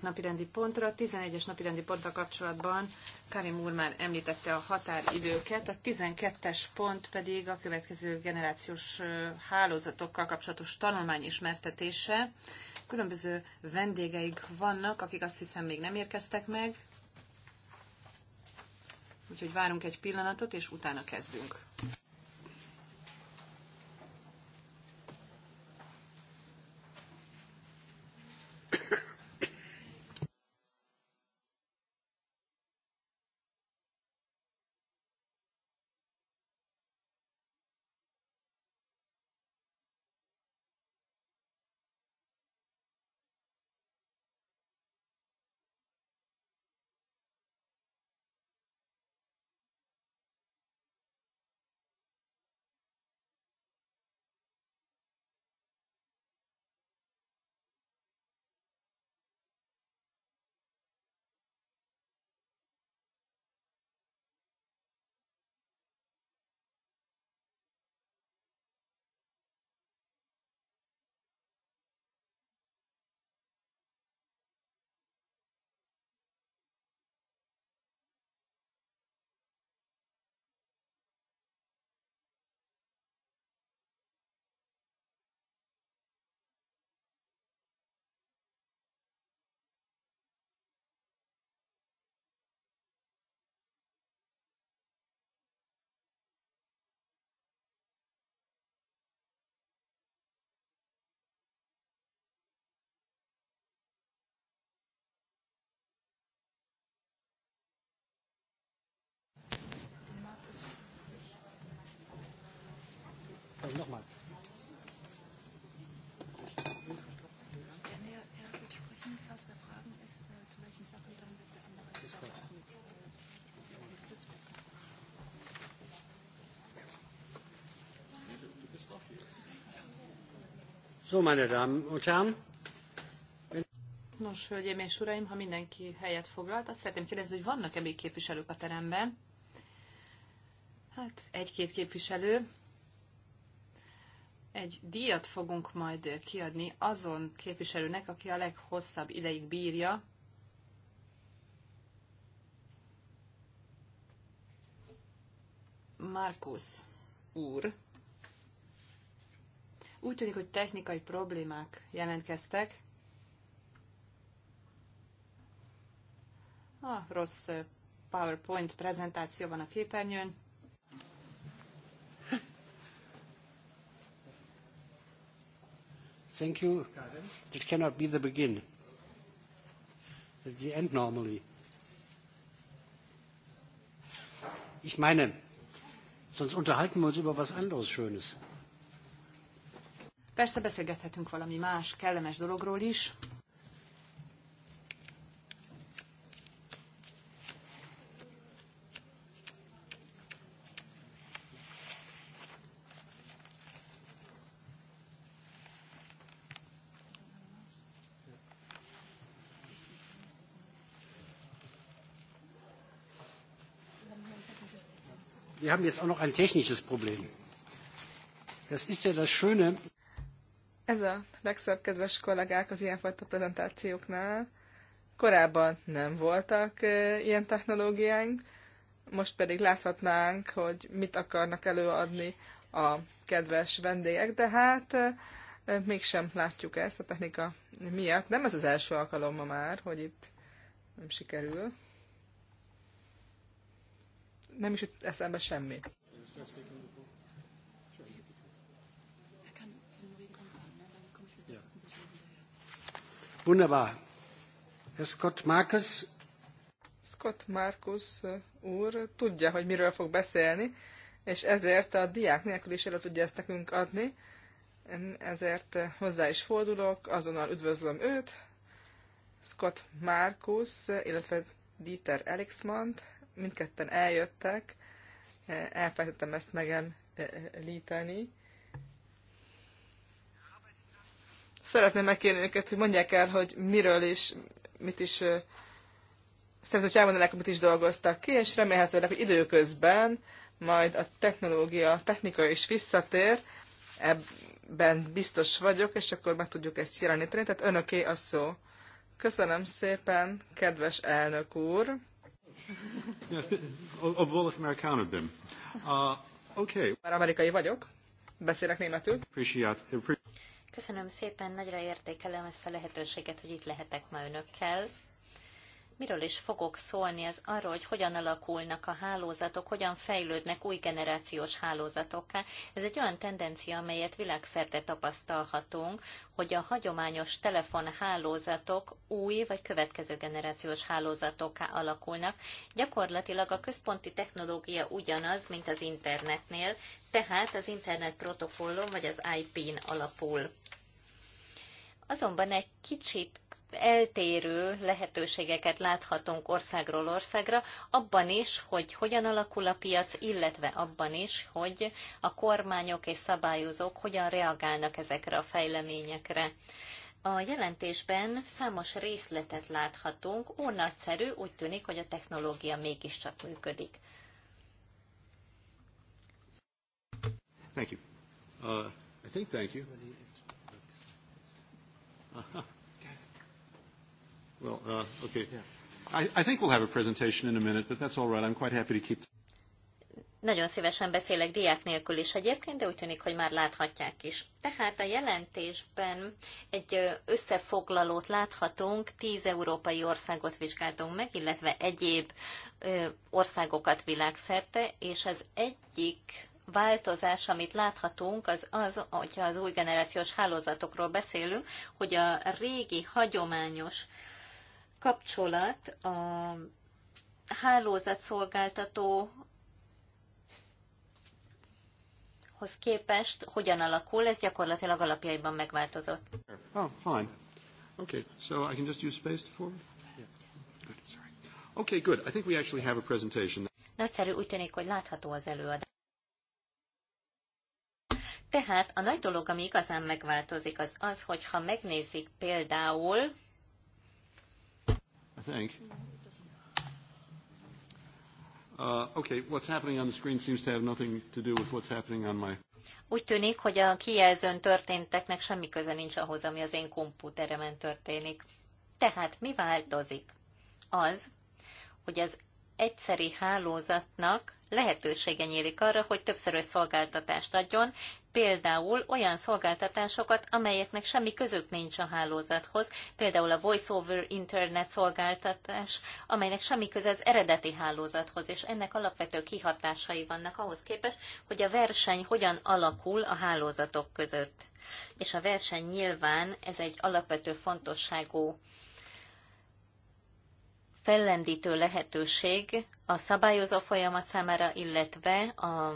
napirendi pontra. A 11-es napirendi ponttal kapcsolatban Karim úr már említette a határidőket, a 12-es pont pedig a következő generációs hálózatokkal kapcsolatos tanulmány ismertetése. Különböző vendégeik vannak, akik azt hiszem még nem érkeztek meg. Úgyhogy várunk egy pillanatot, és utána kezdünk. nochmal. So, meine Damen und Herren. Nos, hölgyeim és uraim, ha mindenki helyet foglalt, azt szeretném kérdezni, hogy vannak-e még képviselők a teremben? Hát egy-két képviselő, egy díjat fogunk majd kiadni azon képviselőnek, aki a leghosszabb ideig bírja Markus úr. Úgy tűnik, hogy technikai problémák jelentkeztek. A rossz eh, PowerPoint prezentáció van a képernyőn. Thank you. That cannot be the begin. It's the end normally. Ich meine, sonst unterhalten wir uns über was anderes Schönes. Persze beszélgethetünk valami más kellemes dologról is. wir haben jetzt auch noch ein technisches Problem. Das ist ja das Schöne. Ez a legszebb, kedves kollégák, az ilyenfajta prezentációknál. Korábban nem voltak ilyen technológiánk, most pedig láthatnánk, hogy mit akarnak előadni a kedves vendégek, de hát mégsem látjuk ezt a technika miatt. Nem ez az első alkalommal már, hogy itt nem sikerül nem is jut eszembe semmi. Wunderbar. Herr Scott Marcus. Scott Marcus úr tudja, hogy miről fog beszélni, és ezért a diák nélkül is el tudja ezt nekünk adni. Én ezért hozzá is fordulok, azonnal üdvözlöm őt, Scott Marcus, illetve Dieter Elixmant, mindketten eljöttek, elfelejtettem ezt megemlíteni. Eh, eh, szeretném megkérni őket, hogy mondják el, hogy miről is, mit is eh, szeretném, hogy elmondanák, amit is dolgoztak ki, és remélhetőleg, hogy időközben majd a technológia, a technika is visszatér, ebben biztos vagyok, és akkor meg tudjuk ezt jeleníteni. Tehát önöké a szó. Köszönöm szépen, kedves elnök úr! Abból amerikánod nem. Oké. Már amerikai vagyok, beszélek németül. Köszönöm szépen, nagyra értékelem ezt a lehetőséget, hogy itt lehetek ma önökkel miről is fogok szólni, az arról, hogy hogyan alakulnak a hálózatok, hogyan fejlődnek új generációs hálózatokká. Ez egy olyan tendencia, amelyet világszerte tapasztalhatunk, hogy a hagyományos telefonhálózatok új vagy következő generációs hálózatokká alakulnak. Gyakorlatilag a központi technológia ugyanaz, mint az internetnél, tehát az internet protokollon vagy az IP-n alapul. Azonban egy kicsit eltérő lehetőségeket láthatunk országról országra, abban is, hogy hogyan alakul a piac, illetve abban is, hogy a kormányok és szabályozók hogyan reagálnak ezekre a fejleményekre. A jelentésben számos részletet láthatunk, ó, nagyszerű, úgy tűnik, hogy a technológia mégiscsak működik. Thank you. Uh, I think thank you. well, uh, okay. I, I think we'll have a presentation in a minute, but that's all right. I'm quite happy to keep. Nagyon szívesen beszélek diák nélkül is egyébként, de úgy tűnik, hogy már láthatják is. Tehát a jelentésben egy összefoglalót láthatunk, tíz európai országot vizsgáltunk meg, illetve egyéb országokat világszerte, és az egyik változás, amit láthatunk, az az, hogyha az új generációs hálózatokról beszélünk, hogy a régi, hagyományos kapcsolat a hálózatszolgáltató hoz képest hogyan alakul, ez gyakorlatilag alapjaiban megváltozott. Oh, fine. Okay, so I can just use space to form. Yeah. Good, sorry. Okay, good. I think we actually have a presentation. Nagyszerű, úgy tűnik, hogy látható az előadás. Tehát a nagy dolog, ami igazán megváltozik, az az, hogyha megnézik például... I think. Uh, okay, what's happening on the screen seems to have nothing to do with what's happening on my... Úgy tűnik, hogy a kijelzőn történteknek semmi köze nincs ahhoz, ami az én kompúteremen történik. Tehát mi változik? Az, hogy az egyszeri hálózatnak lehetősége nyílik arra, hogy többszörös szolgáltatást adjon, például olyan szolgáltatásokat, amelyeknek semmi közük nincs a hálózathoz, például a Voice over Internet szolgáltatás, amelynek semmi köze az eredeti hálózathoz, és ennek alapvető kihatásai vannak ahhoz képest, hogy a verseny hogyan alakul a hálózatok között. És a verseny nyilván ez egy alapvető fontosságú fellendítő lehetőség a szabályozó folyamat számára, illetve a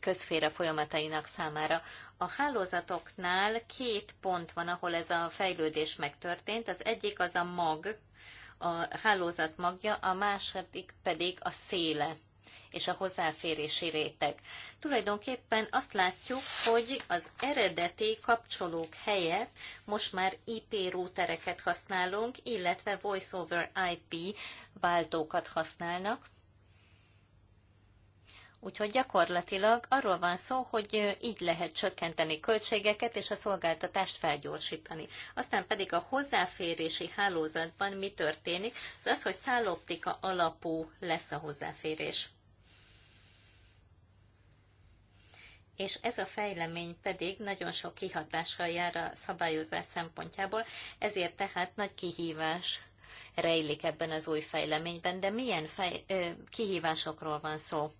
közféra folyamatainak számára. A hálózatoknál két pont van, ahol ez a fejlődés megtörtént. Az egyik az a mag, a hálózat magja, a második pedig a széle és a hozzáférési réteg. Tulajdonképpen azt látjuk, hogy az eredeti kapcsolók helyett most már IP routereket használunk, illetve voice over IP váltókat használnak, Úgyhogy gyakorlatilag arról van szó, hogy így lehet csökkenteni költségeket és a szolgáltatást felgyorsítani. Aztán pedig a hozzáférési hálózatban mi történik, az az, hogy szálloptika alapú lesz a hozzáférés. és ez a fejlemény pedig nagyon sok kihatással jár a szabályozás szempontjából, ezért tehát nagy kihívás rejlik ebben az új fejleményben. De milyen fej, ö, kihívásokról van szó?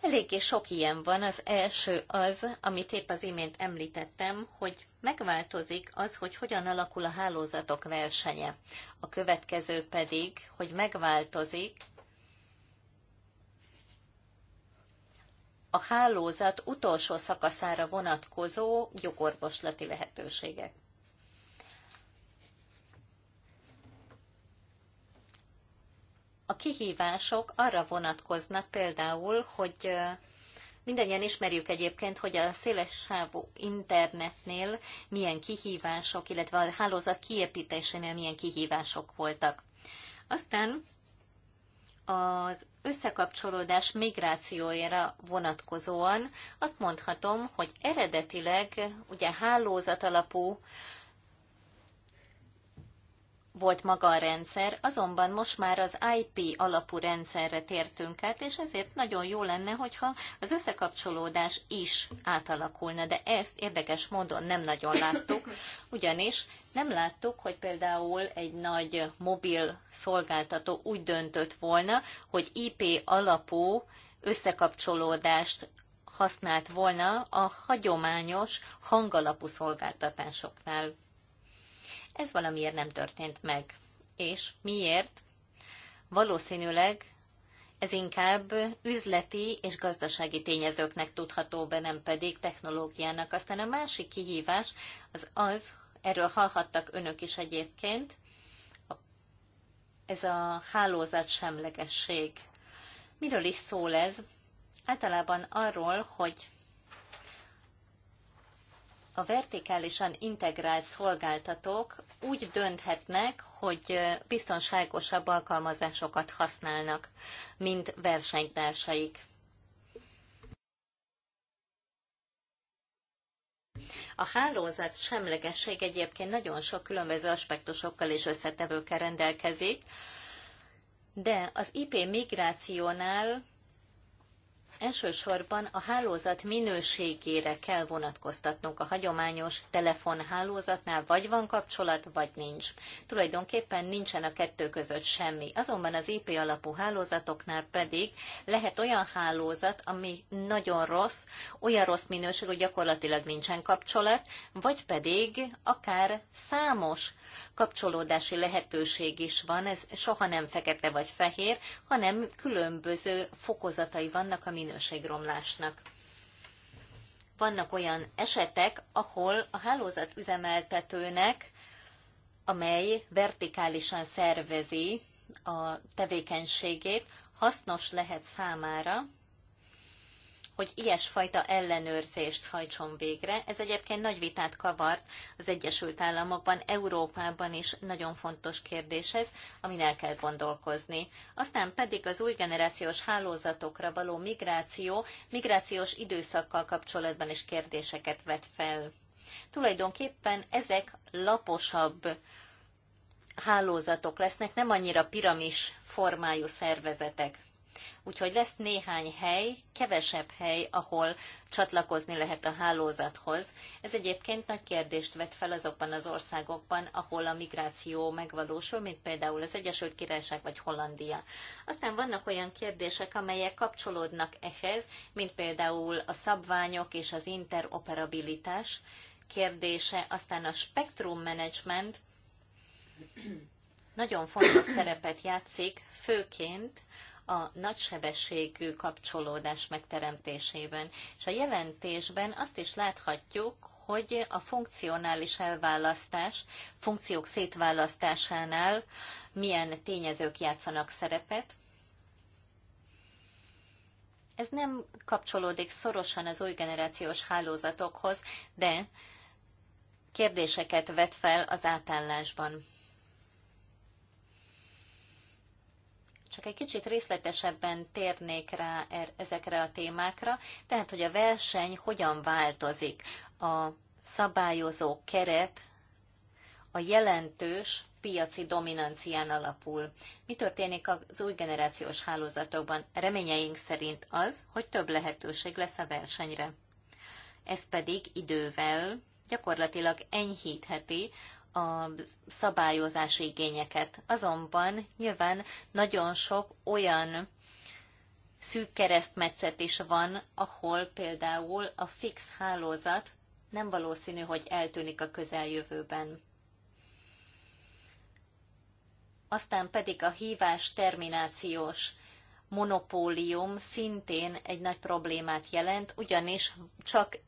Eléggé sok ilyen van. Az első az, amit épp az imént említettem, hogy megváltozik az, hogy hogyan alakul a hálózatok versenye. A következő pedig, hogy megváltozik a hálózat utolsó szakaszára vonatkozó jogorvoslati lehetőségek. A kihívások arra vonatkoznak például, hogy mindannyian ismerjük egyébként, hogy a széles sávú internetnél milyen kihívások, illetve a hálózat kiépítésénél milyen kihívások voltak. Aztán az összekapcsolódás migrációjára vonatkozóan azt mondhatom, hogy eredetileg ugye hálózat alapú volt maga a rendszer, azonban most már az IP alapú rendszerre tértünk át, és ezért nagyon jó lenne, hogyha az összekapcsolódás is átalakulna, de ezt érdekes módon nem nagyon láttuk, ugyanis nem láttuk, hogy például egy nagy mobil szolgáltató úgy döntött volna, hogy IP alapú összekapcsolódást használt volna a hagyományos hangalapú szolgáltatásoknál. Ez valamiért nem történt meg. És miért? Valószínűleg ez inkább üzleti és gazdasági tényezőknek tudható be, nem pedig technológiának. Aztán a másik kihívás az az, erről hallhattak önök is egyébként, ez a hálózat semlegesség. Miről is szól ez? Általában arról, hogy a vertikálisan integrált szolgáltatók úgy dönthetnek, hogy biztonságosabb alkalmazásokat használnak, mint versenytársaik. A hálózat semlegesség egyébként nagyon sok különböző aspektusokkal és összetevőkkel rendelkezik, de az IP migrációnál Elsősorban a hálózat minőségére kell vonatkoztatnunk a hagyományos telefonhálózatnál, vagy van kapcsolat, vagy nincs. Tulajdonképpen nincsen a kettő között semmi. Azonban az IP alapú hálózatoknál pedig lehet olyan hálózat, ami nagyon rossz, olyan rossz minőség, hogy gyakorlatilag nincsen kapcsolat, vagy pedig akár számos kapcsolódási lehetőség is van, ez soha nem fekete vagy fehér, hanem különböző fokozatai vannak a minőségromlásnak. Vannak olyan esetek, ahol a hálózat üzemeltetőnek, amely vertikálisan szervezi a tevékenységét, hasznos lehet számára, hogy ilyesfajta ellenőrzést hajtson végre. Ez egyébként nagy vitát kavart az Egyesült Államokban, Európában is nagyon fontos kérdés ez, amin el kell gondolkozni. Aztán pedig az új generációs hálózatokra való migráció, migrációs időszakkal kapcsolatban is kérdéseket vet fel. Tulajdonképpen ezek laposabb hálózatok lesznek, nem annyira piramis formájú szervezetek. Úgyhogy lesz néhány hely, kevesebb hely, ahol csatlakozni lehet a hálózathoz. Ez egyébként nagy kérdést vet fel azokban az országokban, ahol a migráció megvalósul, mint például az Egyesült Királyság vagy Hollandia. Aztán vannak olyan kérdések, amelyek kapcsolódnak ehhez, mint például a szabványok és az interoperabilitás kérdése, aztán a spektrum management nagyon fontos szerepet játszik, főként a nagysebességű kapcsolódás megteremtésében. És a jelentésben azt is láthatjuk, hogy a funkcionális elválasztás, funkciók szétválasztásánál milyen tényezők játszanak szerepet, ez nem kapcsolódik szorosan az új generációs hálózatokhoz, de kérdéseket vet fel az átállásban. Csak egy kicsit részletesebben térnék rá er, ezekre a témákra, tehát hogy a verseny hogyan változik. A szabályozó keret a jelentős piaci dominancián alapul. Mi történik az új generációs hálózatokban? Reményeink szerint az, hogy több lehetőség lesz a versenyre. Ez pedig idővel gyakorlatilag enyhítheti a szabályozási igényeket. Azonban nyilván nagyon sok olyan szűk keresztmetszet is van, ahol például a fix hálózat nem valószínű, hogy eltűnik a közeljövőben. Aztán pedig a hívás terminációs monopólium szintén egy nagy problémát jelent, ugyanis csak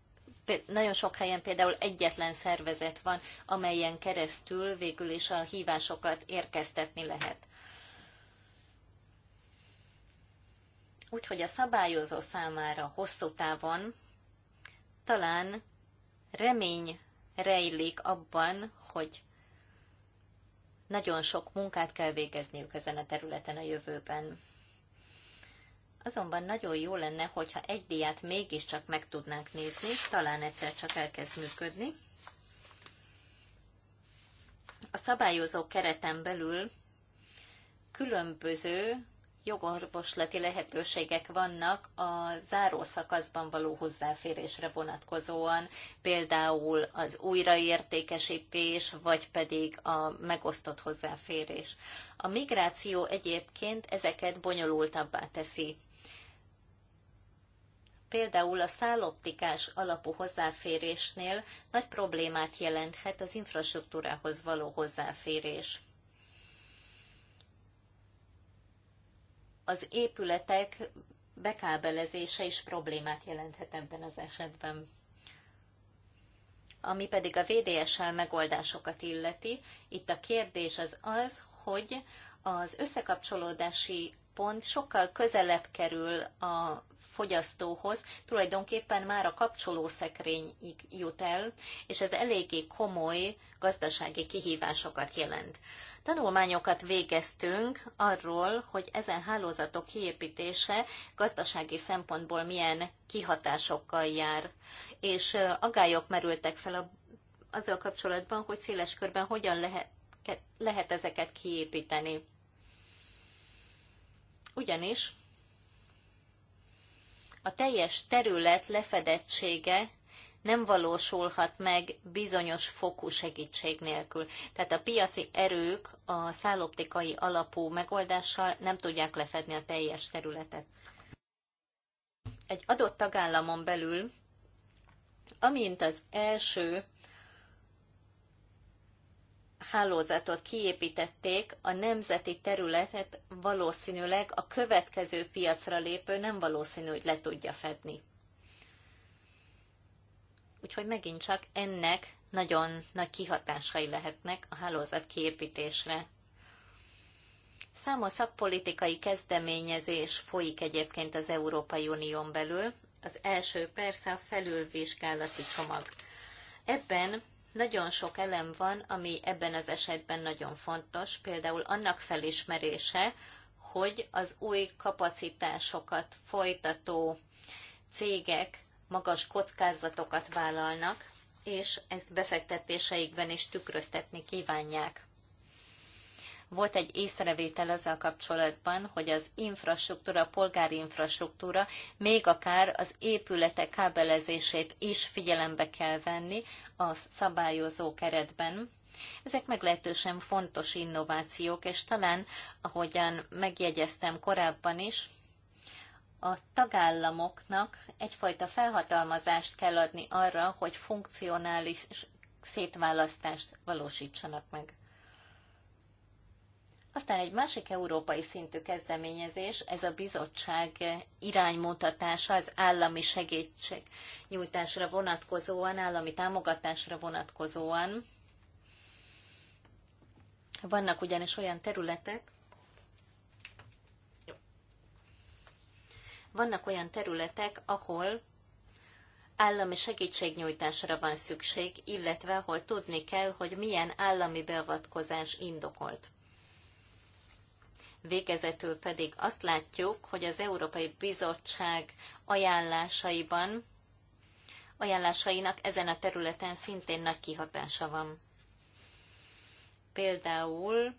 nagyon sok helyen például egyetlen szervezet van, amelyen keresztül végül is a hívásokat érkeztetni lehet. Úgyhogy a szabályozó számára hosszú távon talán remény rejlik abban, hogy nagyon sok munkát kell végezniük ezen a területen a jövőben. Azonban nagyon jó lenne, hogyha egy diát mégiscsak meg tudnánk nézni, talán egyszer csak elkezd működni. A szabályozó kereten belül különböző jogorvoslati lehetőségek vannak a záró szakaszban való hozzáférésre vonatkozóan, például az újraértékesítés, vagy pedig a megosztott hozzáférés. A migráció egyébként ezeket bonyolultabbá teszi például a száloptikás alapú hozzáférésnél nagy problémát jelenthet az infrastruktúrához való hozzáférés. Az épületek bekábelezése is problémát jelenthet ebben az esetben. Ami pedig a VDSL megoldásokat illeti, itt a kérdés az az, hogy az összekapcsolódási pont sokkal közelebb kerül a fogyasztóhoz tulajdonképpen már a kapcsolószekrényig jut el, és ez eléggé komoly gazdasági kihívásokat jelent. Tanulmányokat végeztünk arról, hogy ezen hálózatok kiépítése gazdasági szempontból milyen kihatásokkal jár, és agályok merültek fel a, azzal kapcsolatban, hogy széles körben hogyan lehet, lehet ezeket kiépíteni. Ugyanis a teljes terület lefedettsége nem valósulhat meg bizonyos fokú segítség nélkül. Tehát a piaci erők a szálloptikai alapú megoldással nem tudják lefedni a teljes területet. Egy adott tagállamon belül, amint az első hálózatot kiépítették, a nemzeti területet valószínűleg a következő piacra lépő nem valószínű, hogy le tudja fedni. Úgyhogy megint csak ennek nagyon nagy kihatásai lehetnek a hálózat kiépítésre. Számos szakpolitikai kezdeményezés folyik egyébként az Európai Unión belül. Az első persze a felülvizsgálati csomag. Ebben nagyon sok elem van, ami ebben az esetben nagyon fontos, például annak felismerése, hogy az új kapacitásokat folytató cégek magas kockázatokat vállalnak, és ezt befektetéseikben is tükröztetni kívánják. Volt egy észrevétel azzal kapcsolatban, hogy az infrastruktúra, a polgári infrastruktúra még akár az épületek kábelezését is figyelembe kell venni a szabályozó keretben. Ezek meglehetősen fontos innovációk, és talán, ahogyan megjegyeztem korábban is, a tagállamoknak egyfajta felhatalmazást kell adni arra, hogy funkcionális szétválasztást valósítsanak meg. Aztán egy másik európai szintű kezdeményezés, ez a bizottság iránymutatása az állami nyújtásra vonatkozóan, állami támogatásra vonatkozóan. Vannak ugyanis olyan területek, vannak olyan területek, ahol állami segítségnyújtásra van szükség, illetve ahol tudni kell, hogy milyen állami beavatkozás indokolt. Végezetül pedig azt látjuk, hogy az Európai Bizottság ajánlásaiban, ajánlásainak ezen a területen szintén nagy kihatása van. Például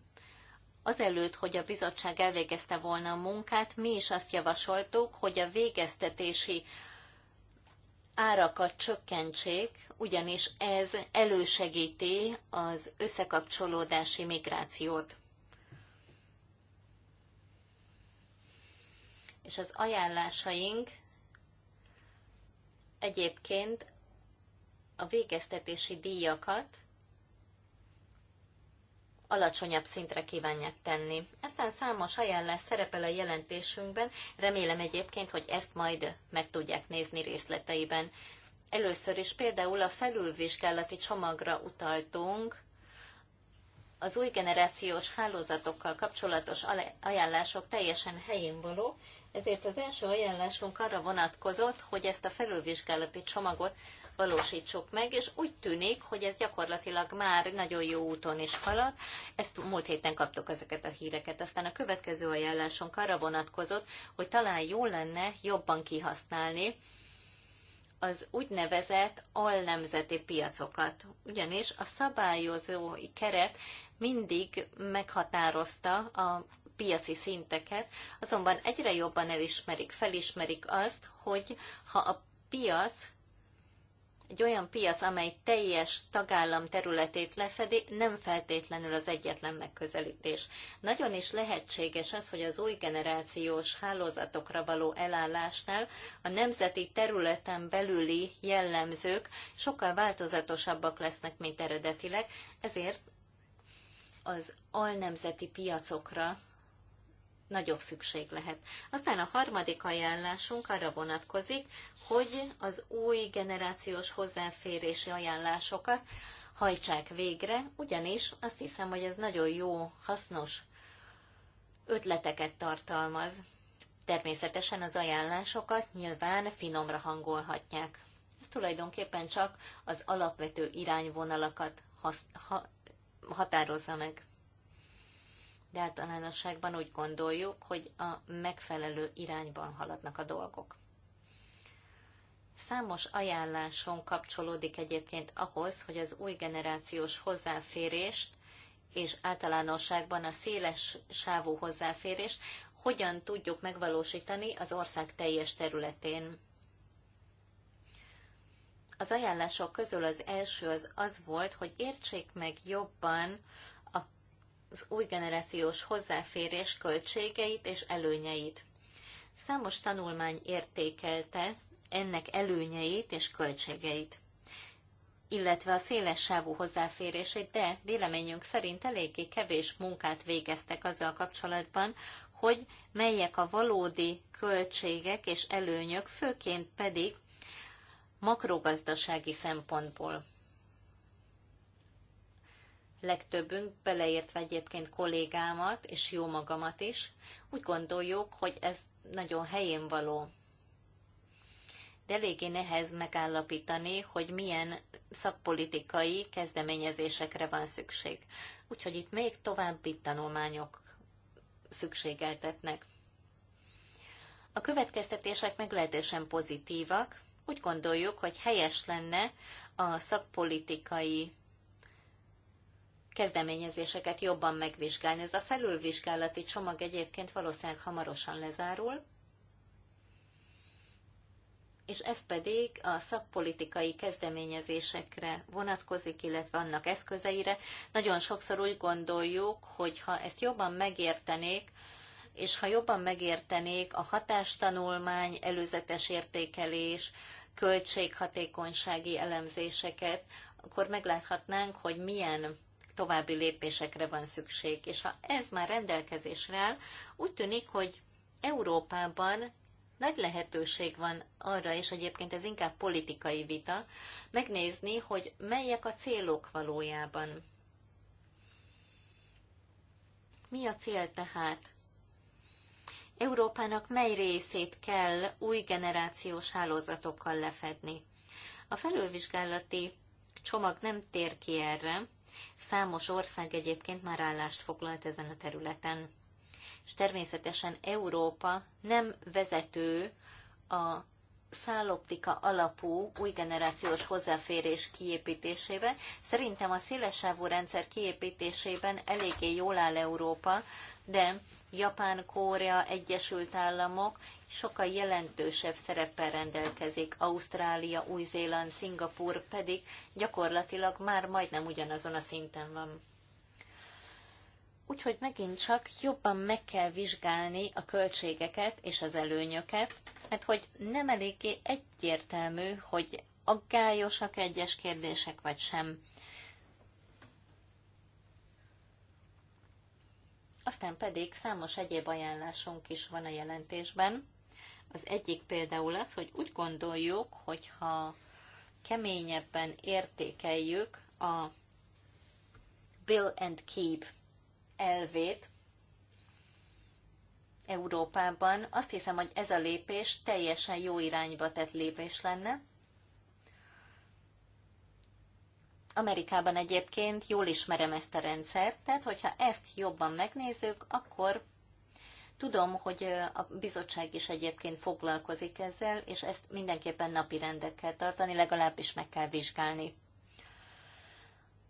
Azelőtt, hogy a bizottság elvégezte volna a munkát, mi is azt javasoltuk, hogy a végeztetési árakat csökkentsék, ugyanis ez elősegíti az összekapcsolódási migrációt. és az ajánlásaink egyébként a végeztetési díjakat alacsonyabb szintre kívánják tenni. Aztán számos ajánlás szerepel a jelentésünkben, remélem egyébként, hogy ezt majd meg tudják nézni részleteiben. Először is például a felülvizsgálati csomagra utaltunk, az új generációs hálózatokkal kapcsolatos ajánlások teljesen helyén való, ezért az első ajánlásunk arra vonatkozott, hogy ezt a felülvizsgálati csomagot valósítsuk meg, és úgy tűnik, hogy ez gyakorlatilag már nagyon jó úton is halad. Ezt múlt héten kaptuk ezeket a híreket. Aztán a következő ajánlásunk arra vonatkozott, hogy talán jó lenne jobban kihasználni az úgynevezett alnemzeti piacokat. Ugyanis a szabályozói keret mindig meghatározta a piaci szinteket, azonban egyre jobban elismerik, felismerik azt, hogy ha a piac egy olyan piac, amely teljes tagállam területét lefedi, nem feltétlenül az egyetlen megközelítés. Nagyon is lehetséges az, hogy az új generációs hálózatokra való elállásnál a nemzeti területen belüli jellemzők sokkal változatosabbak lesznek, mint eredetileg, ezért az alnemzeti piacokra nagyobb szükség lehet. Aztán a harmadik ajánlásunk arra vonatkozik, hogy az új generációs hozzáférési ajánlásokat hajtsák végre, ugyanis azt hiszem, hogy ez nagyon jó, hasznos ötleteket tartalmaz. Természetesen az ajánlásokat nyilván finomra hangolhatják. Ez tulajdonképpen csak az alapvető irányvonalakat hasz, ha, határozza meg de általánosságban úgy gondoljuk, hogy a megfelelő irányban haladnak a dolgok. Számos ajánláson kapcsolódik egyébként ahhoz, hogy az új generációs hozzáférést és általánosságban a széles sávú hozzáférést hogyan tudjuk megvalósítani az ország teljes területén. Az ajánlások közül az első az az volt, hogy értsék meg jobban az új generációs hozzáférés költségeit és előnyeit. Számos tanulmány értékelte ennek előnyeit és költségeit, illetve a széles sávú hozzáférését, de véleményünk szerint eléggé kevés munkát végeztek azzal kapcsolatban, hogy melyek a valódi költségek és előnyök, főként pedig makrogazdasági szempontból legtöbbünk, beleértve egyébként kollégámat és jó magamat is, úgy gondoljuk, hogy ez nagyon helyén való. De eléggé nehez megállapítani, hogy milyen szakpolitikai kezdeményezésekre van szükség. Úgyhogy itt még további tanulmányok szükségeltetnek. A következtetések meglehetősen pozitívak. Úgy gondoljuk, hogy helyes lenne a szakpolitikai kezdeményezéseket jobban megvizsgálni. Ez a felülvizsgálati csomag egyébként valószínűleg hamarosan lezárul, és ez pedig a szakpolitikai kezdeményezésekre vonatkozik, illetve annak eszközeire. Nagyon sokszor úgy gondoljuk, hogy ha ezt jobban megértenék, és ha jobban megértenék a hatástanulmány, előzetes értékelés, költséghatékonysági elemzéseket, akkor megláthatnánk, hogy milyen további lépésekre van szükség. És ha ez már rendelkezésre áll, úgy tűnik, hogy Európában nagy lehetőség van arra, és egyébként ez inkább politikai vita, megnézni, hogy melyek a célok valójában. Mi a cél tehát? Európának mely részét kell új generációs hálózatokkal lefedni? A felülvizsgálati csomag nem tér ki erre, Számos ország egyébként már állást foglalt ezen a területen. És természetesen Európa nem vezető a száloptika alapú új generációs hozzáférés kiépítésében. Szerintem a szélesávú rendszer kiépítésében eléggé jól áll Európa, de Japán, Kórea, Egyesült Államok sokkal jelentősebb szereppel rendelkezik, Ausztrália, Új-Zéland, Szingapur pedig gyakorlatilag már majdnem ugyanazon a szinten van. Úgyhogy megint csak jobban meg kell vizsgálni a költségeket és az előnyöket, mert hogy nem eléggé egyértelmű, hogy aggályosak egyes kérdések vagy sem. Aztán pedig számos egyéb ajánlásunk is van a jelentésben. Az egyik például az, hogy úgy gondoljuk, hogyha keményebben értékeljük a Bill and Keep elvét Európában, azt hiszem, hogy ez a lépés teljesen jó irányba tett lépés lenne, Amerikában egyébként jól ismerem ezt a rendszert, tehát hogyha ezt jobban megnézzük, akkor tudom, hogy a bizottság is egyébként foglalkozik ezzel, és ezt mindenképpen napi rendet kell tartani, legalábbis meg kell vizsgálni.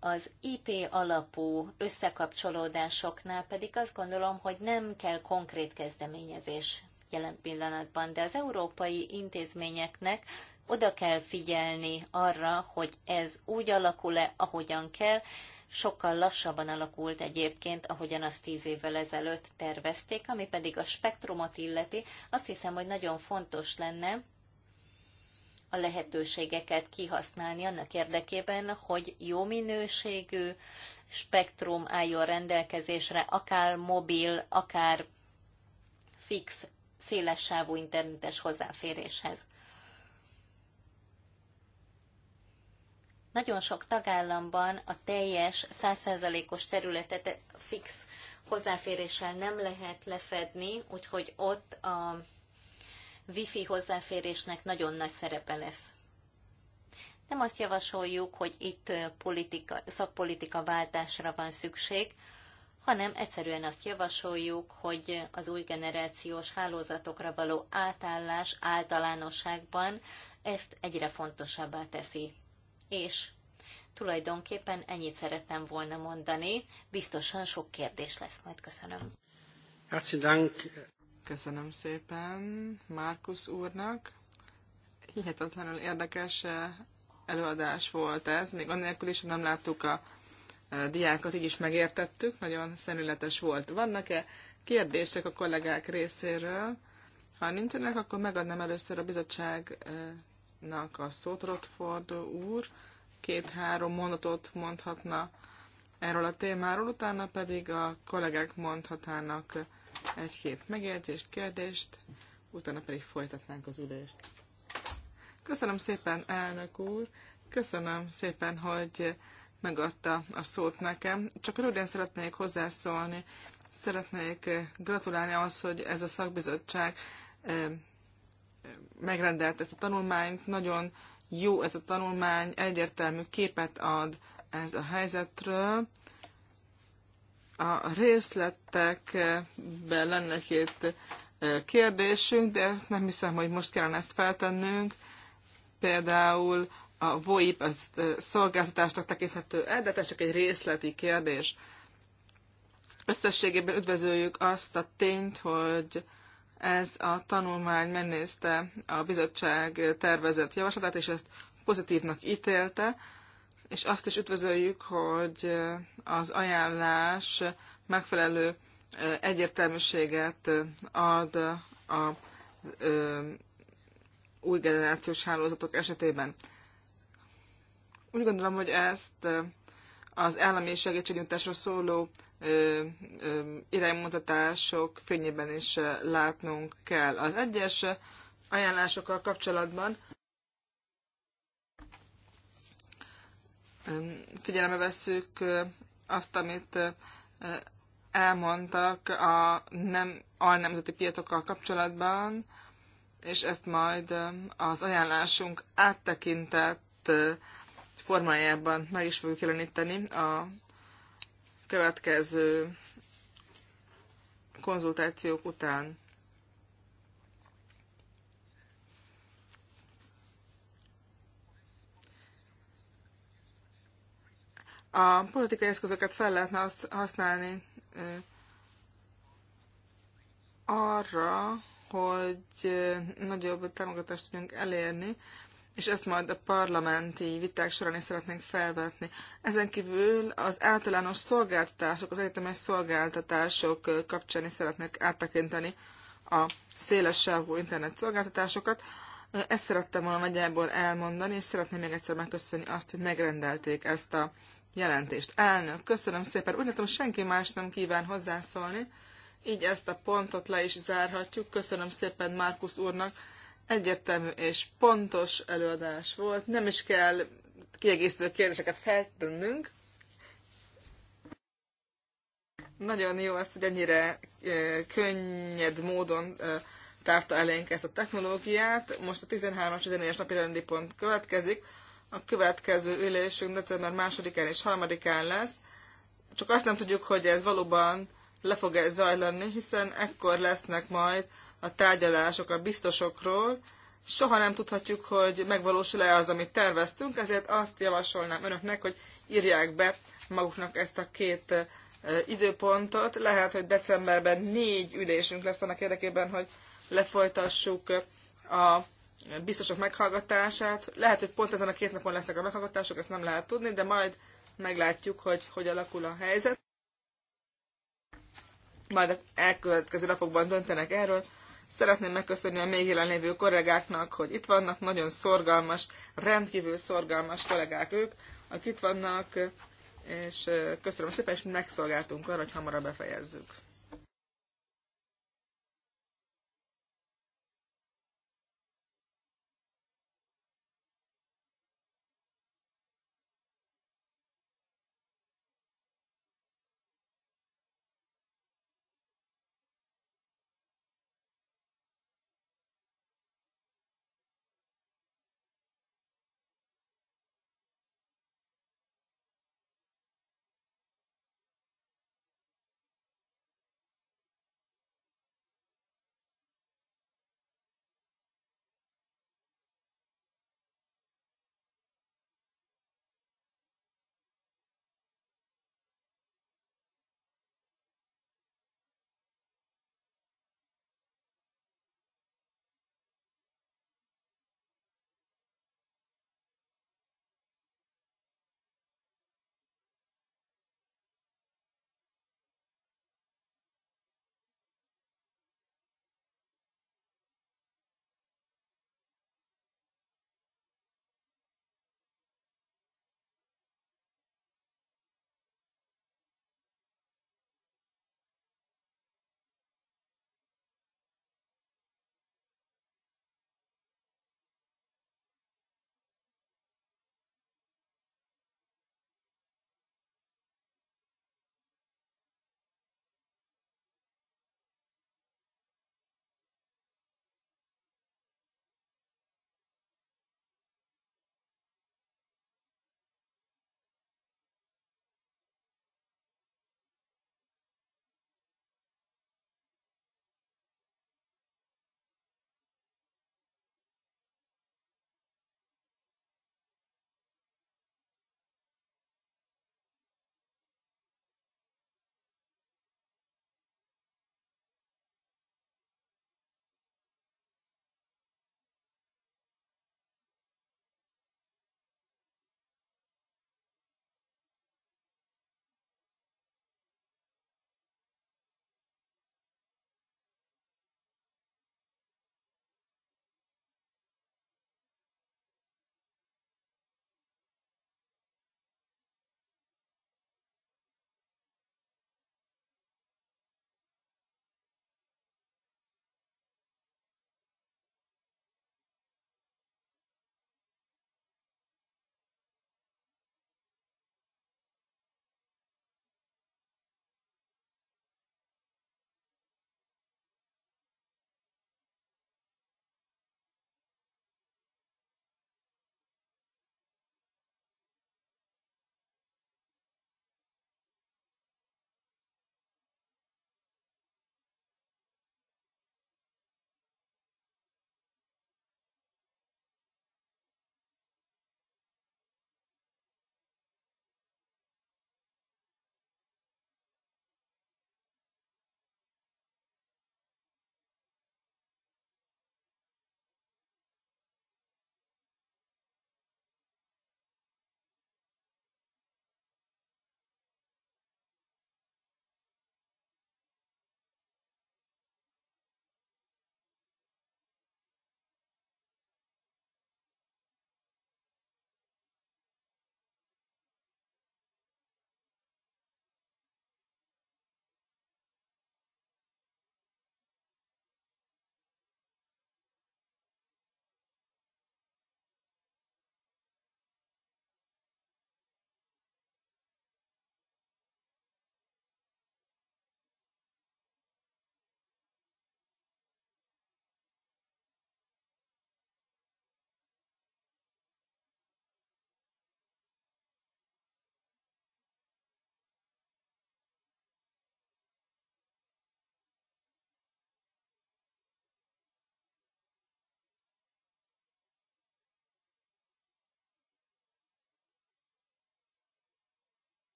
Az IP alapú összekapcsolódásoknál pedig azt gondolom, hogy nem kell konkrét kezdeményezés jelen pillanatban, de az európai intézményeknek oda kell figyelni arra, hogy ez úgy alakul-e, ahogyan kell, sokkal lassabban alakult egyébként, ahogyan azt tíz évvel ezelőtt tervezték, ami pedig a spektrumot illeti, azt hiszem, hogy nagyon fontos lenne a lehetőségeket kihasználni annak érdekében, hogy jó minőségű spektrum álljon rendelkezésre, akár mobil, akár fix, szélessávú internetes hozzáféréshez. Nagyon sok tagállamban a teljes 100%-os területet fix hozzáféréssel nem lehet lefedni, úgyhogy ott a wifi hozzáférésnek nagyon nagy szerepe lesz. Nem azt javasoljuk, hogy itt politika, szakpolitika váltásra van szükség, hanem egyszerűen azt javasoljuk, hogy az új generációs hálózatokra való átállás általánosságban ezt egyre fontosabbá teszi. És tulajdonképpen ennyit szerettem volna mondani. Biztosan sok kérdés lesz majd. Köszönöm. Herzlichen Köszönöm szépen Márkusz úrnak. Hihetetlenül érdekes eh, előadás volt ez, még annélkül is, hogy nem láttuk a eh, diákat, így is megértettük, nagyon szemületes volt. Vannak-e kérdések a kollégák részéről? Ha nincsenek, akkor megadnám először a bizottság eh, Nak a szót, Ford úr két-három mondatot mondhatna erről a témáról, utána pedig a kollégák mondhatnának egy-két megjegyzést, kérdést, utána pedig folytatnánk az ülést. Köszönöm szépen, elnök úr, köszönöm szépen, hogy megadta a szót nekem. Csak röviden szeretnék hozzászólni, szeretnék gratulálni ahhoz, hogy ez a szakbizottság eh, megrendelt ezt a tanulmányt, nagyon jó ez a tanulmány, egyértelmű képet ad ez a helyzetről. A részletekben lenne egy-két kérdésünk, de ezt nem hiszem, hogy most kellene ezt feltennünk. Például a VoIP az szolgáltatásnak tekinthető el, de ez csak egy részleti kérdés. Összességében üdvözöljük azt a tényt, hogy ez a tanulmány megnézte a bizottság tervezett javaslatát, és ezt pozitívnak ítélte, és azt is üdvözöljük, hogy az ajánlás megfelelő egyértelműséget ad a új generációs hálózatok esetében. Úgy gondolom, hogy ezt az állami segítségnyújtásra szóló ö, ö, iránymutatások fényében is látnunk kell. Az egyes ajánlásokkal kapcsolatban figyelembe vesszük azt, amit elmondtak a nem alnemzeti piacokkal kapcsolatban, és ezt majd az ajánlásunk áttekintett formájában meg is fogjuk jeleníteni a következő konzultációk után. A politikai eszközöket fel lehetne azt használni arra, hogy nagyobb támogatást tudjunk elérni és ezt majd a parlamenti viták során is szeretnénk felvetni. Ezen kívül az általános szolgáltatások, az egyetemes szolgáltatások kapcsán is szeretnék áttekinteni a szélessávú internet szolgáltatásokat. Ezt szerettem volna nagyjából elmondani, és szeretném még egyszer megköszönni azt, hogy megrendelték ezt a jelentést. Elnök, köszönöm szépen. Úgy látom, senki más nem kíván hozzászólni, így ezt a pontot le is zárhatjuk. Köszönöm szépen Márkusz úrnak, egyértelmű és pontos előadás volt, nem is kell kiegészítő kérdéseket feltennünk. Nagyon jó azt, hogy ennyire könnyed módon tárta elénk ezt a technológiát. Most a 13-as 14-es napi rendi pont következik. A következő ülésünk december 2-án és 3-án lesz. Csak azt nem tudjuk, hogy ez valóban le fog -e zajlani, hiszen ekkor lesznek majd a tárgyalások a biztosokról, soha nem tudhatjuk, hogy megvalósul-e az, amit terveztünk, ezért azt javasolnám önöknek, hogy írják be maguknak ezt a két e, időpontot. Lehet, hogy decemberben négy ülésünk lesz annak érdekében, hogy lefolytassuk a biztosok meghallgatását. Lehet, hogy pont ezen a két napon lesznek a meghallgatások, ezt nem lehet tudni, de majd meglátjuk, hogy hogy alakul a helyzet. Majd a elkövetkező napokban döntenek erről, Szeretném megköszönni a még jelenlévő kollégáknak, hogy itt vannak, nagyon szorgalmas, rendkívül szorgalmas kollégák ők, akik itt vannak, és köszönöm szépen, és megszolgáltunk arra, hogy hamarabb befejezzük.